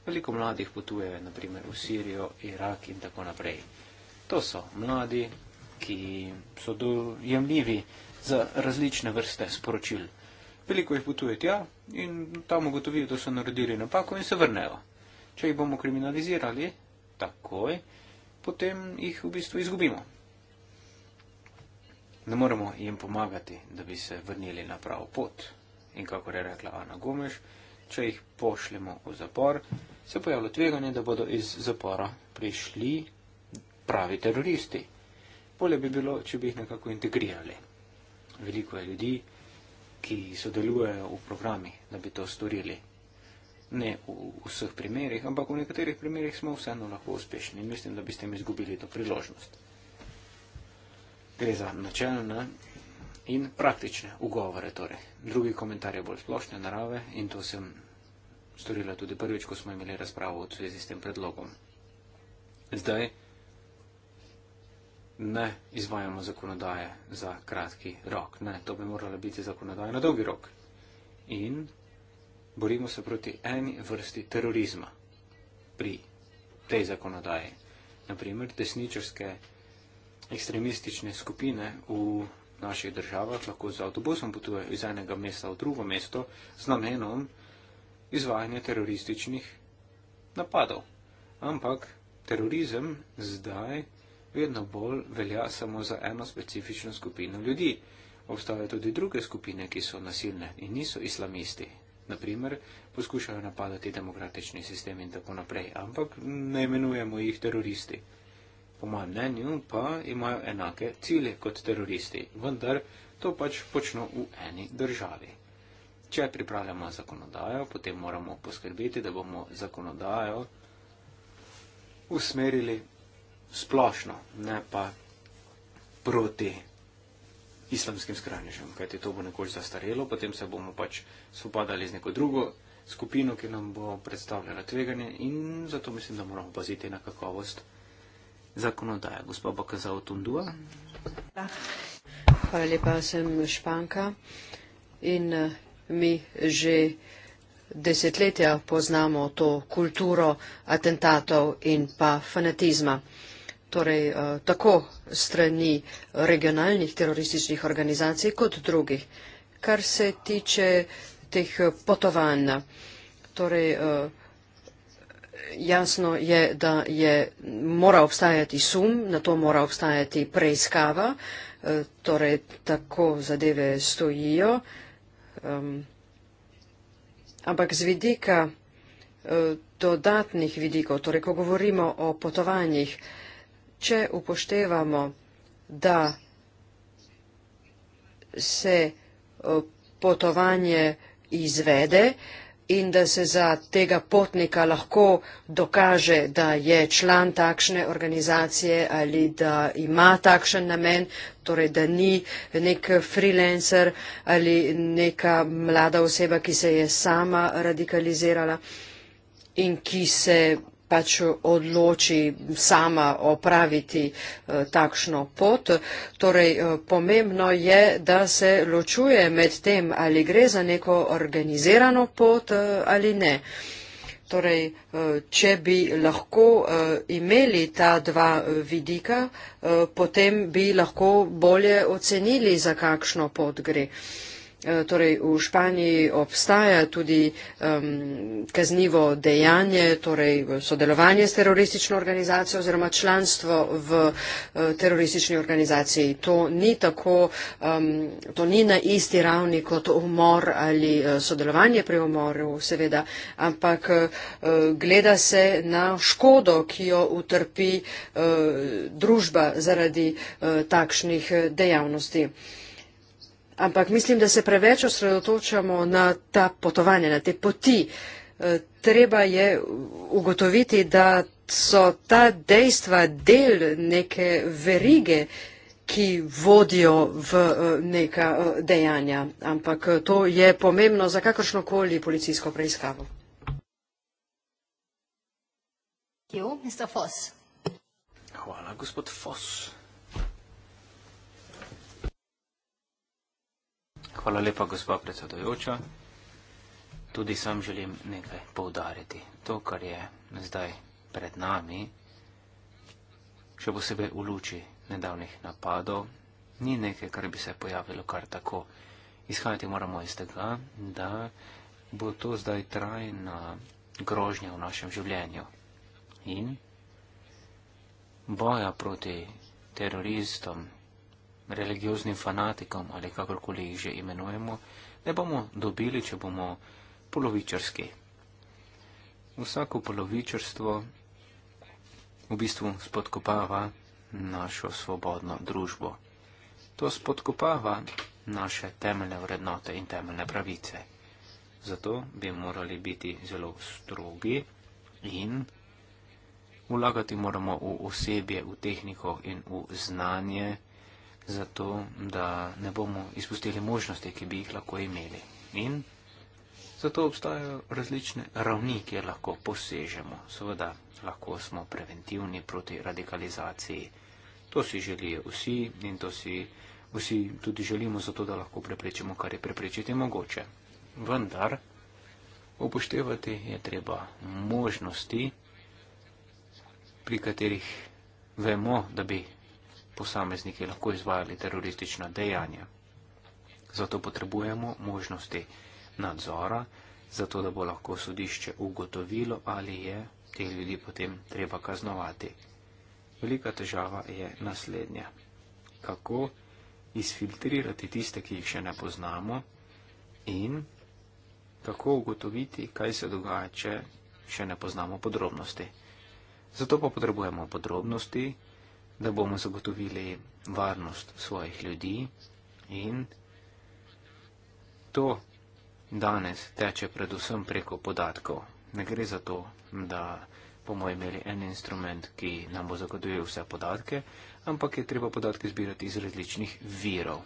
Veliko mladih potuje, naprimer, v Sirijo, Irak in tako naprej. To so mladi, ki so dojemljivi za različne vrste sporočil. Veliko jih potuje tja in tam ugotovijo, da so naredili napako in se vrnejo. Če jih bomo kriminalizirali takoj, potem jih v bistvu izgubimo. Ne moremo jim pomagati, da bi se vrnili na pravo pot. In kako je rekla Ana Gomeš, če jih pošljemo v zapor, se pojavlja tveganje, da bodo iz zapora prišli pravi teroristi. Bolje bi bilo, če bi jih nekako integrirali. Veliko je ljudi, ki sodelujejo v programih, da bi to storili ne v vseh primerjih, ampak v nekaterih primerjih smo vseeno lahko uspešni in mislim, da bi s tem izgubili to priložnost. Gre za načelne in praktične ugovore. Torej. Drugi komentar je bolj splošne narave in to sem storila tudi prvič, ko smo imeli razpravo v zvezi s tem predlogom. Zdaj ne izvajamo zakonodaje za kratki rok. Ne, to bi morala biti zakonodaja na dolgi rok. In borimo se proti eni vrsti terorizma pri tej zakonodaji. Naprimer, desničarske ekstremistične skupine v naših državah lahko z avtobusom potujejo iz enega mesta v drugo mesto z namenom izvajanja terorističnih napadov. Ampak terorizem zdaj vedno bolj velja samo za eno specifično skupino ljudi. Obstajajo tudi druge skupine, ki so nasilne in niso islamisti, naprimer, poskušajo napadati demokratični sistem in tako naprej, ampak ne imenujemo jih teroristi. Po mojem mnenju pa imajo enake cilje kot teroristi, vendar to pač počno v eni državi. Če pripravljamo zakonodajo, potem moramo poskrbeti, da bomo zakonodajo usmerili splošno, ne pa proti islamskim skrajnežem, kajti to bo nekoč zastarelo, potem se bomo pač spopadali z neko drugo skupino, ki nam bo predstavljala tveganje in zato mislim, da moramo paziti na kakovost zakonodaje. Gospa Bakazao Tundua. Hvala lepa, sem Španka in eh, mi že desetletja poznamo to kulturo atentatov in pa fanatizma torej eh, tako strani regionalnih terorističnih organizacij kot drugih. Kar se tiče teh eh, potovanj, torej eh, jasno je, da je, mora obstajati sum, na to mora obstajati preiskava, torej tako zadeve stojijo, ehm, ampak z vidika dodatnih vidikov, torej ko govorimo o potovanjih, če upoštevamo, da se potovanje izvede in da se za tega potnika lahko dokaže, da je član takšne organizacije ali da ima takšen namen, torej da ni nek freelancer ali neka mlada oseba, ki se je sama radikalizirala in ki se pač odloči sama opraviti eh, takšno pot. Torej, eh, pomembno je, da se ločuje med tem, ali gre za neko organizirano pot eh, ali ne. Torej, če bi lahko imeli ta dva vidika, potem bi lahko bolje ocenili, za kakšno pot gre. Eh, torej v Španiji obstaja tudi um, kaznivo dejanje, torej sodelovanje s teroristično organizacijo oziroma članstvo v uh, teroristični organizaciji. To ni, tako, um, to ni na isti ravni kot umor ali uh, sodelovanje pri umoru, seveda, ampak uh, gleda se na škodo, ki jo utrpi uh, družba zaradi uh, takšnih dejavnosti. Uh, Ampak mislim, da se preveč osredotočamo na ta potovanja, na te poti. E, treba je ugotoviti, da so ta dejstva del neke verige, ki vodijo v e, neka e, dejanja. Ampak to je pomembno za kakršnokoli policijsko preiskavo. Hvala, gospod Foss. Hvala lepa, gospa predsedojoča. Tudi sam želim nekaj poudariti. To, kar je zdaj pred nami, še posebej v luči nedavnih napadov, ni nekaj, kar bi se pojavilo kar tako. Izhajati moramo iz tega, da bo to zdaj trajna grožnja v našem življenju. In boja proti teroristom, religioznim fanatikom ali kakorkoli jih že imenujemo, ne bomo dobili, če bomo polovičarski. Vsako polovičarstvo v bistvu spodkopava našo svobodno družbo. To spodkopava naše temeljne vrednote in temeljne pravice. Zato bi morali biti zelo strogi in vlagati moramo v osebje, v tehniko in v znanje, zato da ne bomo izpustili možnosti, ki bi jih lahko imeli. In zato obstajajo različne ravni, kjer lahko posežemo. Seveda lahko smo preventivni proti radikalizaciji. To si želijo vsi in to si vsi tudi želimo, zato da lahko preprečimo, kar je preprečiti mogoče. Vendar upoštevati je treba možnosti, pri katerih vemo, da bi posamezniki lahko izvajali teroristična dejanja. Zato potrebujemo možnosti nadzora, zato da bo lahko sodišče ugotovilo, ali je te ljudi potem treba kaznovati. Velika težava je naslednja. Kako izfiltrirati tiste, ki jih še ne poznamo in kako ugotoviti, kaj se dogaja, če še ne poznamo podrobnosti. Zato pa potrebujemo podrobnosti, da bomo zagotovili varnost svojih ljudi in to danes teče predvsem preko podatkov. Ne gre za to, da bomo imeli en instrument, ki nam bo zagotovil vse podatke, ampak je treba podatke zbirati iz različnih virov.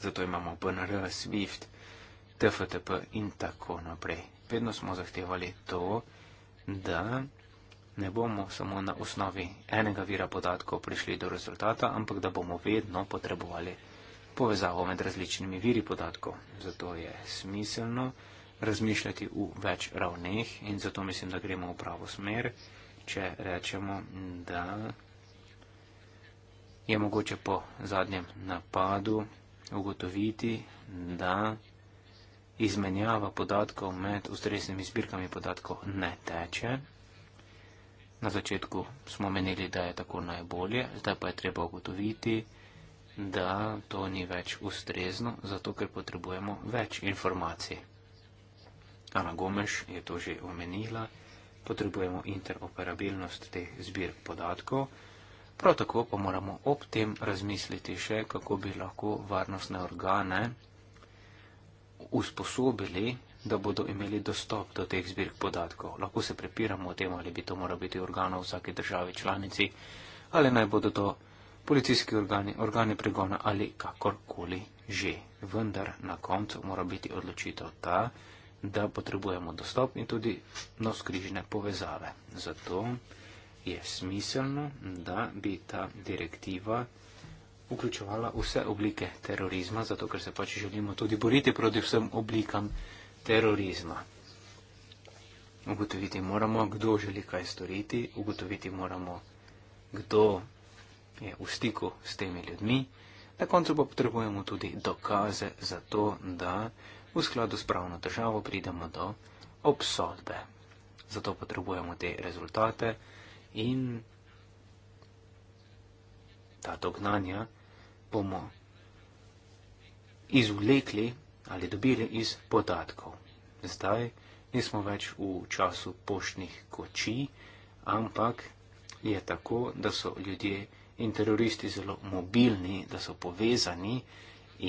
Zato imamo PNR, SWIFT, TFTP in tako naprej. Vedno smo zahtevali to, da ne bomo samo na osnovi enega vira podatkov prišli do rezultata, ampak da bomo vedno potrebovali povezavo med različnimi viri podatkov. Zato je smiselno razmišljati v več ravneh in zato mislim, da gremo v pravo smer, če rečemo, da je mogoče po zadnjem napadu ugotoviti, da izmenjava podatkov med ustreznimi zbirkami podatkov ne teče, Na začetku smo menili, da je tako najbolje, zdaj pa je treba ugotoviti, da to ni več ustrezno, zato ker potrebujemo več informacij. Ana Gomeš je to že omenila, potrebujemo interoperabilnost teh zbirk podatkov, prav tako pa moramo ob tem razmisliti še, kako bi lahko varnostne organe usposobili da bodo imeli dostop do teh zbirk podatkov. Lahko se prepiramo o tem, ali bi to moralo biti organov vsake države članici, ali naj bodo to policijski organi, organi pregona ali kakorkoli že. Vendar na koncu mora biti odločitev ta, da potrebujemo dostop in tudi noskrižne povezave. Zato je smiselno, da bi ta direktiva vključevala vse oblike terorizma, zato ker se pač želimo tudi boriti proti vsem oblikam terorizma terorizma. Ugotoviti moramo, kdo želi kaj storiti, ugotoviti moramo, kdo je v stiku s temi ljudmi. Na koncu pa potrebujemo tudi dokaze za to, da v skladu s pravno državo pridemo do obsodbe. Zato potrebujemo te rezultate in ta dognanja bomo izvlekli ali dobili iz podatkov. Zdaj nismo več v času poštnih koči, ampak je tako, da so ljudje in teroristi zelo mobilni, da so povezani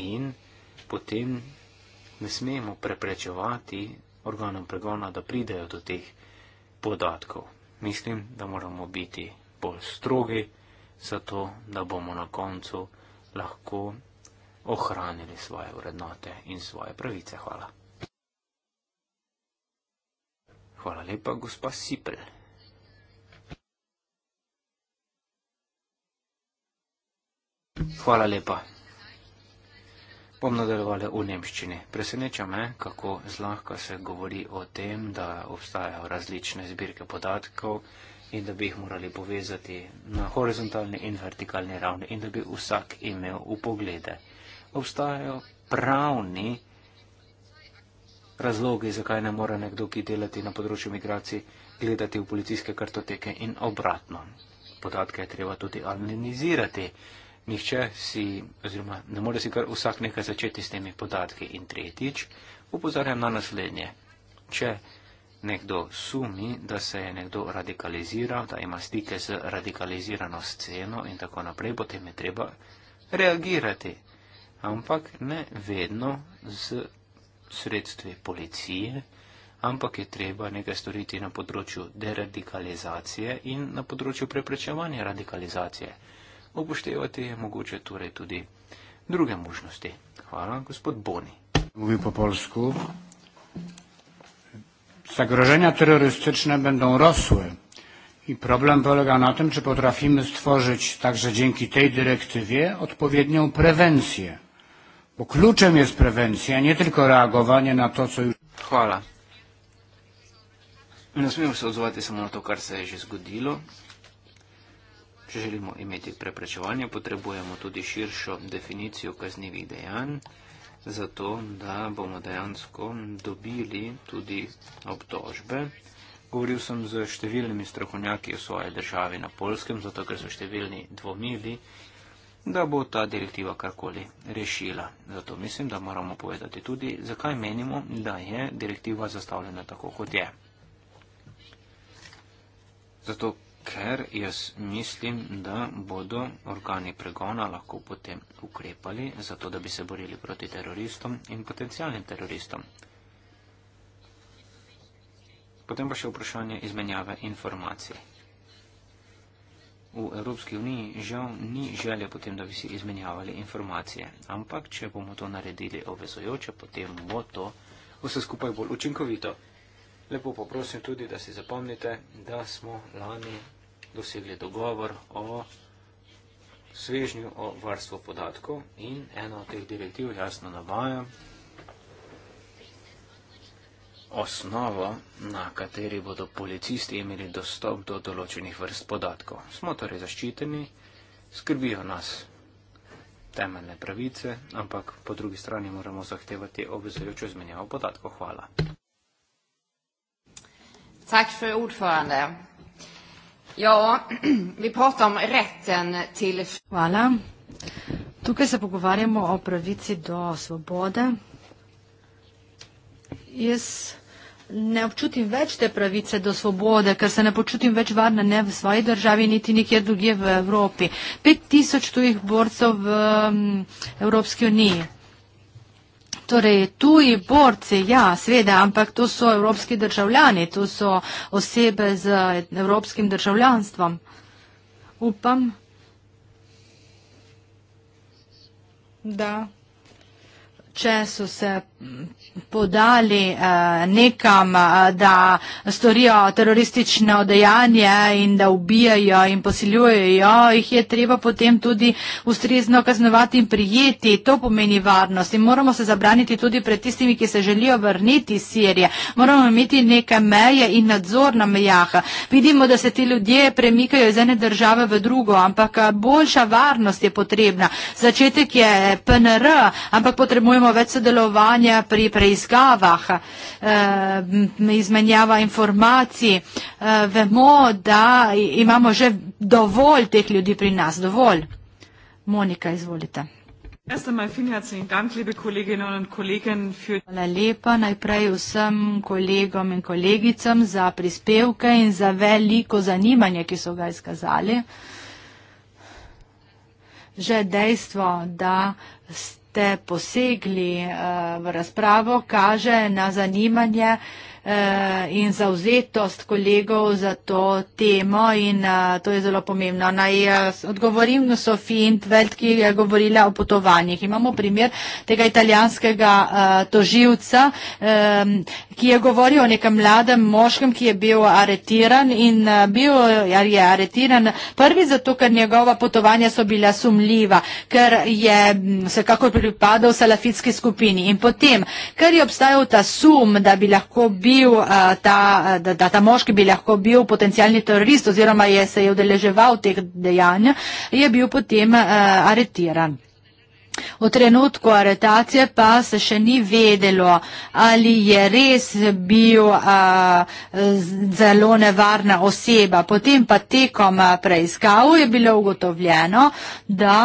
in potem ne smemo preprečevati organom pregona, da pridejo do teh podatkov. Mislim, da moramo biti bolj strogi, zato da bomo na koncu lahko ohranili svoje vrednote in svoje pravice. Hvala. Hvala lepa, gospa Sipel. Hvala lepa. Bom nadaljevala v nemščini. Preseneča me, kako zlahka se govori o tem, da obstajajo različne zbirke podatkov in da bi jih morali povezati na horizontalni in vertikalni ravni in da bi vsak imel upoglede obstajajo pravni razlogi, zakaj ne more nekdo, ki delati na področju migracij, gledati v policijske kartoteke in obratno. Podatke je treba tudi analizirati. Nihče si, oziroma ne more si kar vsak nekaj začeti s temi podatki. In tretjič, upozorjam na naslednje. Če nekdo sumi, da se je nekdo radikaliziral, da ima stike z radikalizirano sceno in tako naprej, potem je treba reagirati ampak ne vedno z sredstvi policije, ampak je treba nekaj storiti na področju deradikalizacije in na področju preprečevanja radikalizacije. Upoštevati je mogoče torej tudi druge možnosti. Hvala, gospod Boni. Mluvim po polsku. Zagrożenia terrorystyczne będą rosły i problem polega na tym, czy potrafimy stworzyć także dzięki tej dyrektywie odpowiednią prewencję. Bo kluczem jest prewencja, nie tylko reagowanie na to, co już... Hvala. Ne smemo se odzvati samo na to, kar se je že zgodilo. Če želimo imeti preprečevanje, potrebujemo tudi širšo definicijo kaznjivih dejanj, zato da bomo dejansko dobili tudi obtožbe. Govoril sem z številnimi strahonjaki v svoje državi na Polskem, zato ker so številni dvomili in da bo ta direktiva karkoli rešila. Zato mislim, da moramo povedati tudi, zakaj menimo, da je direktiva zastavljena tako, kot je. Zato, ker jaz mislim, da bodo organi pregona lahko potem ukrepali, zato da bi se borili proti teroristom in potencijalnim teroristom. Potem pa še vprašanje izmenjave informacij v Evropski uniji žal ni želja potem, da bi si izmenjavali informacije. Ampak, če bomo to naredili obvezojoče, potem bo to vse skupaj bolj učinkovito. Lepo poprosim tudi, da si zapomnite, da smo lani dosegli dogovor o svežnju o varstvu podatkov in eno od teh direktiv jasno navajam osnovo, na kateri bodo policisti imeli dostop do določenih vrst podatkov. Smo torej zaščiteni, skrbijo nas temeljne pravice, ampak po drugi strani moramo zahtevati obvezujočo izmenjavo podatkov. Hvala. Tack för ordförande. Ja, vi pratar om rätten till... Hvala. Tukaj se pogovarjamo o pravici do svobode, jaz ne občutim več te pravice do svobode, ker se ne počutim več varna ne v svoji državi, niti nikjer drugje v Evropi. Pet tisoč tujih borcev v mm, Evropski uniji. Torej, tuji borci, ja, sveda, ampak to so evropski državljani, to so osebe z evropskim državljanstvom. Upam, da če so se podali eh, nekam, eh, da storijo teroristično dejanje in da ubijajo in posiljujejo, jih je treba potem tudi ustrezno kaznovati in prijeti. To pomeni varnost in moramo se zabraniti tudi pred tistimi, ki se želijo vrniti iz Sirije. Moramo imeti neke meje in nadzor na mejah. Vidimo, da se ti ljudje premikajo iz ene države v drugo, ampak eh, boljša varnost je potrebna. Začetek je PNR, ampak potrebujemo imamo več sodelovanja pri preiskavah, eh, izmenjava informacij. Eh, vemo, da imamo že dovolj teh ljudi pri nas, dovolj. Monika, izvolite. Hvala lepa najprej vsem kolegom in kolegicam za prispevke in za veliko zanimanje, ki so ga izkazali. Že dejstvo, da ste ste posegli eh, v razpravo, kaže na zanimanje, Eh, in zauzetost kolegov za to temo in eh, to je zelo pomembno. Naj eh, odgovorim na Sofi Intveld, ki je govorila o potovanjih. Imamo primer tega italijanskega toživca, ki je govoril o nekem mladem moškem, ki je bil aretiran in bil je aretiran prvi zato, ker njegova potovanja so bila sumljiva, ker je mm, se kako pripadal salafitski skupini. In potem, ker je obstajal ta sum, da bi lahko bil bil, eh, ta, eh, da, da ta moški bi lahko bil potencijalni terorist oziroma je se je udeleževal teh dejanj, je bil potem uh, aretiran. V trenutku aretacije pa se še ni vedelo, ali je res bil a, zelo nevarna oseba. Potem pa tekom preiskav je bilo ugotovljeno, da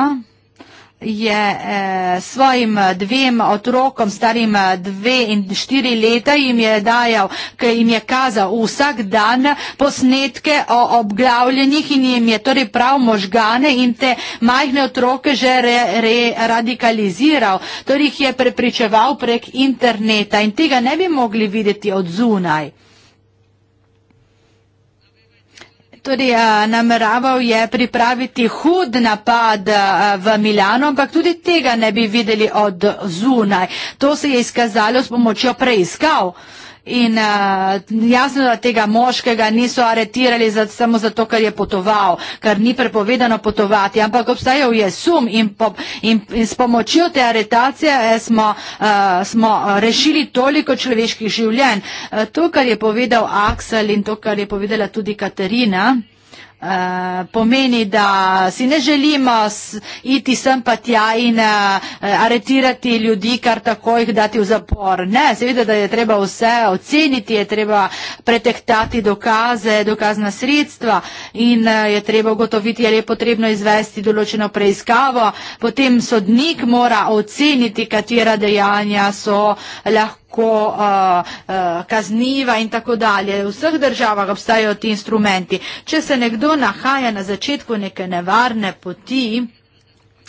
je eh, svojim eh, dvem otrokom, starim eh, dve in štiri leta, jim je dajal, ker jim je kazal vsak dan posnetke o obglavljenih in jim je torej prav možgane in te majhne otroke že re, re, radikaliziral, torej jih je prepričeval prek interneta in tega ne bi mogli videti od zunaj. direktorja eh, nameraval je pripraviti hud napad eh, v Milano, ampak tudi tega ne bi videli od zunaj. To se je izkazalo s pomočjo preiskav in uh, jasno, da tega moškega niso aretirali za, samo zato, ker je potoval, ker ni prepovedano potovati, ampak obstajal je sum in, po, in, in s pomočjo te aretacije eh, smo, uh, smo rešili toliko človeških življenj. Uh, to, kar je povedal Aksel in to, kar je povedala tudi Katerina. Uh, pomeni, da si ne želimo s, iti sem pa tja in uh, aretirati ljudi, kar tako jih dati v zapor. Ne, seveda, da je treba vse oceniti, je treba pretehtati dokaze, dokazna sredstva in uh, je treba ugotoviti, ali je potrebno izvesti določeno preiskavo. Potem sodnik mora oceniti, katera dejanja so lahko lahko uh, uh, kazniva in tako dalje. V vseh državah obstajajo ti instrumenti. Če se nekdo nahaja na začetku neke nevarne poti,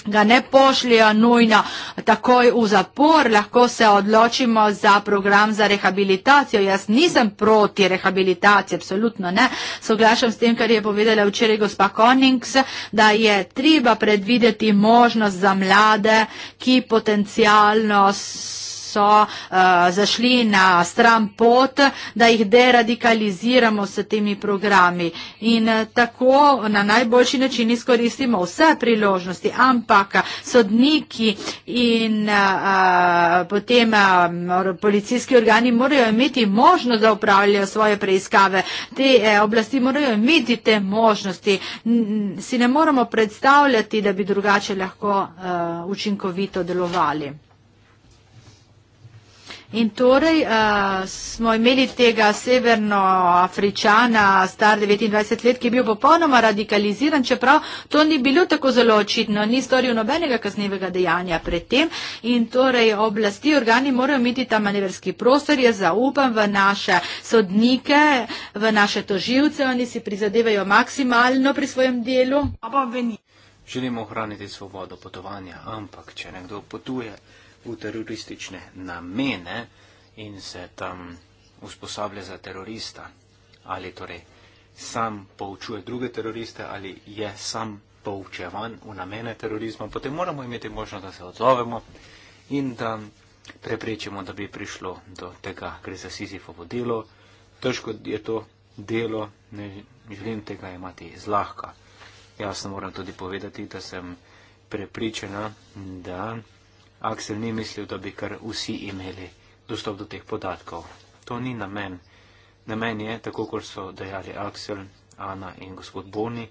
ga ne pošljejo nujno takoj v zapor, lahko se odločimo za program za rehabilitacijo. Jaz nisem proti rehabilitaciji, absolutno ne. Soglašam s tem, kar je povedala včeraj gospa Konings, da je treba predvideti možnost za mlade, ki potencialno. So so uh, zašli na stran pot, da jih deradikaliziramo s temi programi. In uh, tako na najboljši način izkoristimo vse priložnosti, ampak sodniki in uh, potem uh, policijski organi morajo imeti možnost, da upravljajo svoje preiskave. Te uh, oblasti morajo imeti te možnosti. Si ne moramo predstavljati, da bi drugače lahko uh, učinkovito delovali. In torej uh, smo imeli tega severnoafričana, star 29 let, ki je bil popolnoma radikaliziran, čeprav to ni bilo tako zelo očitno, ni storil nobenega kaznevega dejanja predtem. In torej oblasti, organi morajo imeti ta manevrski prostor, jaz zaupam v naše sodnike, v naše toživce, oni si prizadevajo maksimalno pri svojem delu. Želimo ohraniti svobodo potovanja, ampak če nekdo potuje v teroristične namene in se tam usposablja za terorista. Ali torej sam poučuje druge teroriste ali je sam poučevan v namene terorizma, potem moramo imeti možnost, da se odzovemo in da preprečimo, da bi prišlo do tega, gre za Sisyfovo delo. Težko je to delo, ne želim tega imeti zlahka. Jasno moram tudi povedati, da sem prepričana, da Aksel ni mislil, da bi kar vsi imeli dostop do teh podatkov. To ni namen. Namen je, tako kot so dejali Aksel, Ana in gospod Boni,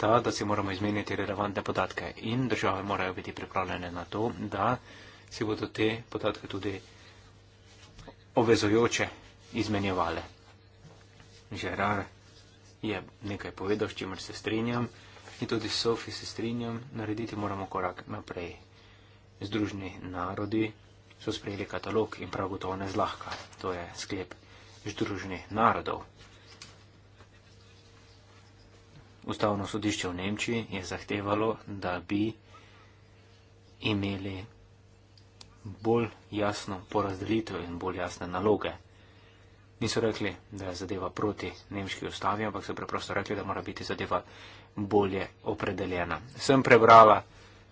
ta, da si moramo izmeniti relevantne podatke in države morajo biti pripravljene na to, da si bodo te podatke tudi obvezojoče izmenjevale. Žerar je nekaj povedal, s čimer se strinjam in tudi Sofi se strinjam, narediti moramo korak naprej. Združeni narodi so sprejeli katalog in prav gotovo ne zlahka. To je sklep Združeni narodov. Ustavno sodišče v Nemčiji je zahtevalo, da bi imeli bolj jasno porazdelitev in bolj jasne naloge. Niso rekli, da je zadeva proti nemški ustavi, ampak so preprosto rekli, da mora biti zadeva bolje opredeljena. Sem prebrala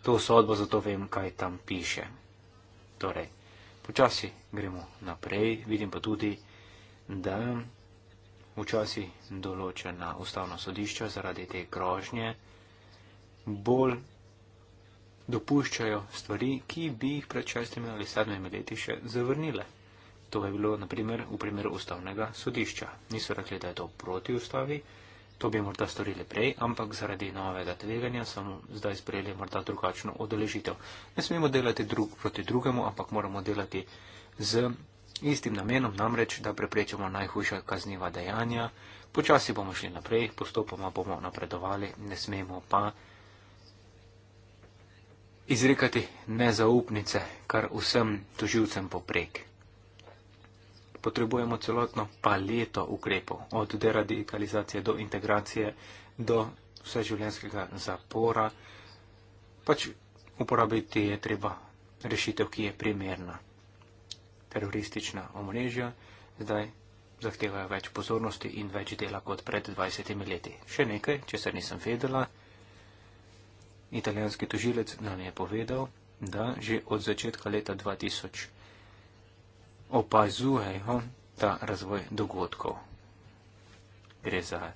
to sodbo, zato vem, kaj tam piše. Torej, počasi gremo naprej, vidim pa tudi, da včasih določena ustavna sodišča zaradi te grožnje bolj dopuščajo stvari, ki bi jih pred šestimi ali sedmimi leti še zavrnile. To je bilo, naprimer, v primeru ustavnega sodišča. Niso rekli, da je to proti ustavi, To bi morda storili prej, ampak zaradi novega tveganja so zdaj sprejeli morda drugačno odeležitev. Ne smemo delati drug proti drugemu, ampak moramo delati z istim namenom, namreč, da preprečimo najhujša kazniva dejanja. Počasi bomo šli naprej, postopoma bomo napredovali, ne smemo pa izrekati nezaupnice kar vsem tuživcem poprek potrebujemo celotno paleto ukrepov, od deradikalizacije do integracije, do vseživljenjskega zapora. Pač uporabiti je treba rešitev, ki je primerna. Teroristična omrežja zdaj zahtevajo več pozornosti in več dela kot pred 20 leti. Še nekaj, če se nisem vedela, italijanski tožilec nam je povedal, da že od začetka leta 2000 opazujejo ta razvoj dogodkov. Gre za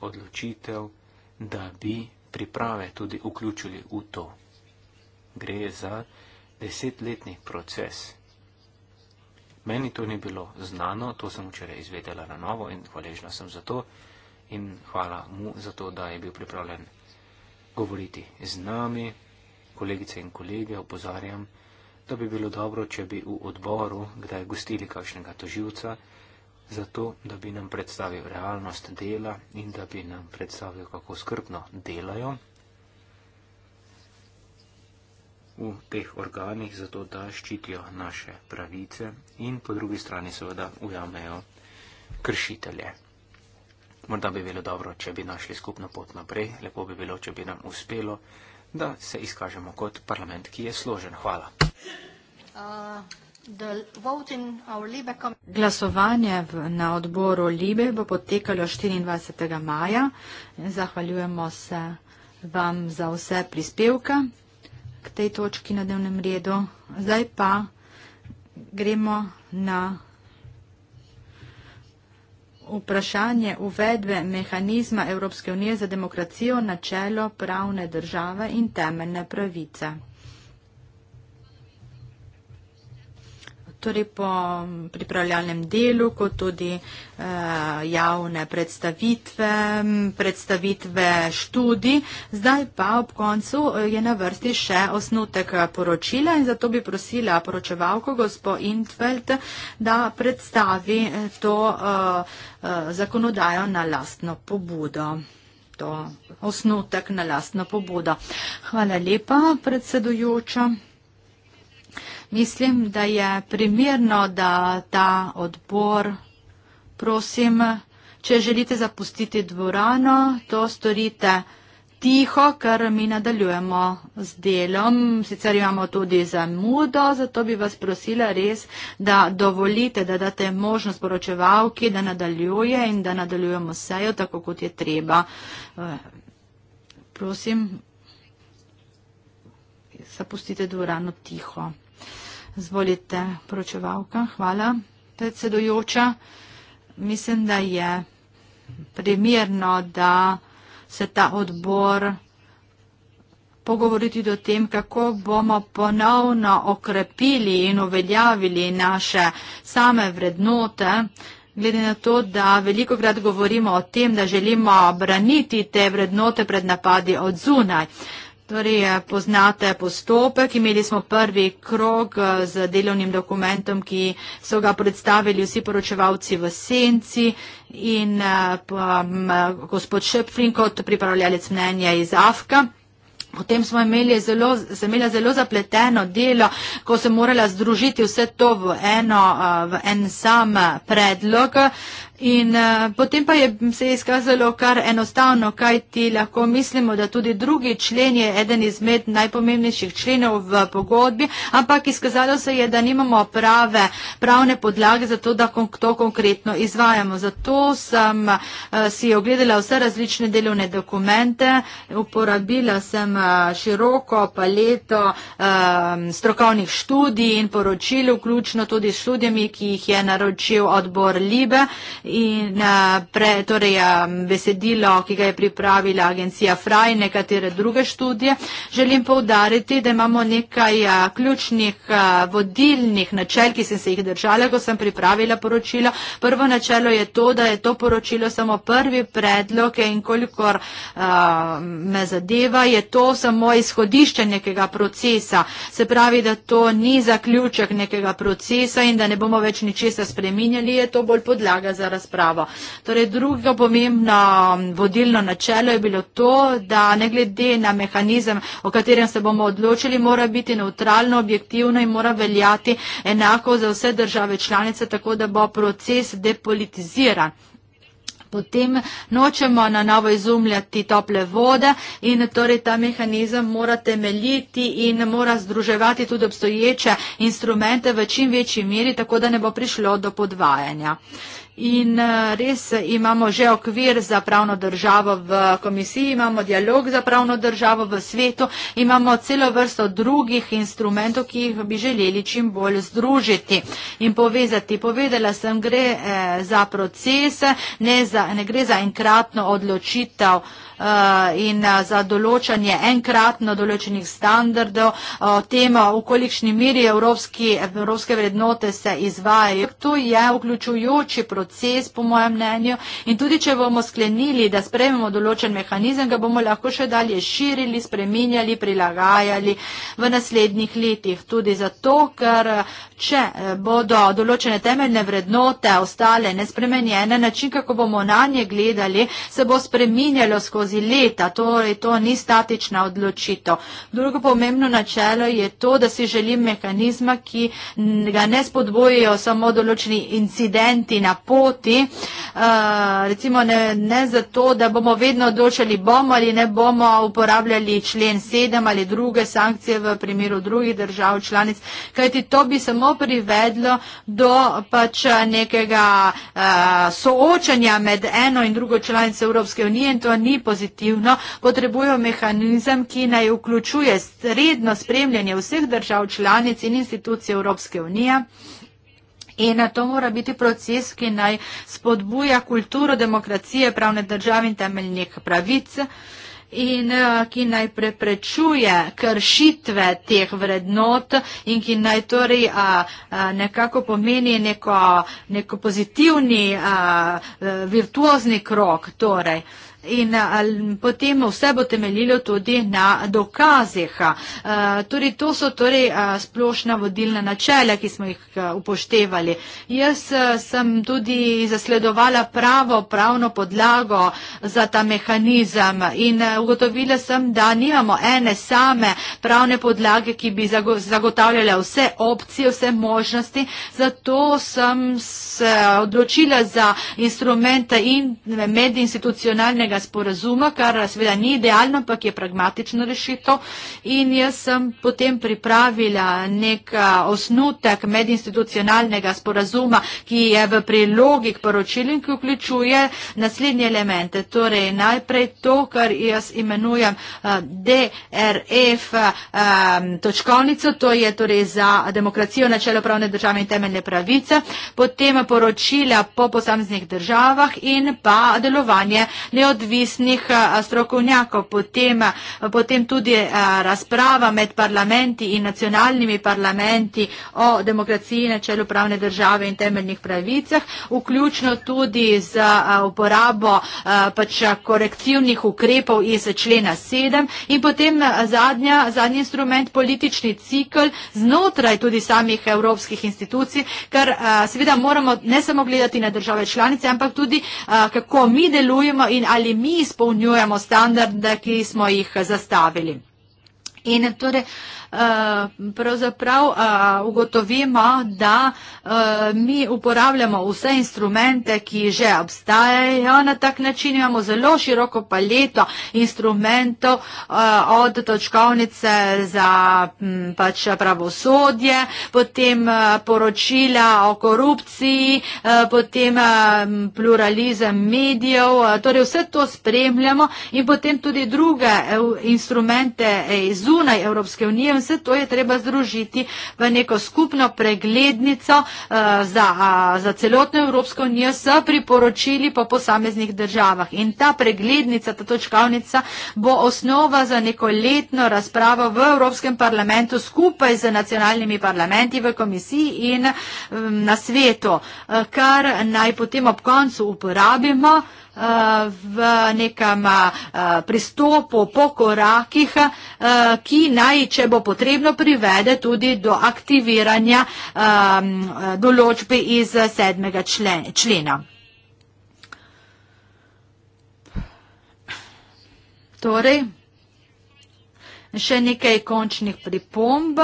odločitev, da bi priprave tudi vključili v to. Gre za desetletni proces. Meni to ni bilo znano, to sem včeraj izvedela na novo in hvaležna sem za to in hvala mu za to, da je bil pripravljen govoriti z nami, kolegice in kolege, opozarjam da bi bilo dobro, če bi v odboru kdaj gostili kakšnega toživca, zato da bi nam predstavil realnost dela in da bi nam predstavil, kako skrbno delajo v teh organih, zato da ščitijo naše pravice in po drugi strani seveda ujamejo kršitelje. Morda bi bilo dobro, če bi našli skupno pot naprej, lepo bi bilo, če bi nam uspelo da se izkažemo kot parlament, ki je složen. Hvala. Uh, Glasovanje na odboru Libe bo potekalo 24. maja. Zahvaljujemo se vam za vse prispevke k tej točki na dnevnem redu. Zdaj pa gremo na vprašanje uvedbe mehanizma Evropske unije za demokracijo na čelo pravne države in temeljne pravice. torej po pripravljalnem delu, kot tudi eh, javne predstavitve, predstavitve študij. Zdaj pa ob koncu eh, je na vrsti še osnutek eh, poročila in zato bi prosila poročevalko gospo Intfeld, da predstavi eh, to eh, zakonodajo na lastno pobudo. To osnutek na lastno pobudo. Hvala lepa, predsedujoča. Mislim, da je primerno, da ta odbor, prosim, če želite zapustiti dvorano, to storite tiho, ker mi nadaljujemo z delom. Sicer imamo tudi zamudo, zato bi vas prosila res, da dovolite, da date možnost poročevalki, da nadaljuje in da nadaljujemo sejo, tako kot je treba. Eh, prosim, zapustite dvorano tiho. Zvolite, poročevalka. Hvala, predsedujoča. Mislim, da je primerno, da se ta odbor pogovoriti do tem, kako bomo ponovno okrepili in uveljavili naše same vrednote, glede na to, da veliko krat govorimo o tem, da želimo braniti te vrednote pred napadi od zunaj. Uh, Torej, eh, poznate postopek, imeli smo prvi krog eh, z delovnim dokumentom, ki so ga predstavili vsi poročevalci v senci in um, gospod Šepfrin kot pripravljalec mnenja iz Afka. Potem smo imeli zelo, sem imela zelo zapleteno delo, ko sem morala združiti vse to v, eno, v en sam predlog. In uh, potem pa je se izkazalo kar enostavno, kaj ti lahko mislimo, da tudi drugi člen je eden izmed najpomembnejših členov v pogodbi, ampak izkazalo se je, da nimamo prave pravne podlage za to, da to konkretno izvajamo. Zato sem uh, si ogledala vse različne delovne dokumente, uporabila sem uh, široko paleto uh, strokovnih študij in poročil, vključno tudi s študijami, ki jih je naročil odbor Libe in eh, pre, torej, eh, besedilo, ki ga je pripravila agencija Fraj in nekatere druge študije. Želim povdariti, da imamo nekaj eh, ključnih vodilnih načel, ki sem se jih držala, ko sem pripravila poročilo. Prvo načelo je to, da je to poročilo samo prvi predlog in kolikor a, me zadeva, je to samo izhodišče nekega procesa. Se pravi, da to ni zaključek nekega procesa in da ne bomo več ničesa spreminjali, je to bolj podlaga za razpravo. Torej, drugo pomembno vodilno načelo je bilo to, da ne glede na mehanizem, o katerem se bomo odločili, mora biti neutralno, objektivno in mora veljati enako za vse države članice, tako da bo proces depolitiziran. Potem nočemo na novo izumljati tople vode in torej ta mehanizem mora temeljiti in mora združevati tudi obstoječe instrumente v čim večji meri, tako da ne bo prišlo do podvajanja. In eh, res imamo že okvir za pravno državo v komisiji, imamo dialog za pravno državo v svetu, imamo celo vrsto drugih instrumentov, ki jih bi želeli čim bolj združiti in povezati. Povedala sem, gre eh, za proces, ne, za, ne gre za enkratno odločitev. Eh, in eh, za določanje enkratno določenih standardov, eh, tema, v kolikšni miri evropski, evropske vrednote se izvajajo. To je vključujoči proces, po mojem mnenju, in tudi, če bomo sklenili, da sprememo določen mehanizem, ga bomo lahko še dalje širili, spreminjali, prilagajali v naslednjih letih. Tudi zato, ker če bodo določene temeljne vrednote ostale nespremenjene, način, kako bomo na nje gledali, se bo spreminjalo skozi skozi leta, torej to ni statična odločitev. Drugo pomembno načelo je to, da si želim mehanizma, ki ga ne spodbojijo samo določeni incidenti na poti, eh, recimo ne, ne zato, da bomo vedno odločali bomo ali ne bomo uporabljali člen 7 ali druge sankcije v primeru drugih držav članic, kajti to bi samo privedlo do pač nekega eh, soočanja med eno in drugo članico Evropske unije in to ni posebno pozitivno, potrebujo mehanizem, ki naj vključuje redno spremljanje vseh držav članic in institucij Evropske unije. In to mora biti proces, ki naj spodbuja kulturo demokracije, pravne države in temeljnih pravic in eh, ki naj preprečuje kršitve teh vrednot in ki naj torej a, a, nekako pomeni neko, neko pozitivni a, a, eh, virtuozni krok. Torej. A, In eh, al, potem vse bo temeljilo tudi na dokazih. Uh, torej, to so torej, uh, splošna vodilna načela, ki smo jih uh, upoštevali. Jaz uh, sem tudi zasledovala pravo pravno podlago za ta mehanizem in uh, ugotovila sem, da nimamo ene same pravne podlage, ki bi zagotavljala vse opcije, vse možnosti. Zato sem se odločila za instrumente in medinstitucionalnega tega sporazuma, kar seveda ni idealno, ampak je pragmatično rešito. In jaz sem potem pripravila nek osnutek medinstitucionalnega sporazuma, ki je v prilogi k poročilu in ki vključuje naslednje elemente. Torej, najprej to, kar jaz imenujem DRF točkovnico, to je torej za demokracijo, načelo pravne države in temeljne pravice, potem poročila po posameznih državah in pa delovanje neodvisnosti neodvisnih strokovnjakov. Potem, potem tudi razprava med parlamenti in nacionalnimi parlamenti o demokraciji na čelu pravne države in temeljnih pravicah, vključno tudi z uporabo pač korektivnih ukrepov iz člena 7 in potem zadnja, zadnji instrument, politični cikl znotraj tudi samih evropskih institucij, kar seveda moramo ne samo gledati na države članice, ampak tudi kako mi delujemo in ali mi izpolnjujemo standarde, ki smo jih zastavili. In torej, uh, Eh, pravzaprav eh, ugotovimo, da eh, mi uporabljamo vse instrumente, ki že obstajajo na tak način. Imamo zelo široko paleto instrumentov od točkovnice za mm, pač pravosodje, potem poročila o korupciji, potem pluralizem medijev. Torej vse to spremljamo in potem tudi druge instrumente zunaj Evropske unije in vse to je treba združiti v neko skupno preglednico uh, za, uh, za celotno Evropsko unijo s priporočili po posameznih državah. In ta preglednica, ta točkavnica bo osnova za neko letno razpravo v Evropskem parlamentu skupaj z nacionalnimi parlamenti v komisiji in um, na svetu, uh, kar naj potem ob koncu uporabimo. Uh, v nekem pristopu po korakih, ki naj, če bo potrebno, privede tudi do aktiviranja določbe iz sedmega člena. Torej, še nekaj končnih pripomb.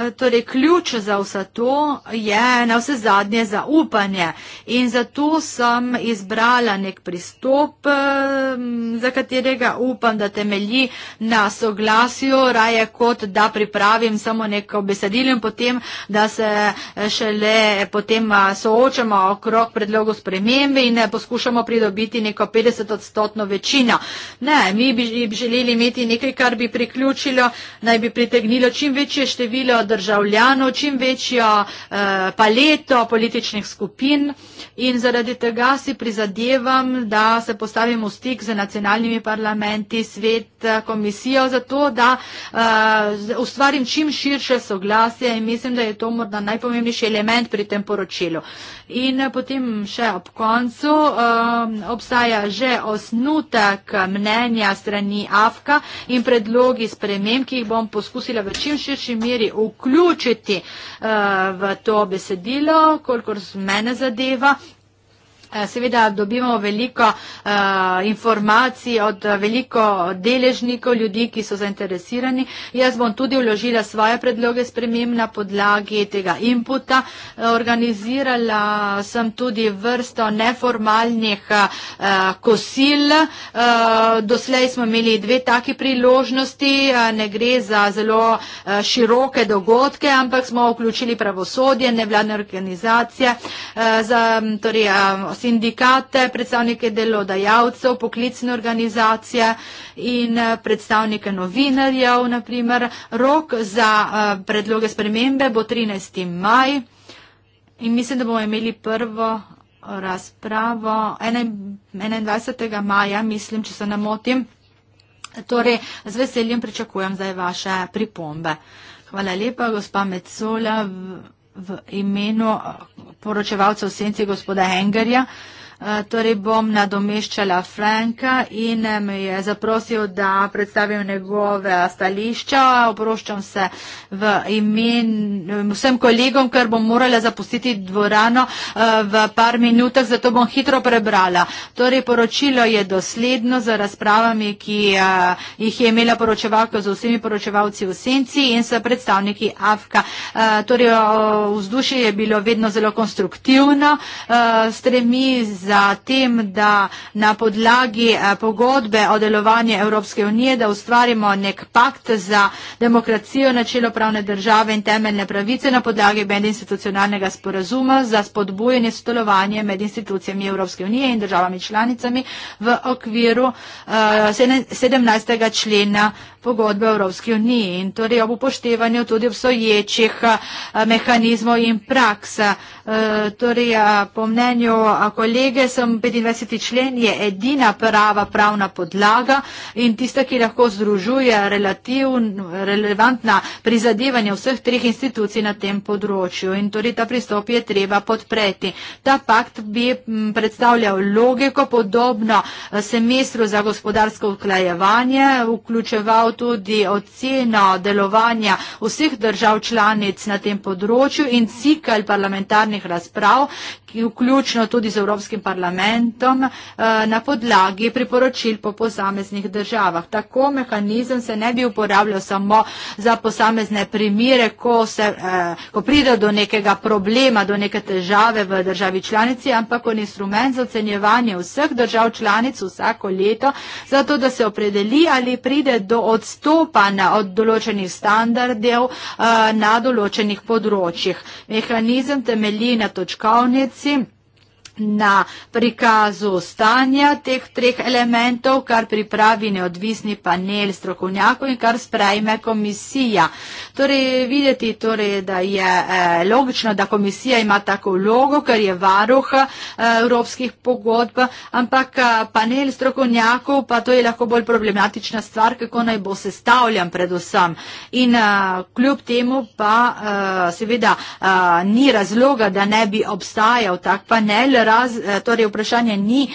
Eh, torej, ključ za vse to je na vse zadnje zaupanje in zato sem izbrala nek pristop, za katerega upam, da temelji na soglasju, raje kot da pripravim samo neko besedilo in potem, da se eh, šele potem eh, soočamo okrog predlogu spremembe in poskušamo pridobiti neko 50 odstotno večino. Ne, mi bi želeli imeti nekaj, kar bi priključilo, naj bi pritegnilo čim večje število državljanov, čim večjo eh, paleto političnih skupin in zaradi tega si prizadevam, da se postavim v stik z nacionalnimi parlamenti, svet, eh, komisijo, zato da eh, ustvarim čim širše soglasje in mislim, da je to morda najpomembnejši element pri tem poročilu. In potem še ob koncu obstaja že osnutek mnenja strani AFK in predlogi sprememb, ki jih bom poskusila v čim širši meri ugotoviti vključiti uh, v to besedilo, kolikor mene zadeva, Eh, seveda dobimo veliko uh, informacij od eh, veliko deležnikov, ljudi, ki so zainteresirani. Jaz bom tudi vložila svoje predloge sprememb na podlagi tega inputa. Organizirala sem tudi vrsto neformalnih uh, kosil. Uh, doslej smo imeli dve taki priložnosti. Uh, ne gre za zelo uh, široke dogodke, ampak smo vključili pravosodje, nevladne organizacije. Uh, za, torej, uh, sindikate, predstavnike delodajalcev, poklicne organizacije in eh, predstavnike novinarjev, naprimer. Rok za eh, predloge spremembe bo 13. maj in mislim, da bomo imeli prvo eh, razpravo 21. maja, mislim, če se ne motim. Torej, z veseljem pričakujem zdaj vaše pripombe. Hvala lepa, gospa Metzola v imenu poročevalca v senci gospoda Hengerja torej bom nadomeščala Franka in eh, me je zaprosil, da predstavim njegove eh, stališča. Oproščam se v imen eh, vsem kolegom, ker bom morala zapustiti dvorano v par minutah, zato bom hitro prebrala. Torej, poročilo je dosledno z razpravami, ki jih je imela poročevalka z vsemi poročevalci v senci in s predstavniki Afka. Torej, vzdušje je bilo vedno zelo konstruktivno, stremi z za tem, da na podlagi eh, pogodbe o delovanju Evropske unije, da ustvarimo nek pakt za demokracijo, načelo pravne države in temeljne pravice na podlagi medinstitucionalnega sporazuma za spodbujanje sodelovanja med institucijami Evropske unije in državami članicami v okviru 17. Eh, člena pogodbe o Evropski uniji in torej ob upoštevanju tudi obsoječih eh, mehanizmov in praks. Torej, po mnenju kolege, knjige, sem 25. člen, je edina prava pravna podlaga in tista, ki lahko združuje relevantna prizadevanja vseh treh institucij na tem področju. In torej ta pristop je treba podpreti. Ta pakt bi predstavljal logiko podobno eh, semestru za gospodarsko uklajevanje, vključeval tudi oceno delovanja vseh držav članic na tem področju in cikl parlamentarnih razprav, ki vključno tudi z Evropskim parlamentom parlamentom eh, na podlagi priporočil po posameznih državah. Tako mehanizem se ne bi uporabljal samo za posamezne primire, ko, se, eh, ko pride do nekega problema, do neke težave v državi članici, ampak kot instrument za ocenjevanje vseh držav članic vsako leto, zato da se opredeli ali pride do odstopanja od določenih standardev eh, na določenih področjih. Mehanizem temelji na točkovnici na prikazu stanja teh treh elementov, kar pripravi neodvisni panel strokovnjakov in kar sprejme komisija. Torej, videti torej, da je eh, logično, da komisija ima tako vlogo, ker je varuh eh, evropskih pogodb, ampak eh, panel strokovnjakov pa to je lahko bolj problematična stvar, kako naj bo sestavljan predvsem. In eh, kljub temu pa eh, seveda eh, ni razloga, da ne bi obstajal tak panel, raz, eh, torej vprašanje ni, eh,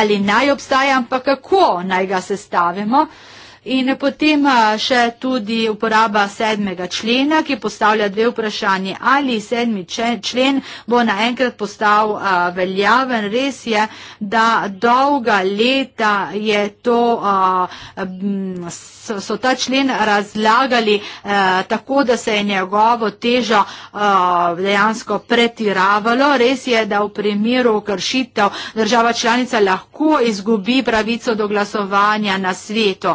ali naj obstaja, ampak kako naj ga sestavimo. In potem eh, še tudi uporaba sedmega člena, ki postavlja dve vprašanje, ali sedmi člen bo naenkrat postal veljaven. Res je, da dolga leta je to so, so ta člen razlagali eh, tako, da se je njegovo težo eh, dejansko pretiravalo. Res je, da v primeru kršitev država članica lahko izgubi pravico do glasovanja na svetu.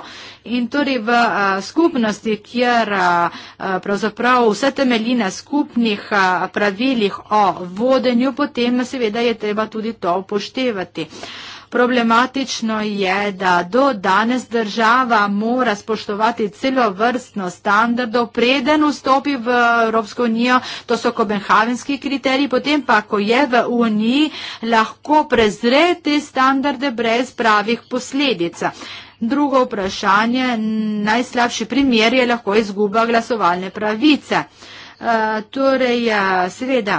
In torej v uh, skupnosti, kjer uh, pravzaprav vse temelji na skupnih uh, pravilih o vodenju, potem seveda je treba tudi to upoštevati. Uh, Problematično je, da do danes država mora spoštovati celo vrstno standardov, preden vstopi v Evropsko unijo, to so kobenhavenski kriteriji, potem pa, ko je v uniji, lahko prezre te standarde brez pravih posledic. Drugo vprašanje, najslabši primer je lahko izguba glasovalne pravice. Uh, torej, eh, seveda,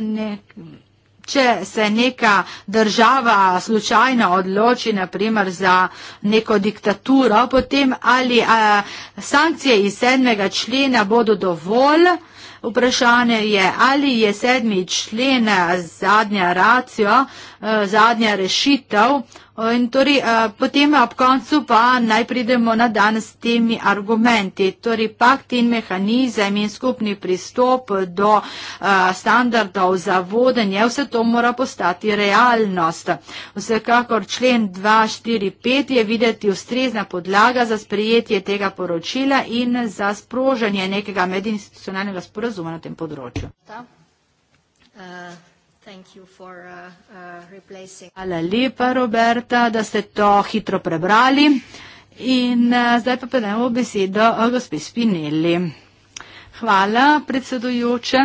nek, Če se neka država slučajno odloči, naprimer za neko diktaturo, potem ali a, sankcije iz sedmega člena bodo dovolj, vprašanje je, ali je sedmi člen zadnja racijo, eh, zadnja rešitev, Eh, in torej, eh, potem ob koncu pa naj pridemo na dan s temi argumenti. Torej, pakt in mehanizem in skupni pristop do eh, standardov za vodenje, vse to mora postati realnost. Vsekakor člen 245 je videti ustrezna podlaga za sprejetje tega poročila in za sprožanje nekega medinstitucionalnega sporazuma na tem področju. Ta, uh... Uh, uh, Hvala lepa, Roberta, da ste to hitro prebrali. In uh, zdaj pa predajmo besedo uh, gospe Spinelli. Hvala, predsedujoče.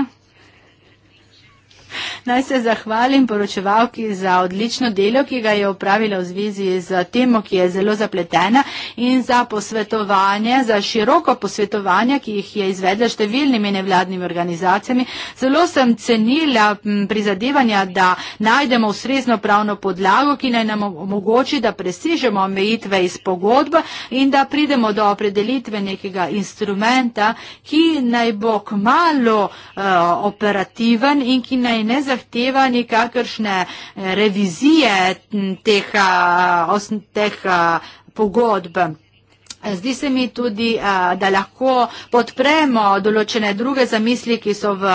Naj se zahvalim poročevalki za odlično delo, ki ga je upravila v zvezi z temo, ki je zelo zapletena in za posvetovanje, za široko posvetovanje, ki jih je izvedla številnimi nevladnimi organizacijami. Zelo sem cenila prizadevanja, da najdemo ustrezno pravno podlago, ki naj nam omogoči, da presežemo omejitve iz pogodbe in da pridemo do opredelitve nekega instrumenta, ki naj bo k malo uh, eh, operativen in ki naj ne zahteva nekakršne eh, revizije teh, eh, teh eh, pogodb. Zdi se mi tudi, da lahko podpremo določene druge zamisli, ki so v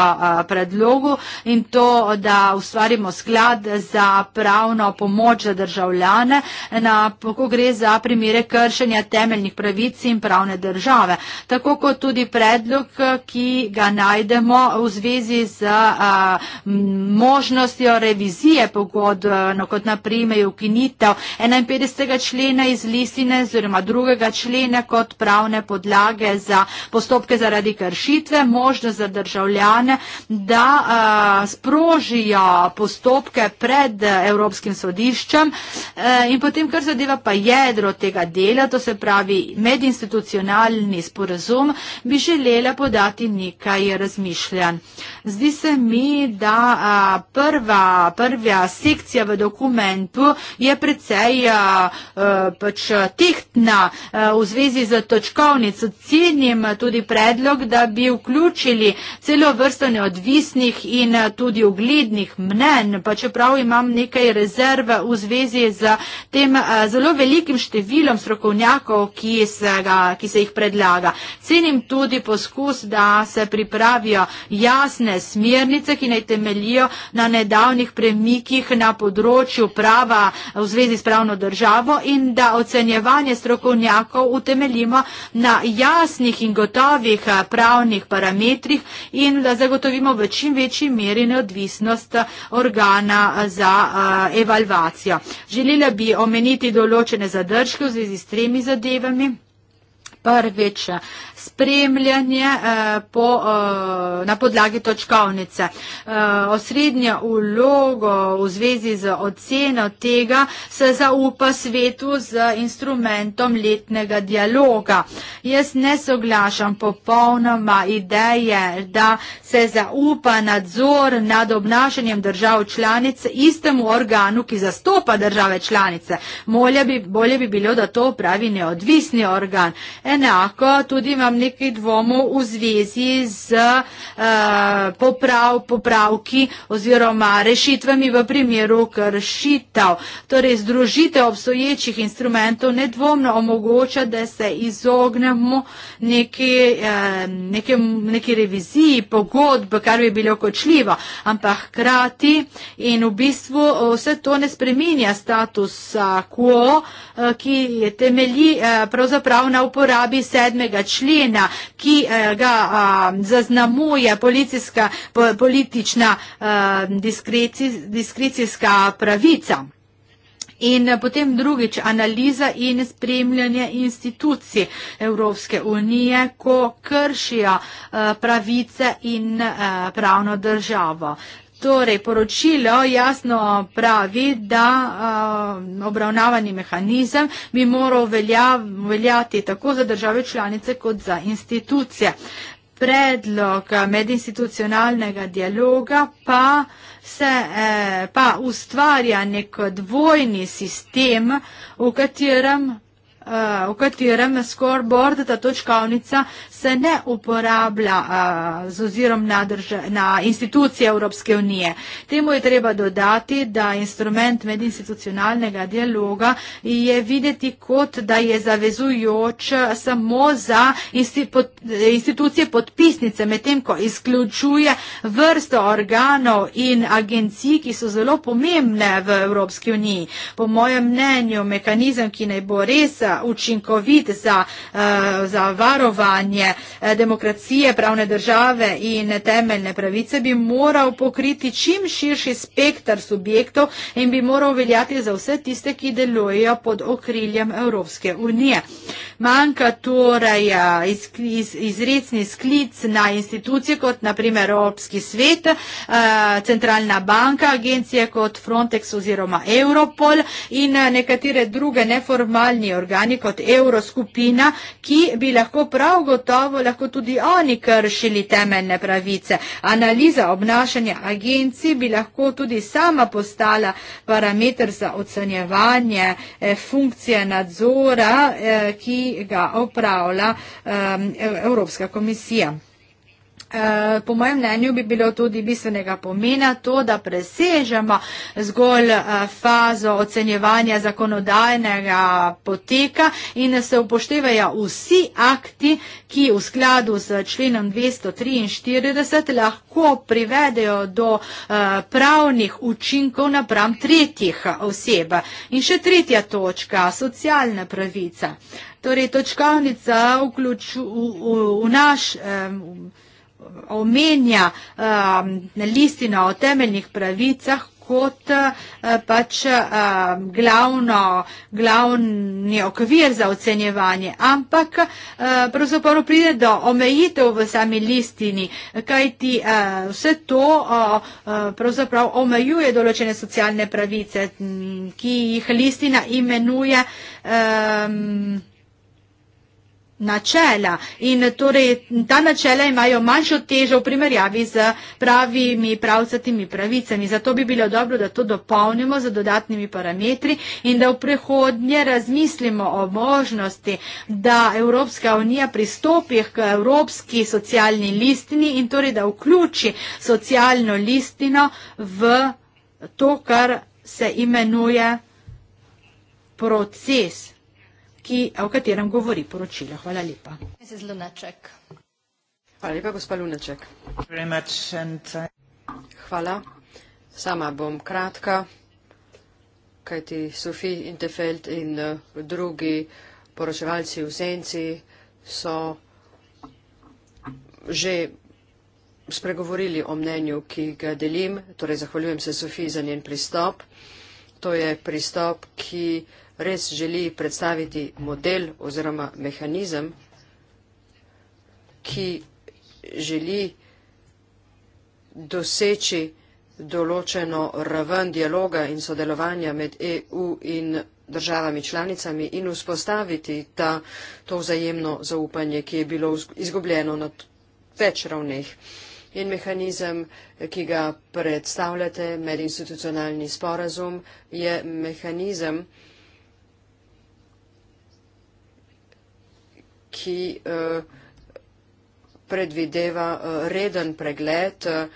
predlogu in to, da ustvarimo sklad za pravno pomoč za državljane, na, ko gre za primere kršenja temeljnih pravic in pravne države. Tako kot tudi predlog, ki ga najdemo v zvezi z a, možnostjo revizije pogodb, no, kot naprimer ukinitev 51. člena iz listine oziroma drugega člena člene kot pravne podlage za postopke zaradi kršitve, možnost za državljane, da sprožijo postopke pred Evropskim sodiščem in potem, kar zadeva pa jedro tega dela, to se pravi medinstitucionalni sporazum, bi želela podati nekaj razmišljanj. Zdi se mi, da prva, prva sekcija v dokumentu je precej pač tehtna v zvezi z točkovnico cenim tudi predlog, da bi vključili celo vrsto neodvisnih in tudi uglednih mnen, pa čeprav imam nekaj rezerv v zvezi z tem eh, zelo velikim številom strokovnjakov, ki se, ga, ki se jih predlaga. Cenim tudi poskus, da se pripravijo jasne smernice, ki naj temelijo na nedavnih premikih na področju prava v zvezi s pravno državo in da ocenjevanje strokovnjakov utemeljimo na jasnih in gotovih eh, pravnih parametrih in da zagotovimo v čim večji meri neodvisnost organa eh, za eh, evalvacijo. Želela bi omeniti določene zadržke v zvezi s tremi zadevami prvič spremljanje eh, po, eh, na podlagi točkovnice. Eh, Osrednja ulogo v zvezi z oceno tega se zaupa svetu z instrumentom letnega dialoga. Jaz ne soglašam popolnoma ideje, da se zaupa nadzor nad obnašanjem držav članic istemu organu, ki zastopa države članice. Bolje bi, bolje bi bilo, da to pravi neodvisni organ. E, enako, tudi imam nekaj dvomov v zvezi z uh, poprav, popravki oziroma rešitvami v primeru kršitev. Torej, združitev obstoječih instrumentov nedvomno omogoča, da se izognemo neki, uh, eh, neke, neki reviziji pogodb, kar bi bilo kočljivo, ampak hkrati in v bistvu eh, vse to ne spreminja status quo, uh, ki temelji uh, pravzaprav na uporabi uporabi sedmega člena, ki eh, ga zaznamuje politična diskrecijska pravica. In eh, potem drugič, analiza in spremljanje institucij Evropske unije, ko kršijo eh, pravice in pravno državo. Torej, poročilo jasno pravi, da a, obravnavani mehanizem bi moral velja, veljati tako za države članice kot za institucije. Predlog medinstitucionalnega dialoga pa, se, e, pa ustvarja nek dvojni sistem, v katerem uh, v katerem scoreboard, ta točkovnica, se ne uporablja uh, z ozirom na, drža, na institucije Evropske unije. Temu je treba dodati, da instrument medinstitucionalnega dialoga je videti kot, da je zavezujoč samo za insti, pod, institucije podpisnice, medtem ko izključuje vrsto organov in agencij, ki so zelo pomembne v Evropski uniji. Po mojem mnenju, mehanizem, ki naj bo res učinkovit za, eh, za varovanje eh, demokracije, pravne države in temeljne pravice, bi moral pokriti čim širši spektr subjektov in bi moral veljati za vse tiste, ki delujejo pod okriljem Evropske unije. Manjka torej eh, izredni sklic na institucije kot naprimer Evropski svet, centralna banka, agencije kot Frontex oziroma Europol in nekatere druge neformalni organi člani kot evroskupina, ki bi lahko prav gotovo lahko tudi oni kršili temeljne pravice. Analiza obnašanja agencij bi lahko tudi sama postala parameter za ocenjevanje eh, funkcije nadzora, eh, ki ga opravlja eh, Evropska komisija. Eh, po mojem mnenju bi bilo tudi bistvenega pomena to, da presežemo zgolj eh, fazo ocenjevanja zakonodajnega poteka in se upoštevajo vsi akti, ki v skladu z členom 243 lahko privedejo do eh, pravnih učinkov napram tretjih oseb. In še tretja točka, socialna pravica. Torej, točkovnica vključ, v, v, v naš. Um, omenja um, listino o temeljnih pravicah kot uh, pač um, glavno, glavni okvir za ocenjevanje, ampak uh, pravzaprav pride do omejitev v sami listini, kajti uh, vse to pravzaprav omejuje določene socialne pravice, ki jih listina imenuje. Um, načela in torej ta načela imajo manjšo težo v primerjavi z pravimi pravcatimi pravicami. Zato bi bilo dobro, da to dopolnimo z dodatnimi parametri in da v prihodnje razmislimo o možnosti, da Evropska unija pristopi k Evropski socialni listini in torej da vključi socialno listino v to, kar se imenuje proces ki, o katerem govori poročilo. Hvala lepa. Hvala lepa, gospa Lunaček. Uh, Hvala. Sama bom kratka, kajti Sofi Intefeld in uh, drugi poročevalci v Zenci so že spregovorili o mnenju, ki ga delim. Torej, zahvaljujem se Sofi za njen pristop. To je pristop, ki res želi predstaviti model oziroma mehanizem, ki želi doseči določeno raven dialoga in sodelovanja med EU in državami članicami in vzpostaviti ta, to vzajemno zaupanje, ki je bilo izgubljeno na več ravneh. In mehanizem, ki ga predstavljate med institucionalni sporazum, je mehanizem, ki ki eh, predvideva eh, reden pregled eh,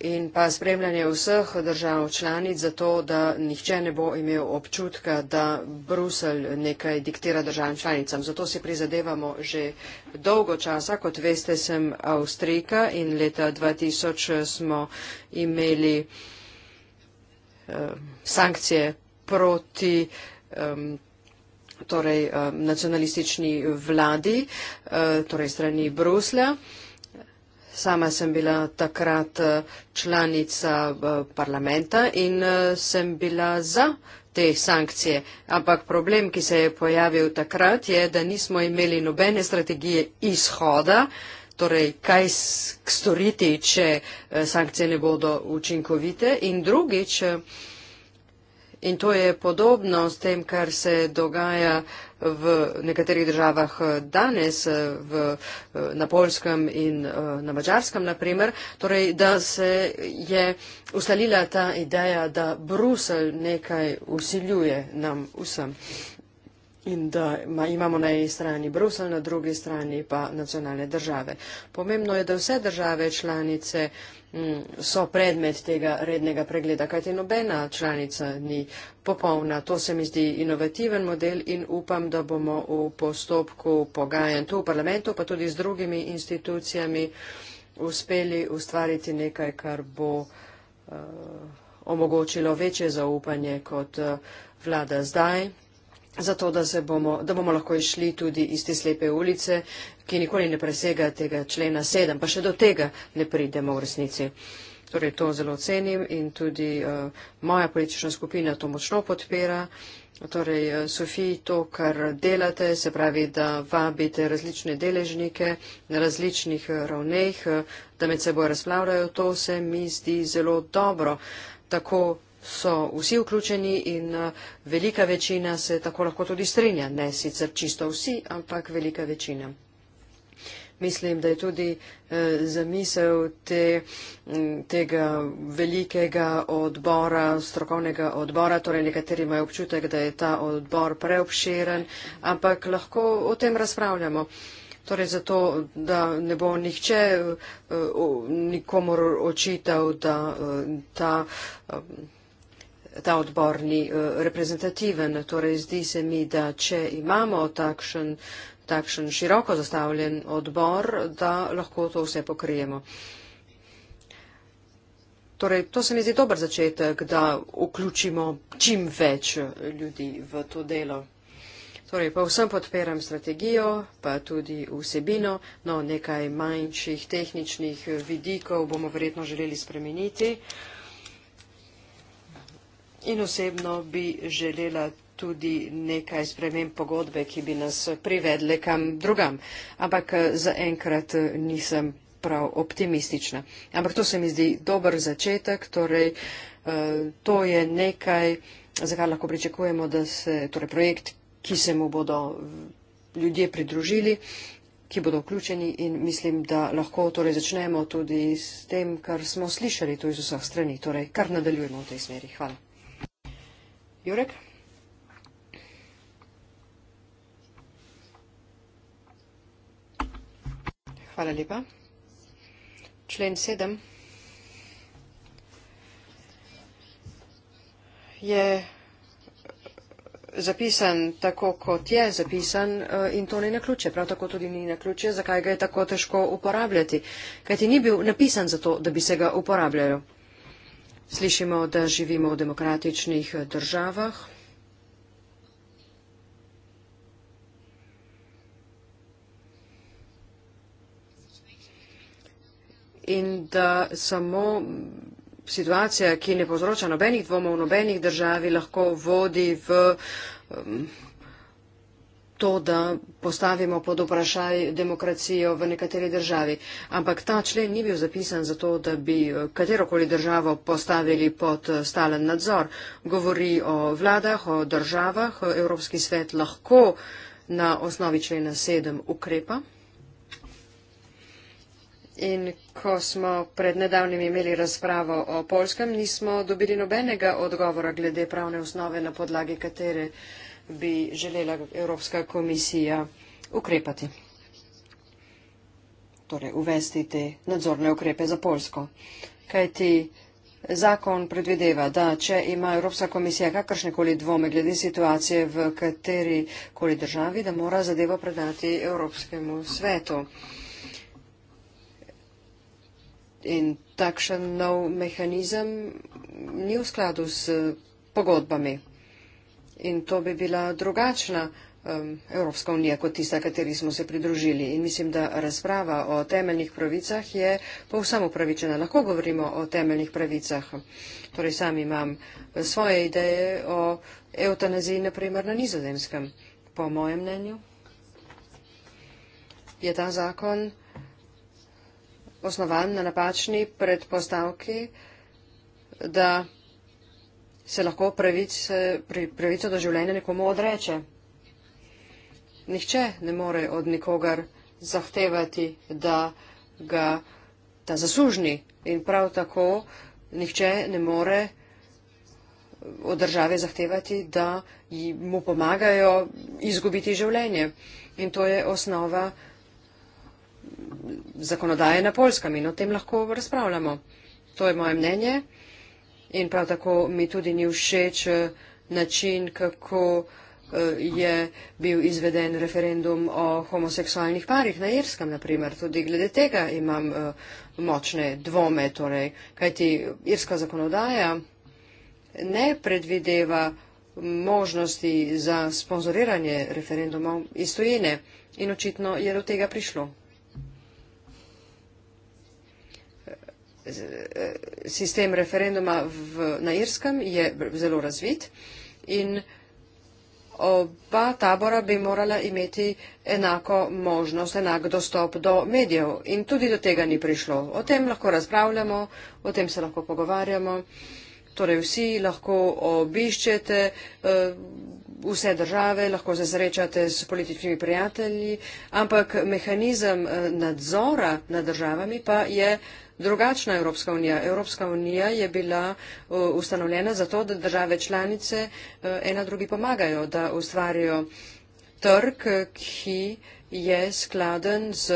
in pa spremljanje vseh držav članic, zato da nihče ne bo imel občutka, da Bruselj nekaj diktira državam članicam. Zato si prizadevamo že dolgo časa. Kot veste, sem Avstrika in leta 2000 smo imeli sankcije proti um, torej, eh, nacionalistični vladi, eh, torej strani Bruslja. Sama sem bila takrat eh, članica parlamenta in sem bila za te sankcije. Ampak problem, ki se je pojavil takrat, je, da nismo imeli nobene strategije izhoda, torej kaj storiti, če sankcije ne bodo učinkovite. In drugič, In to je podobno s tem, kar se dogaja v nekaterih državah danes, v, na Polskem in na Mačarskem, naprimer, torej, da se je ustalila ta ideja, da Brusel nekaj usiljuje nam vsem in da ma, imamo na eni strani Brusel, na drugi strani pa nacionalne države. Pomembno je, da vse države članice m, mm, so predmet tega rednega pregleda, kajti nobena članica ni popolna. To se mi zdi inovativen model in upam, da bomo v postopku pogajanj tu v parlamentu, pa tudi z drugimi institucijami uspeli ustvariti nekaj, kar bo uh, omogočilo večje zaupanje kot uh, vlada zdaj zato da, bomo, da bomo lahko išli tudi iz te slepe ulice, ki nikoli ne presega tega člena sedem, pa še do tega ne pridemo v resnici. Torej to zelo cenim in tudi uh, moja politična skupina to močno podpira. Torej, eh, Sofiji, to, kar delate, se pravi, da vabite različne deležnike na različnih eh, ravneh, da med seboj razplavljajo, to se mi zdi zelo dobro. Tako so vsi vključeni in eh, velika večina se tako lahko tudi strinja. Ne sicer čisto vsi, ampak velika večina. Mislim, da je tudi eh, zamisel te, tega velikega odbora, strokovnega odbora, torej nekateri imajo občutek, da je ta odbor preobširen, ampak lahko o tem razpravljamo. Torej zato, da ne bo nihče eh, nikomor očital, da eh, ta. Eh, ta odbor ni eh, reprezentativen. Torej, zdi se mi, da če imamo takšen, takšen široko zastavljen odbor, da lahko to vse pokrijemo. Torej, to se mi zdi dober začetek, da vključimo čim več eh, ljudi v to delo. Torej, pa vsem podpiram strategijo, pa tudi vsebino, no nekaj manjših tehničnih eh, vidikov bomo verjetno želeli spremeniti. Uh, in osebno bi želela tudi nekaj sprememb pogodbe, ki bi nas privedle kam drugam. Ampak eh, zaenkrat eh, nisem prav optimistična. Ampak to se mi zdi dober začetek, torej eh, to je nekaj, za kar lahko pričakujemo, da se torej projekt, ki se mu bodo ljudje pridružili, ki bodo vključeni in mislim, da lahko torej začnemo tudi s tem, kar smo slišali tu iz vseh strani. Torej, kar nadaljujemo v tej smeri. Hvala. Jurek? Hvala lepa. Člen 7 je eh, zapisan tako, kot je zapisan eh, in to ni na ključe. Prav tako tudi ni na ključe, zakaj ga je tako težko uporabljati. Kajti ni bil napisan za to, da bi se ga uporabljali. Slišimo, da živimo v demokratičnih državah. In da samo situacija, ki ne povzroča nobenih dvomov v nobenih državi, lahko vodi v um, to, da postavimo pod vprašaj demokracijo v nekateri državi. Ampak ta člen ni bil zapisan za to, da bi eh, katerokoli državo postavili pod eh, stalen nadzor. Govori o vladah, o državah. Evropski svet lahko na osnovi člena sedem ukrepa. In ko smo pred nedavnim imeli razpravo o Polskem, nismo dobili nobenega odgovora glede pravne osnove, na podlagi katere bi želela Evropska komisija ukrepati. Torej, uvesti te nadzorne ukrepe za Polsko. Kaj ti zakon predvideva, da če ima Evropska komisija kakršnekoli dvome glede situacije v kateri koli državi, da mora zadevo predati Evropskemu svetu. In takšen nov mehanizem ni v skladu s pogodbami in to bi bila drugačna um, Evropska unija kot tista, kateri smo se pridružili. In mislim, da razprava o temeljnih pravicah je povsem upravičena. Lahko govorimo o temeljnih pravicah. Torej, sam imam eh, svoje ideje o eutanaziji, naprimer na nizozemskem. Po mojem mnenju je ta zakon osnovan na napačni predpostavki, da se lahko pravic, pravico do življenja nekomu odreče. Nihče ne more od nikogar zahtevati, da ga ta zaslužni in prav tako nihče ne more od države zahtevati, da mu pomagajo izgubiti življenje. In to je osnova zakonodaje na polskem in o tem lahko razpravljamo. To je moje mnenje in prav tako mi tudi ni všeč eh, način, kako eh, je bil izveden referendum o homoseksualnih parih na Irskem, naprimer. Tudi glede tega imam eh, močne dvome, torej, kajti irska zakonodaja ne predvideva možnosti za sponzoriranje referendumov iz tujine in očitno je do tega prišlo. Eh, sistem referenduma v, na Irskem je zelo razvit in oba tabora bi morala imeti enako možnost, enak dostop do medijev in tudi do tega ni prišlo. O tem lahko razpravljamo, o tem se lahko pogovarjamo, torej vsi lahko obiščete. Eh, vse države, lahko se srečate s političnimi prijatelji, ampak mehanizem eh, nadzora nad državami pa je drugačna Evropska unija. Evropska unija je bila eh, ustanovljena zato, da države članice eh, ena drugi pomagajo, da ustvarijo trg, ki je skladen z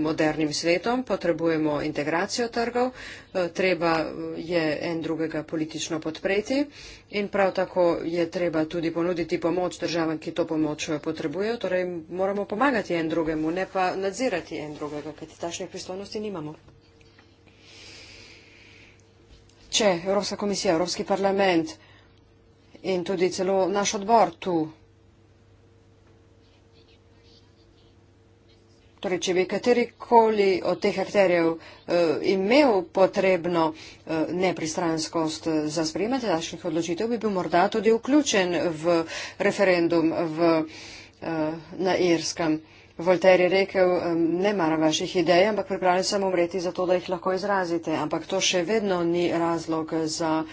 modernim svetom, potrebujemo integracijo trgov, eh, treba eh, je en drugega politično podpreti in prav tako je treba tudi ponuditi pomoč državam, ki to pomoč eh, potrebujejo, torej moramo pomagati en drugemu, ne pa nadzirati en drugega, kajti tašnih pristojnosti nimamo. Če Evropska komisija, Evropski parlament in tudi celo naš odbor tu Torej, če bi katerikoli od teh akterjev uh, imel potrebno uh, nepristranskost eh, za sprejemanje takšnih odločitev, bi bil morda tudi vključen v referendum v, uh, na Irskem. Volter je rekel, um, ne maram vaših idej, ampak pripravljen sem umreti za to, da jih lahko izrazite. Ampak to še vedno ni razlog za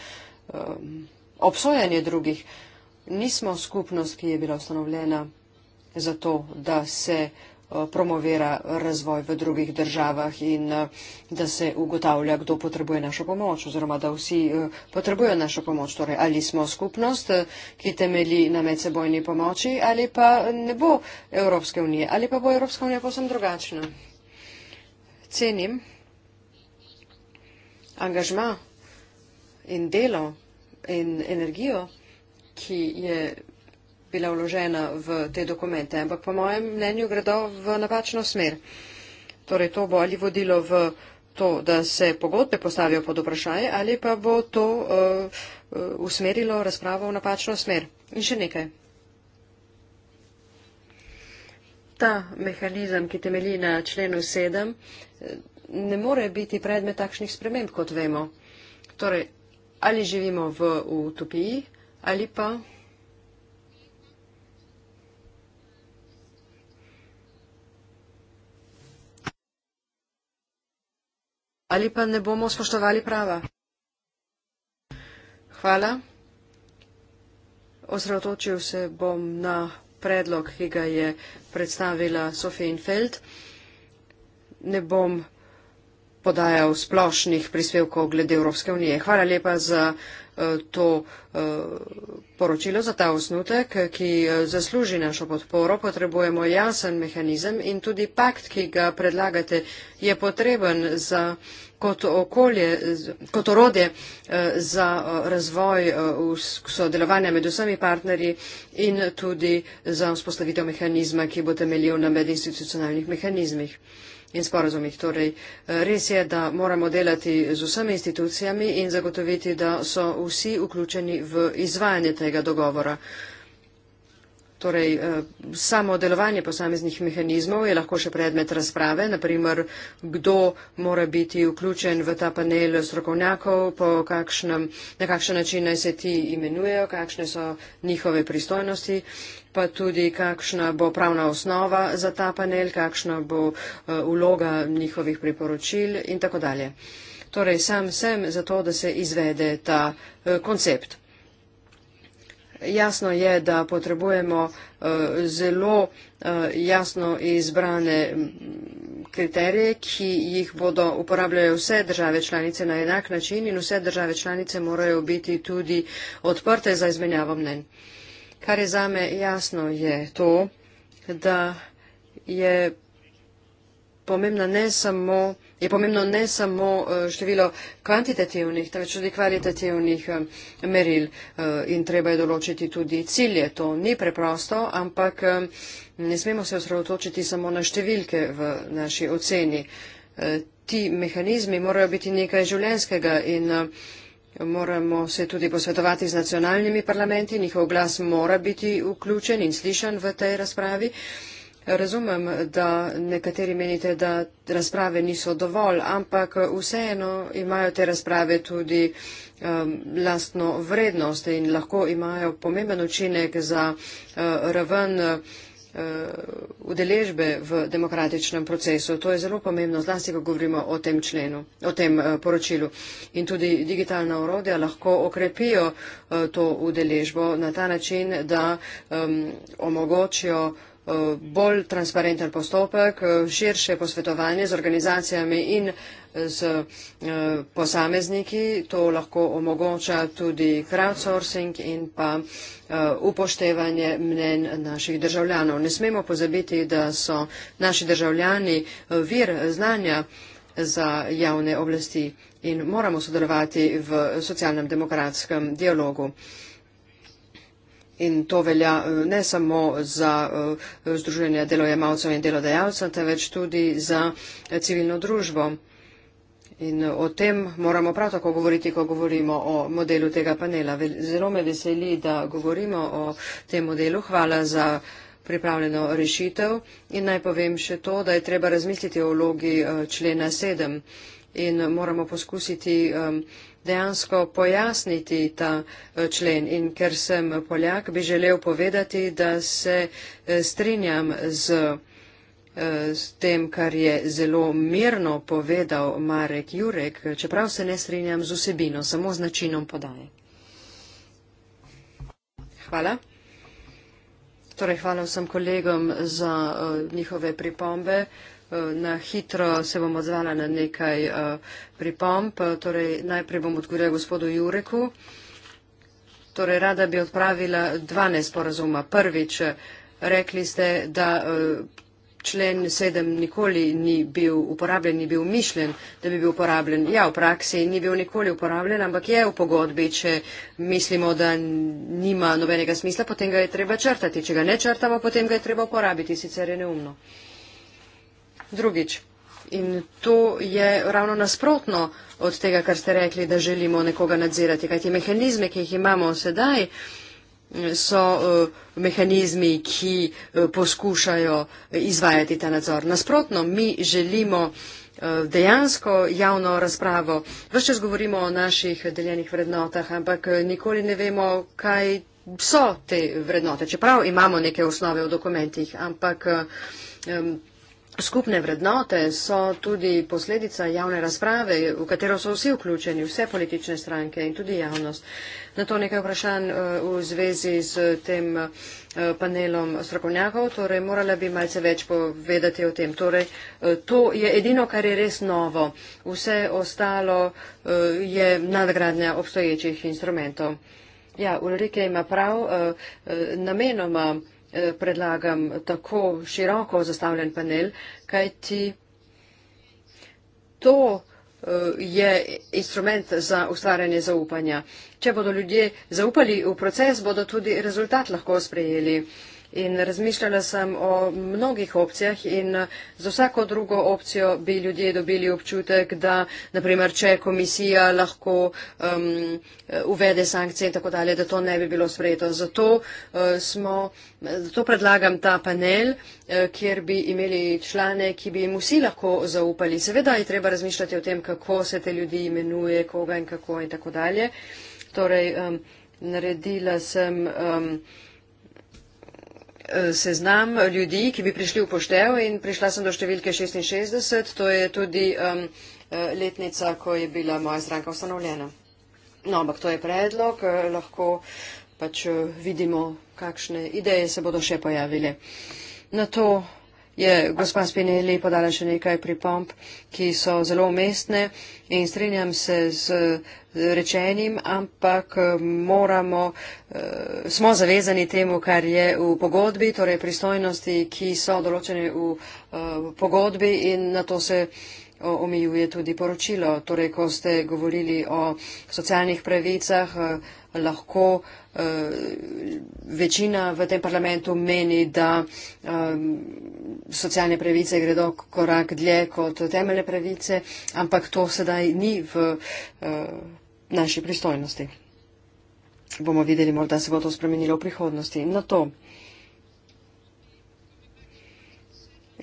um, obsojanje drugih. Nismo skupnost, ki je bila ustanovljena za to, da se. Uh, Eh, promovira razvoj v drugih državah in eh, da se ugotavlja, kdo potrebuje našo pomoč oziroma da vsi eh, potrebujejo našo pomoč. Torej, ali smo skupnost, ki temelji na medsebojni pomoči ali pa ne bo Evropske unije ali pa bo Evropska unija posem drugačna. Cenim angažma in delo in energijo, ki je bila vložena v te dokumente, ampak po mojem mnenju gredo v napačno smer. Torej, to bo ali vodilo v to, da se pogodbe postavijo pod vprašanje, ali pa bo to uh, uh, usmerilo razpravo v napačno smer. In še nekaj. Ta mehanizem, ki temelji na členu 7, eh, ne more biti predmet takšnih sprememb, kot vemo. Torej, ali živimo v utopiji, ali pa. ali pa ne bomo spoštovali prava. Hvala. Osredotočil se bom na predlog, ki ga je predstavila Sofijn Feld. Ne bom podajal splošnih prispevkov glede Evropske unije. Hvala lepa za eh, to eh, poročilo, za ta osnutek, ki eh, zasluži našo podporo. Potrebujemo jasen mehanizem in tudi pakt, ki ga predlagate, je potreben za, kot, okolje, kot orodje za razvoj sodelovanja med vsemi partnerji in tudi za vzpostavitev mehanizma, ki bo temeljil na medinstitucionalnih mehanizmih in sporazumih. Torej, eh, res je, da moramo delati z vsemi institucijami in zagotoviti, da so vsi vključeni v izvajanje tega dogovora. Torej, eh, samo delovanje posameznih mehanizmov je lahko še predmet razprave, naprimer, kdo mora biti vključen v ta panel strokovnjakov, kakšnem, na kakšen način naj se ti imenujejo, kakšne so njihove pristojnosti, pa tudi kakšna bo pravna osnova za ta panel, kakšna bo uloga eh, njihovih priporočil in tako dalje. Torej, sam sem za to, da se izvede ta eh, koncept. Jasno je, da potrebujemo eh, zelo eh, jasno izbrane mm, kriterije, ki jih bodo uporabljale vse države članice na enak način in vse države članice morajo biti tudi odprte za izmenjavo mnen. Kar je za me jasno je to, da je pomembna ne samo je pomembno ne samo eh, število kvantitativnih, temveč tudi kvalitativnih eh, meril eh, in treba je določiti tudi cilje. To ni preprosto, ampak ne smemo se osredotočiti samo na številke v naši oceni. Ti mehanizmi morajo biti nekaj življenskega in moramo se tudi posvetovati z nacionalnimi parlamenti, njihov glas mora biti vključen in slišan v tej razpravi. Razumem, da nekateri menite, da razprave niso dovolj, ampak vseeno imajo te razprave tudi um, lastno vrednost in lahko imajo pomemben učinek za uh, raven uh, udeležbe v demokratičnem procesu. To je zelo pomembno, zlasti, ko govorimo o tem členu, o tem uh, poročilu. In tudi digitalna urodja lahko okrepijo uh, to udeležbo na ta način, da um, omogočijo Eh, bolj transparenten postopek, eh, širše posvetovanje z organizacijami in z eh, posamezniki. To lahko omogoča tudi crowdsourcing in pa upoštevanje mnen naših državljanov. Ne smemo pozabiti, da so naši državljani vir znanja za javne oblasti in moramo sodelovati v socialnem demokratskem dialogu. In to velja eh, ne samo za eh, združenje delojemalcev in delodajalcev, teveč tudi za eh, civilno družbo. In o tem moramo prav tako govoriti, ko govorimo o modelu tega panela. Zelo me veseli, da govorimo o tem modelu. Hvala za pripravljeno rešitev. In naj povem še to, da je treba razmisliti o vlogi člena 7. In moramo poskusiti. Um, dejansko pojasniti ta eh, člen. In ker sem Poljak, bi želel povedati, da se eh, strinjam z eh, s tem, kar je zelo mirno povedal Marek Jurek, čeprav se ne strinjam z vsebino, samo z načinom podaje. Hvala. Torej, hvala vsem kolegom za uh, njihove pripombe. Uh, Na hitro se bom odzvala na nekaj eh, pripomp. Torej, najprej bom odgovorila gospodu Jureku. Torej, rada bi odpravila dva nesporazuma. Prvič, rekli ste, da eh, člen 7 nikoli ni bil uporabljen, ni bil mišljen, da bi bil uporabljen. Ja, v praksi ni bil nikoli uporabljen, ampak je v pogodbi, če mislimo, da nima nobenega smisla, potem ga je treba črtati. Če ga ne črtamo, potem ga je treba uporabiti, sicer je neumno drugič. In to je ravno nasprotno od tega, kar ste rekli, da želimo nekoga nadzirati, kajti mehanizme, ki jih imamo sedaj, so uh, mehanizmi, ki uh, poskušajo izvajati ta nadzor. Nasprotno, mi želimo uh, dejansko javno razpravo. Vse čas govorimo o naših deljenih vrednotah, ampak nikoli ne vemo, kaj so te vrednote. Čeprav imamo neke osnove v dokumentih, ampak. Uh, Skupne vrednote so tudi posledica javne razprave, v katero so vsi vključeni, vse politične stranke in tudi javnost. Na to nekaj vprašanj eh, v zvezi s tem eh, panelom strokovnjakov, torej morala bi malce več povedati o tem. Torej, eh, to je edino, kar je res novo. Vse ostalo je nadgradnja obstoječih instrumentov. Ja, Ulrike ima prav, namenoma. Eh, predlagam tako široko zastavljen panel, kajti to eh, je instrument za ustvarjanje zaupanja. Če bodo ljudje zaupali v proces, bodo tudi rezultat lahko sprejeli. In razmišljala sem o mnogih opcijah in eh, z vsako drugo opcijo bi ljudje dobili občutek, da naprimer, če komisija lahko um, uvede sankcije in tako dalje, da to ne bi bilo sprejeto. Zato, uh, smo, zato predlagam ta panel, uh, kjer bi imeli člane, ki bi jim vsi lahko zaupali. Seveda je treba razmišljati o tem, kako se te ljudi imenuje, koga in kako in tako dalje. Torej, um, naredila sem. Um, Eh, seznam ljudi, ki bi prišli v poštev in prišla sem do številke 66, to je tudi um, letnica, ko je bila moja stranka ustanovljena. No, ampak to je predlog, eh, lahko pač vidimo, kakšne ideje se bodo še pojavile. Na to je gospa Spinelli podala še nekaj pripomp, ki so zelo umestne in strinjam se z rečenim, ampak eh, moramo, eh, smo zavezani temu, kar je v pogodbi, torej pristojnosti, ki so določene v eh, pogodbi in na to se omejuje tudi poročilo. Torej, ko ste govorili o socialnih pravicah, lahko Eh, večina v tem parlamentu meni, da ehm, socialne pravice gredo korak dlje kot temeljne pravice, ampak to sedaj ni v eh, naši pristojnosti. Bomo videli, morda se bo to spremenilo v prihodnosti. Na to,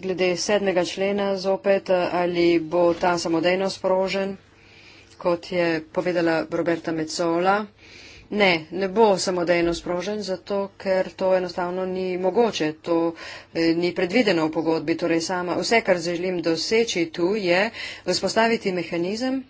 glede sedmega člena zopet, ali bo ta samodejno sprožen, kot je povedala Roberta Mecola, Ne, ne bo samodejno sprožen, zato ker to enostavno ni mogoče, to eh, ni predvideno v pogodbi. Torej sama, vse, kar želim doseči tu, je vzpostaviti mehanizem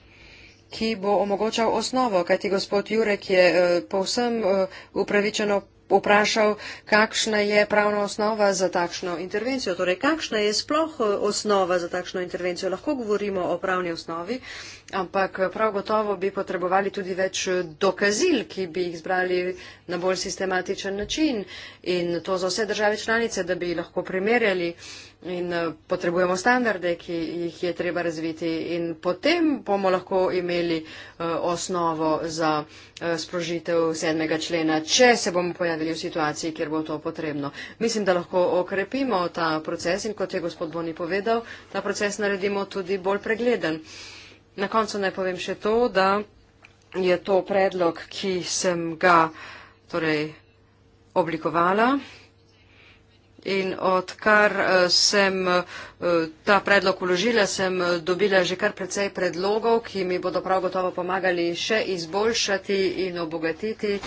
ki bo omogočal osnovo, kajti gospod Jurek je eh, povsem eh, upravičeno vprašal, kakšna je pravna osnova za takšno intervencijo. Torej, kakšna je sploh eh, osnova za takšno intervencijo? Lahko govorimo o pravni osnovi, ampak eh, prav gotovo bi potrebovali tudi več eh, dokazil, ki bi jih zbrali na bolj sistematičen način in to za vse države članice, da bi lahko primerjali in eh, potrebujemo standarde, ki jih je treba razviti in potem bomo lahko imeli eh, osnovo za eh, sprožitev sedmega člena, če se bomo pojavili v situaciji, kjer bo to potrebno. Mislim, da lahko okrepimo ta proces in kot je gospod Boni povedal, ta proces naredimo tudi bolj pregleden. Na koncu naj povem še to, da je to predlog, ki sem ga torej, oblikovala in odkar eh, sem eh, ta predlog uložila, sem eh, dobila že kar precej predlogov, ki mi bodo prav gotovo pomagali še izboljšati in obogatiti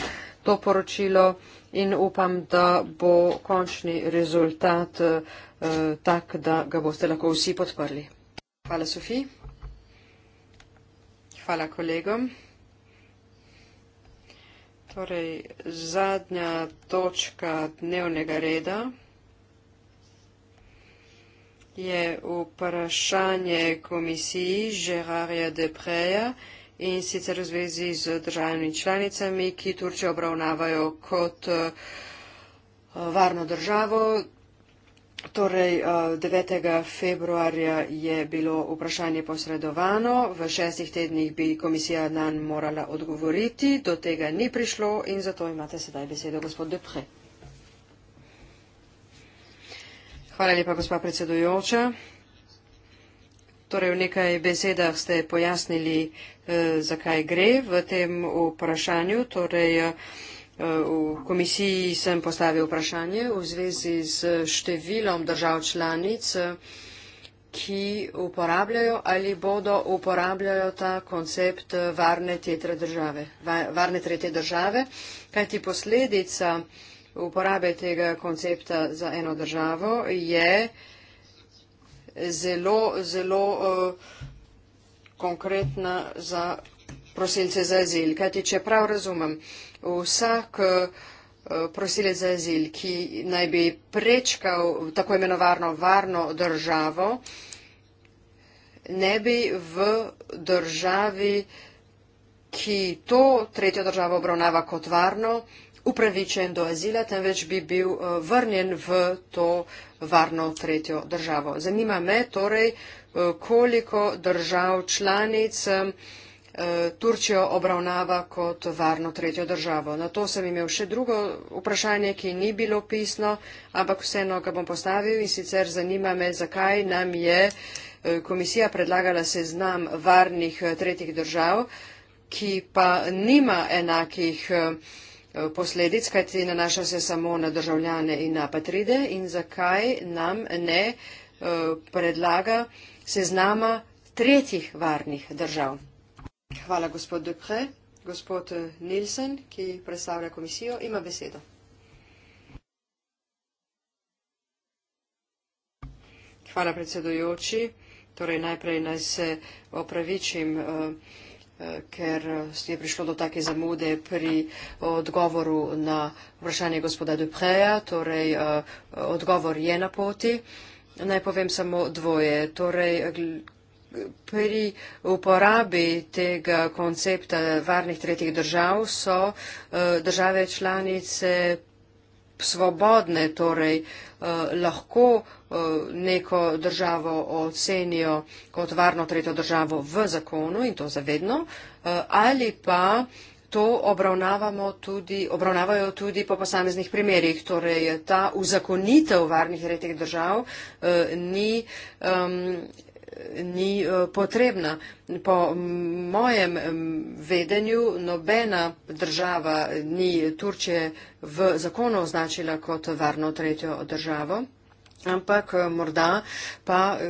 to poročilo in upam, da bo končni rezultat tak, da ga boste lahko vsi podprli. Hvala, Sofi. Hvala kolegom. Torej, zadnja točka dnevnega reda je vprašanje komisiji Žerarja de Preja in sicer v zvezi z državnimi članicami, ki Turčijo obravnavajo kot eh, varno državo. Torej, 9. Eh, februarja je bilo vprašanje posredovano, v šestih tednih bi komisija nam morala odgovoriti, do tega ni prišlo in zato imate sedaj besedo, gospod Depre. Hvala lepa, gospa predsedujoča. Torej, v nekaj besedah ste pojasnili, eh, zakaj gre v tem vprašanju. Torej, eh, v komisiji sem postavil vprašanje v zvezi z številom držav članic, ki uporabljajo ali bodo uporabljajo ta koncept varne, države, varne tretje države. Kajti posledica uporabe tega koncepta za eno državo je zelo, zelo eh, konkretna za prosilce za azil. Kajti, če prav razumem, vsak eh, prosilec za azil, ki naj bi prečkal tako imenovano varno državo, ne bi v državi, ki to tretjo državo obravnava kot varno, upravičen do azila, temveč bi bil eh, vrnjen v to varno tretjo državo. Zanima me torej, eh, koliko držav članic eh, Turčijo obravnava kot varno tretjo državo. Na to sem imel še drugo vprašanje, ki ni bilo pisno, ampak vseeno ga bom postavil in sicer zanima me, zakaj nam je komisija predlagala seznam varnih tretjih držav, ki pa nima enakih Eh, posledic, kajti nanaša se samo na državljane in na patride in zakaj nam ne eh, predlaga seznama tretjih varnih držav. Hvala gospod Dupre. Gospod eh, Nilsen, ki predstavlja komisijo, ima besedo. Hvala predsedujoči. Torej najprej naj se opravičim. Uh, ker eh, je prišlo do take zamude pri eh, odgovoru na vprašanje gospoda Dupreja, torej eh, odgovor je na poti. Naj povem samo dvoje. Torej, pri uporabi tega koncepta varnih tretjih držav so države članice svobodne, torej lahko Eh, neko državo ocenijo kot varno tretjo državo v zakonu in to zavedno, eh, ali pa to obravnavamo tudi, obravnavajo tudi po posameznih primerjih. Torej, ta uzakonitev varnih tretjih držav eh, ni, um, ni potrebna. Po mojem vedenju nobena država ni Turčije v zakonu označila kot varno tretjo državo ampak eh, morda pa eh,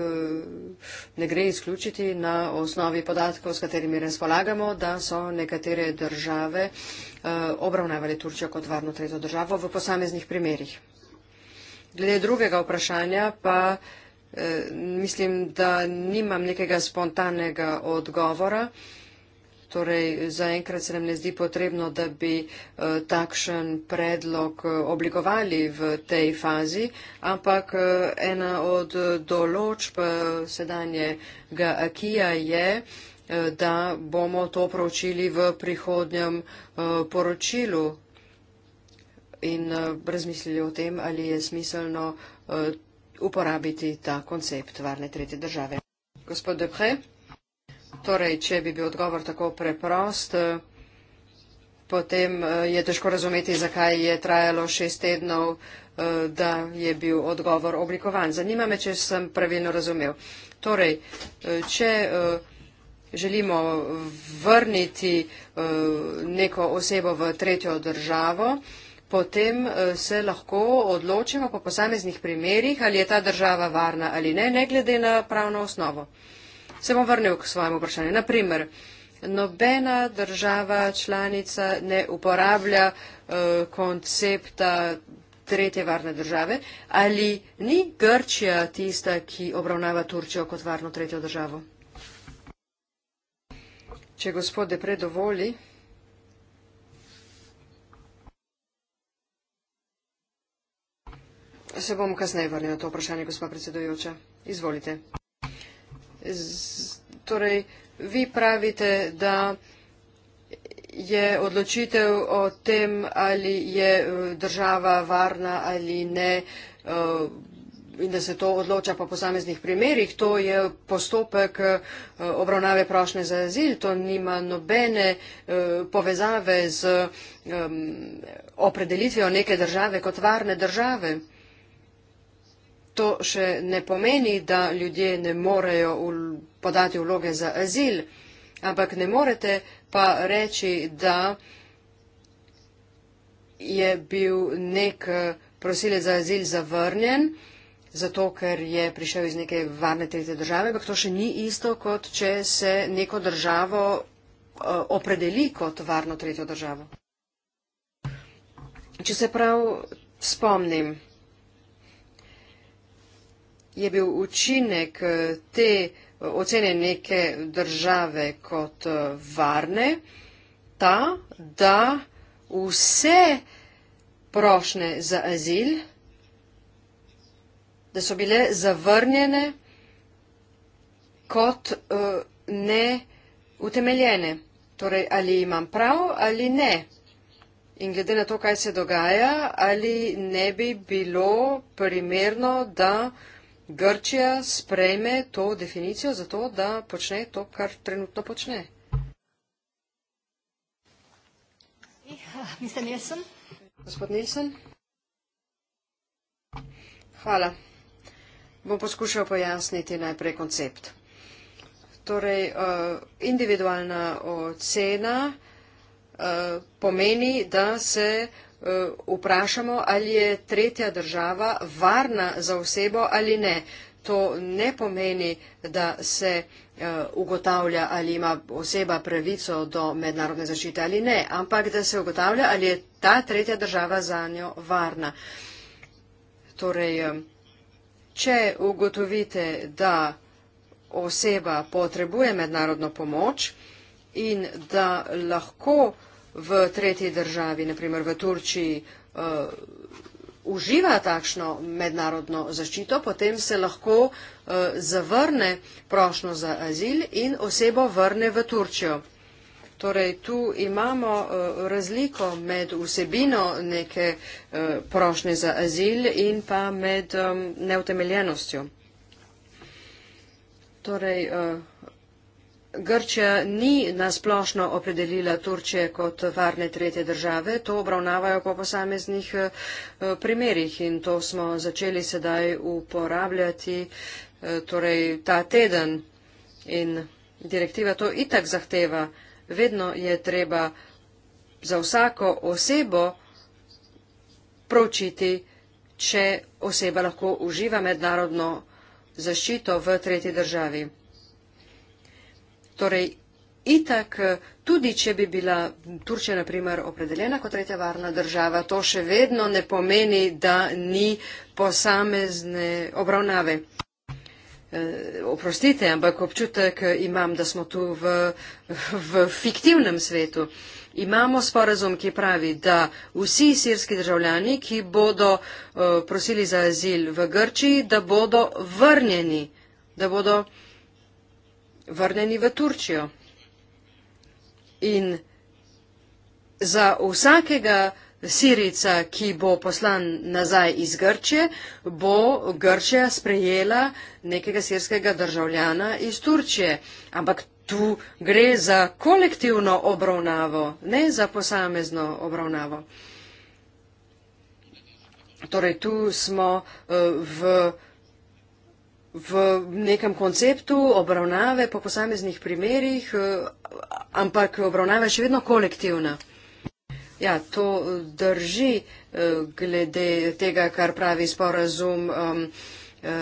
ne gre izključiti na osnovi podatkov, s katerimi razpolagamo, da so nekatere države eh, obravnavali Turčijo kot varno tretjo državo v posameznih primerjih. Glede drugega vprašanja pa mislim, da nimam nekega spontanega odgovora. Torej, zaenkrat se nam ne zdi potrebno, da bi eh, takšen predlog eh, oblikovali v tej fazi, ampak eh, ena od določb sedanjega akija je, da bomo to proučili v prihodnjem poročilu in razmislili o tem, ali je smiselno uporabiti ta koncept varne tretje države. Gospod Depre? Torej, če bi bil odgovor tako preprost, eh, potem eh, je težko razumeti, zakaj je trajalo šest tednov, eh, da je bil odgovor oblikovan. Zanima me, če sem pravilno razumel. Torej, če želimo vrniti neko osebo v tretjo državo, potem se lahko odločimo po posameznih primerjih, ali je ta država varna ali ne, ne glede na pravno osnovo. Se bom vrnil k svojemu vprašanju. Naprimer, nobena država članica ne uporablja uh, koncepta tretje varne države. Ali ni Grčija tista, ki obravnava Turčijo kot varno tretjo državo? Če gospode predovoli. Se bom kasneje vrnil na to vprašanje, gospa predsedujoča. Izvolite. Torej, vi pravite, da je odločitev o tem, ali je eh, država varna ali ne, eh, in da se to odloča po posameznih primerjih, to je postopek eh, obravnave prošnje za azil, to nima nobene povezave z opredelitvijo neke države kot varne države to še ne pomeni, da ljudje ne morejo podati vloge za azil, ampak ne morete pa reči, da je bil nek eh, prosilec za azil zavrnjen, zato ker je prišel iz neke varne tretje države, ampak to še ni isto, kot če se neko državo eh, opredeli kot varno tretjo državo. Če se prav spomnim, je bil učinek eh, te eh, ocene neke države kot eh, varne ta, da vse prošnje za azil, da so bile zavrnjene kot neutemeljene. Torej, ali imam prav ali ne. In glede na to, kaj se dogaja, ali ne bi bilo primerno, da Grčija sprejme to definicijo za to, da počne to, kar trenutno počne. Ja, Mr. Nilsson. Gospod Nilsson. Hvala. Bom poskušal pojasniti najprej koncept. Torej, eh, individualna ocena eh, pomeni, da se vsega, Eh, vprašamo, ali je tretja država varna za osebo ali ne. To ne pomeni, da se eh, ugotavlja, ali ima oseba pravico do mednarodne zaščite ali ne, ampak da se ugotavlja, ali je ta tretja država za njo varna. Torej, eh, če ugotovite, da oseba potrebuje mednarodno pomoč in da lahko v tretji državi, naprimer v Turčiji, uh, uživa takšno mednarodno zaščito, potem se lahko uh, zavrne prošno za azil in osebo vrne v Turčijo. Torej, tu imamo uh, razliko med vsebino neke uh, prošnje za azil in pa med um, neutemeljenostjo. Torej, uh, Grčija ni nasplošno opredelila Turčije kot varne tretje države, to obravnavajo po posameznih eh, primerjih in to smo začeli sedaj uporabljati eh, torej, ta teden. In direktiva to itak zahteva. Vedno je treba za vsako osebo pročiti, če oseba lahko uživa mednarodno zaščito v tretji državi. Torej, itak, eh, tudi če bi bila Turčija, na primer, opredeljena kot tretja varna država, to še vedno ne pomeni, da ni posamezne obravnave. Eh, oprostite, ampak občutek eh, imam, da smo tu v, v fiktivnem svetu. Imamo sporazum, ki pravi, da vsi sirski državljani, ki bodo uh, prosili za azil v Grčiji, da bodo vrnjeni, da bodo uh, vrneni v Turčijo. In za vsakega sirica, ki bo poslan nazaj iz Grče, bo Grčija sprejela nekega sirskega državljana iz Turčije. Ampak tu gre za kolektivno obravnavo, ne za posamezno obravnavo. Torej, tu smo uh, v v nekem konceptu obravnave po posameznih primerjih, eh, ampak obravnava je še vedno kolektivna. Ja, to eh, drži eh, glede tega, kar pravi sporazum um,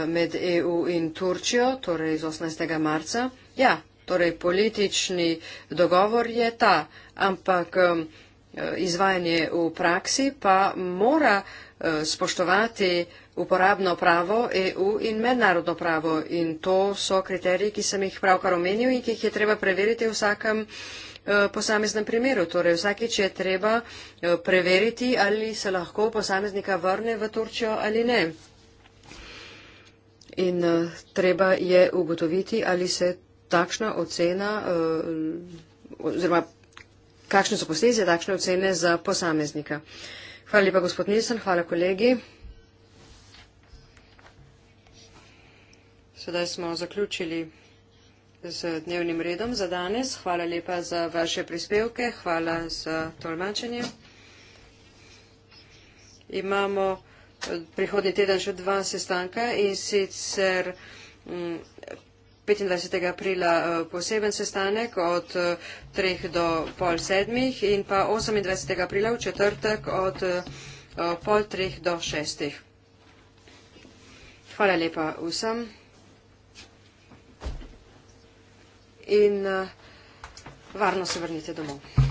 med EU in Turčijo, torej z 18. marca. Ja, torej politični dogovor je ta, ampak um, izvajanje v praksi pa mora spoštovati uporabno pravo EU in mednarodno pravo. In to so kriteriji, ki sem jih pravkar omenil in ki jih je treba preveriti v vsakem eh, posameznem primeru. Torej vsakeč je treba eh, preveriti, ali se lahko posameznika vrne v Turčjo ali ne. In eh, treba je ugotoviti, ali se takšna ocena, oziroma kakšne so posledice takšne ocene za posameznika. Hvala lepa, gospod Nilsen, hvala kolegi. Sedaj smo zaključili z dnevnim redom za danes. Hvala lepa za vaše prispevke, hvala za tolmačenje. Imamo eh, prihodni teden še dva sestanka in sicer 25. Mm, aprila eh, poseben sestanek od 3 eh, do pol sedmih in pa 28. aprila v četrtek od pol treh do šestih. Hvala lepa vsem. in uh, varno se vrnite domov.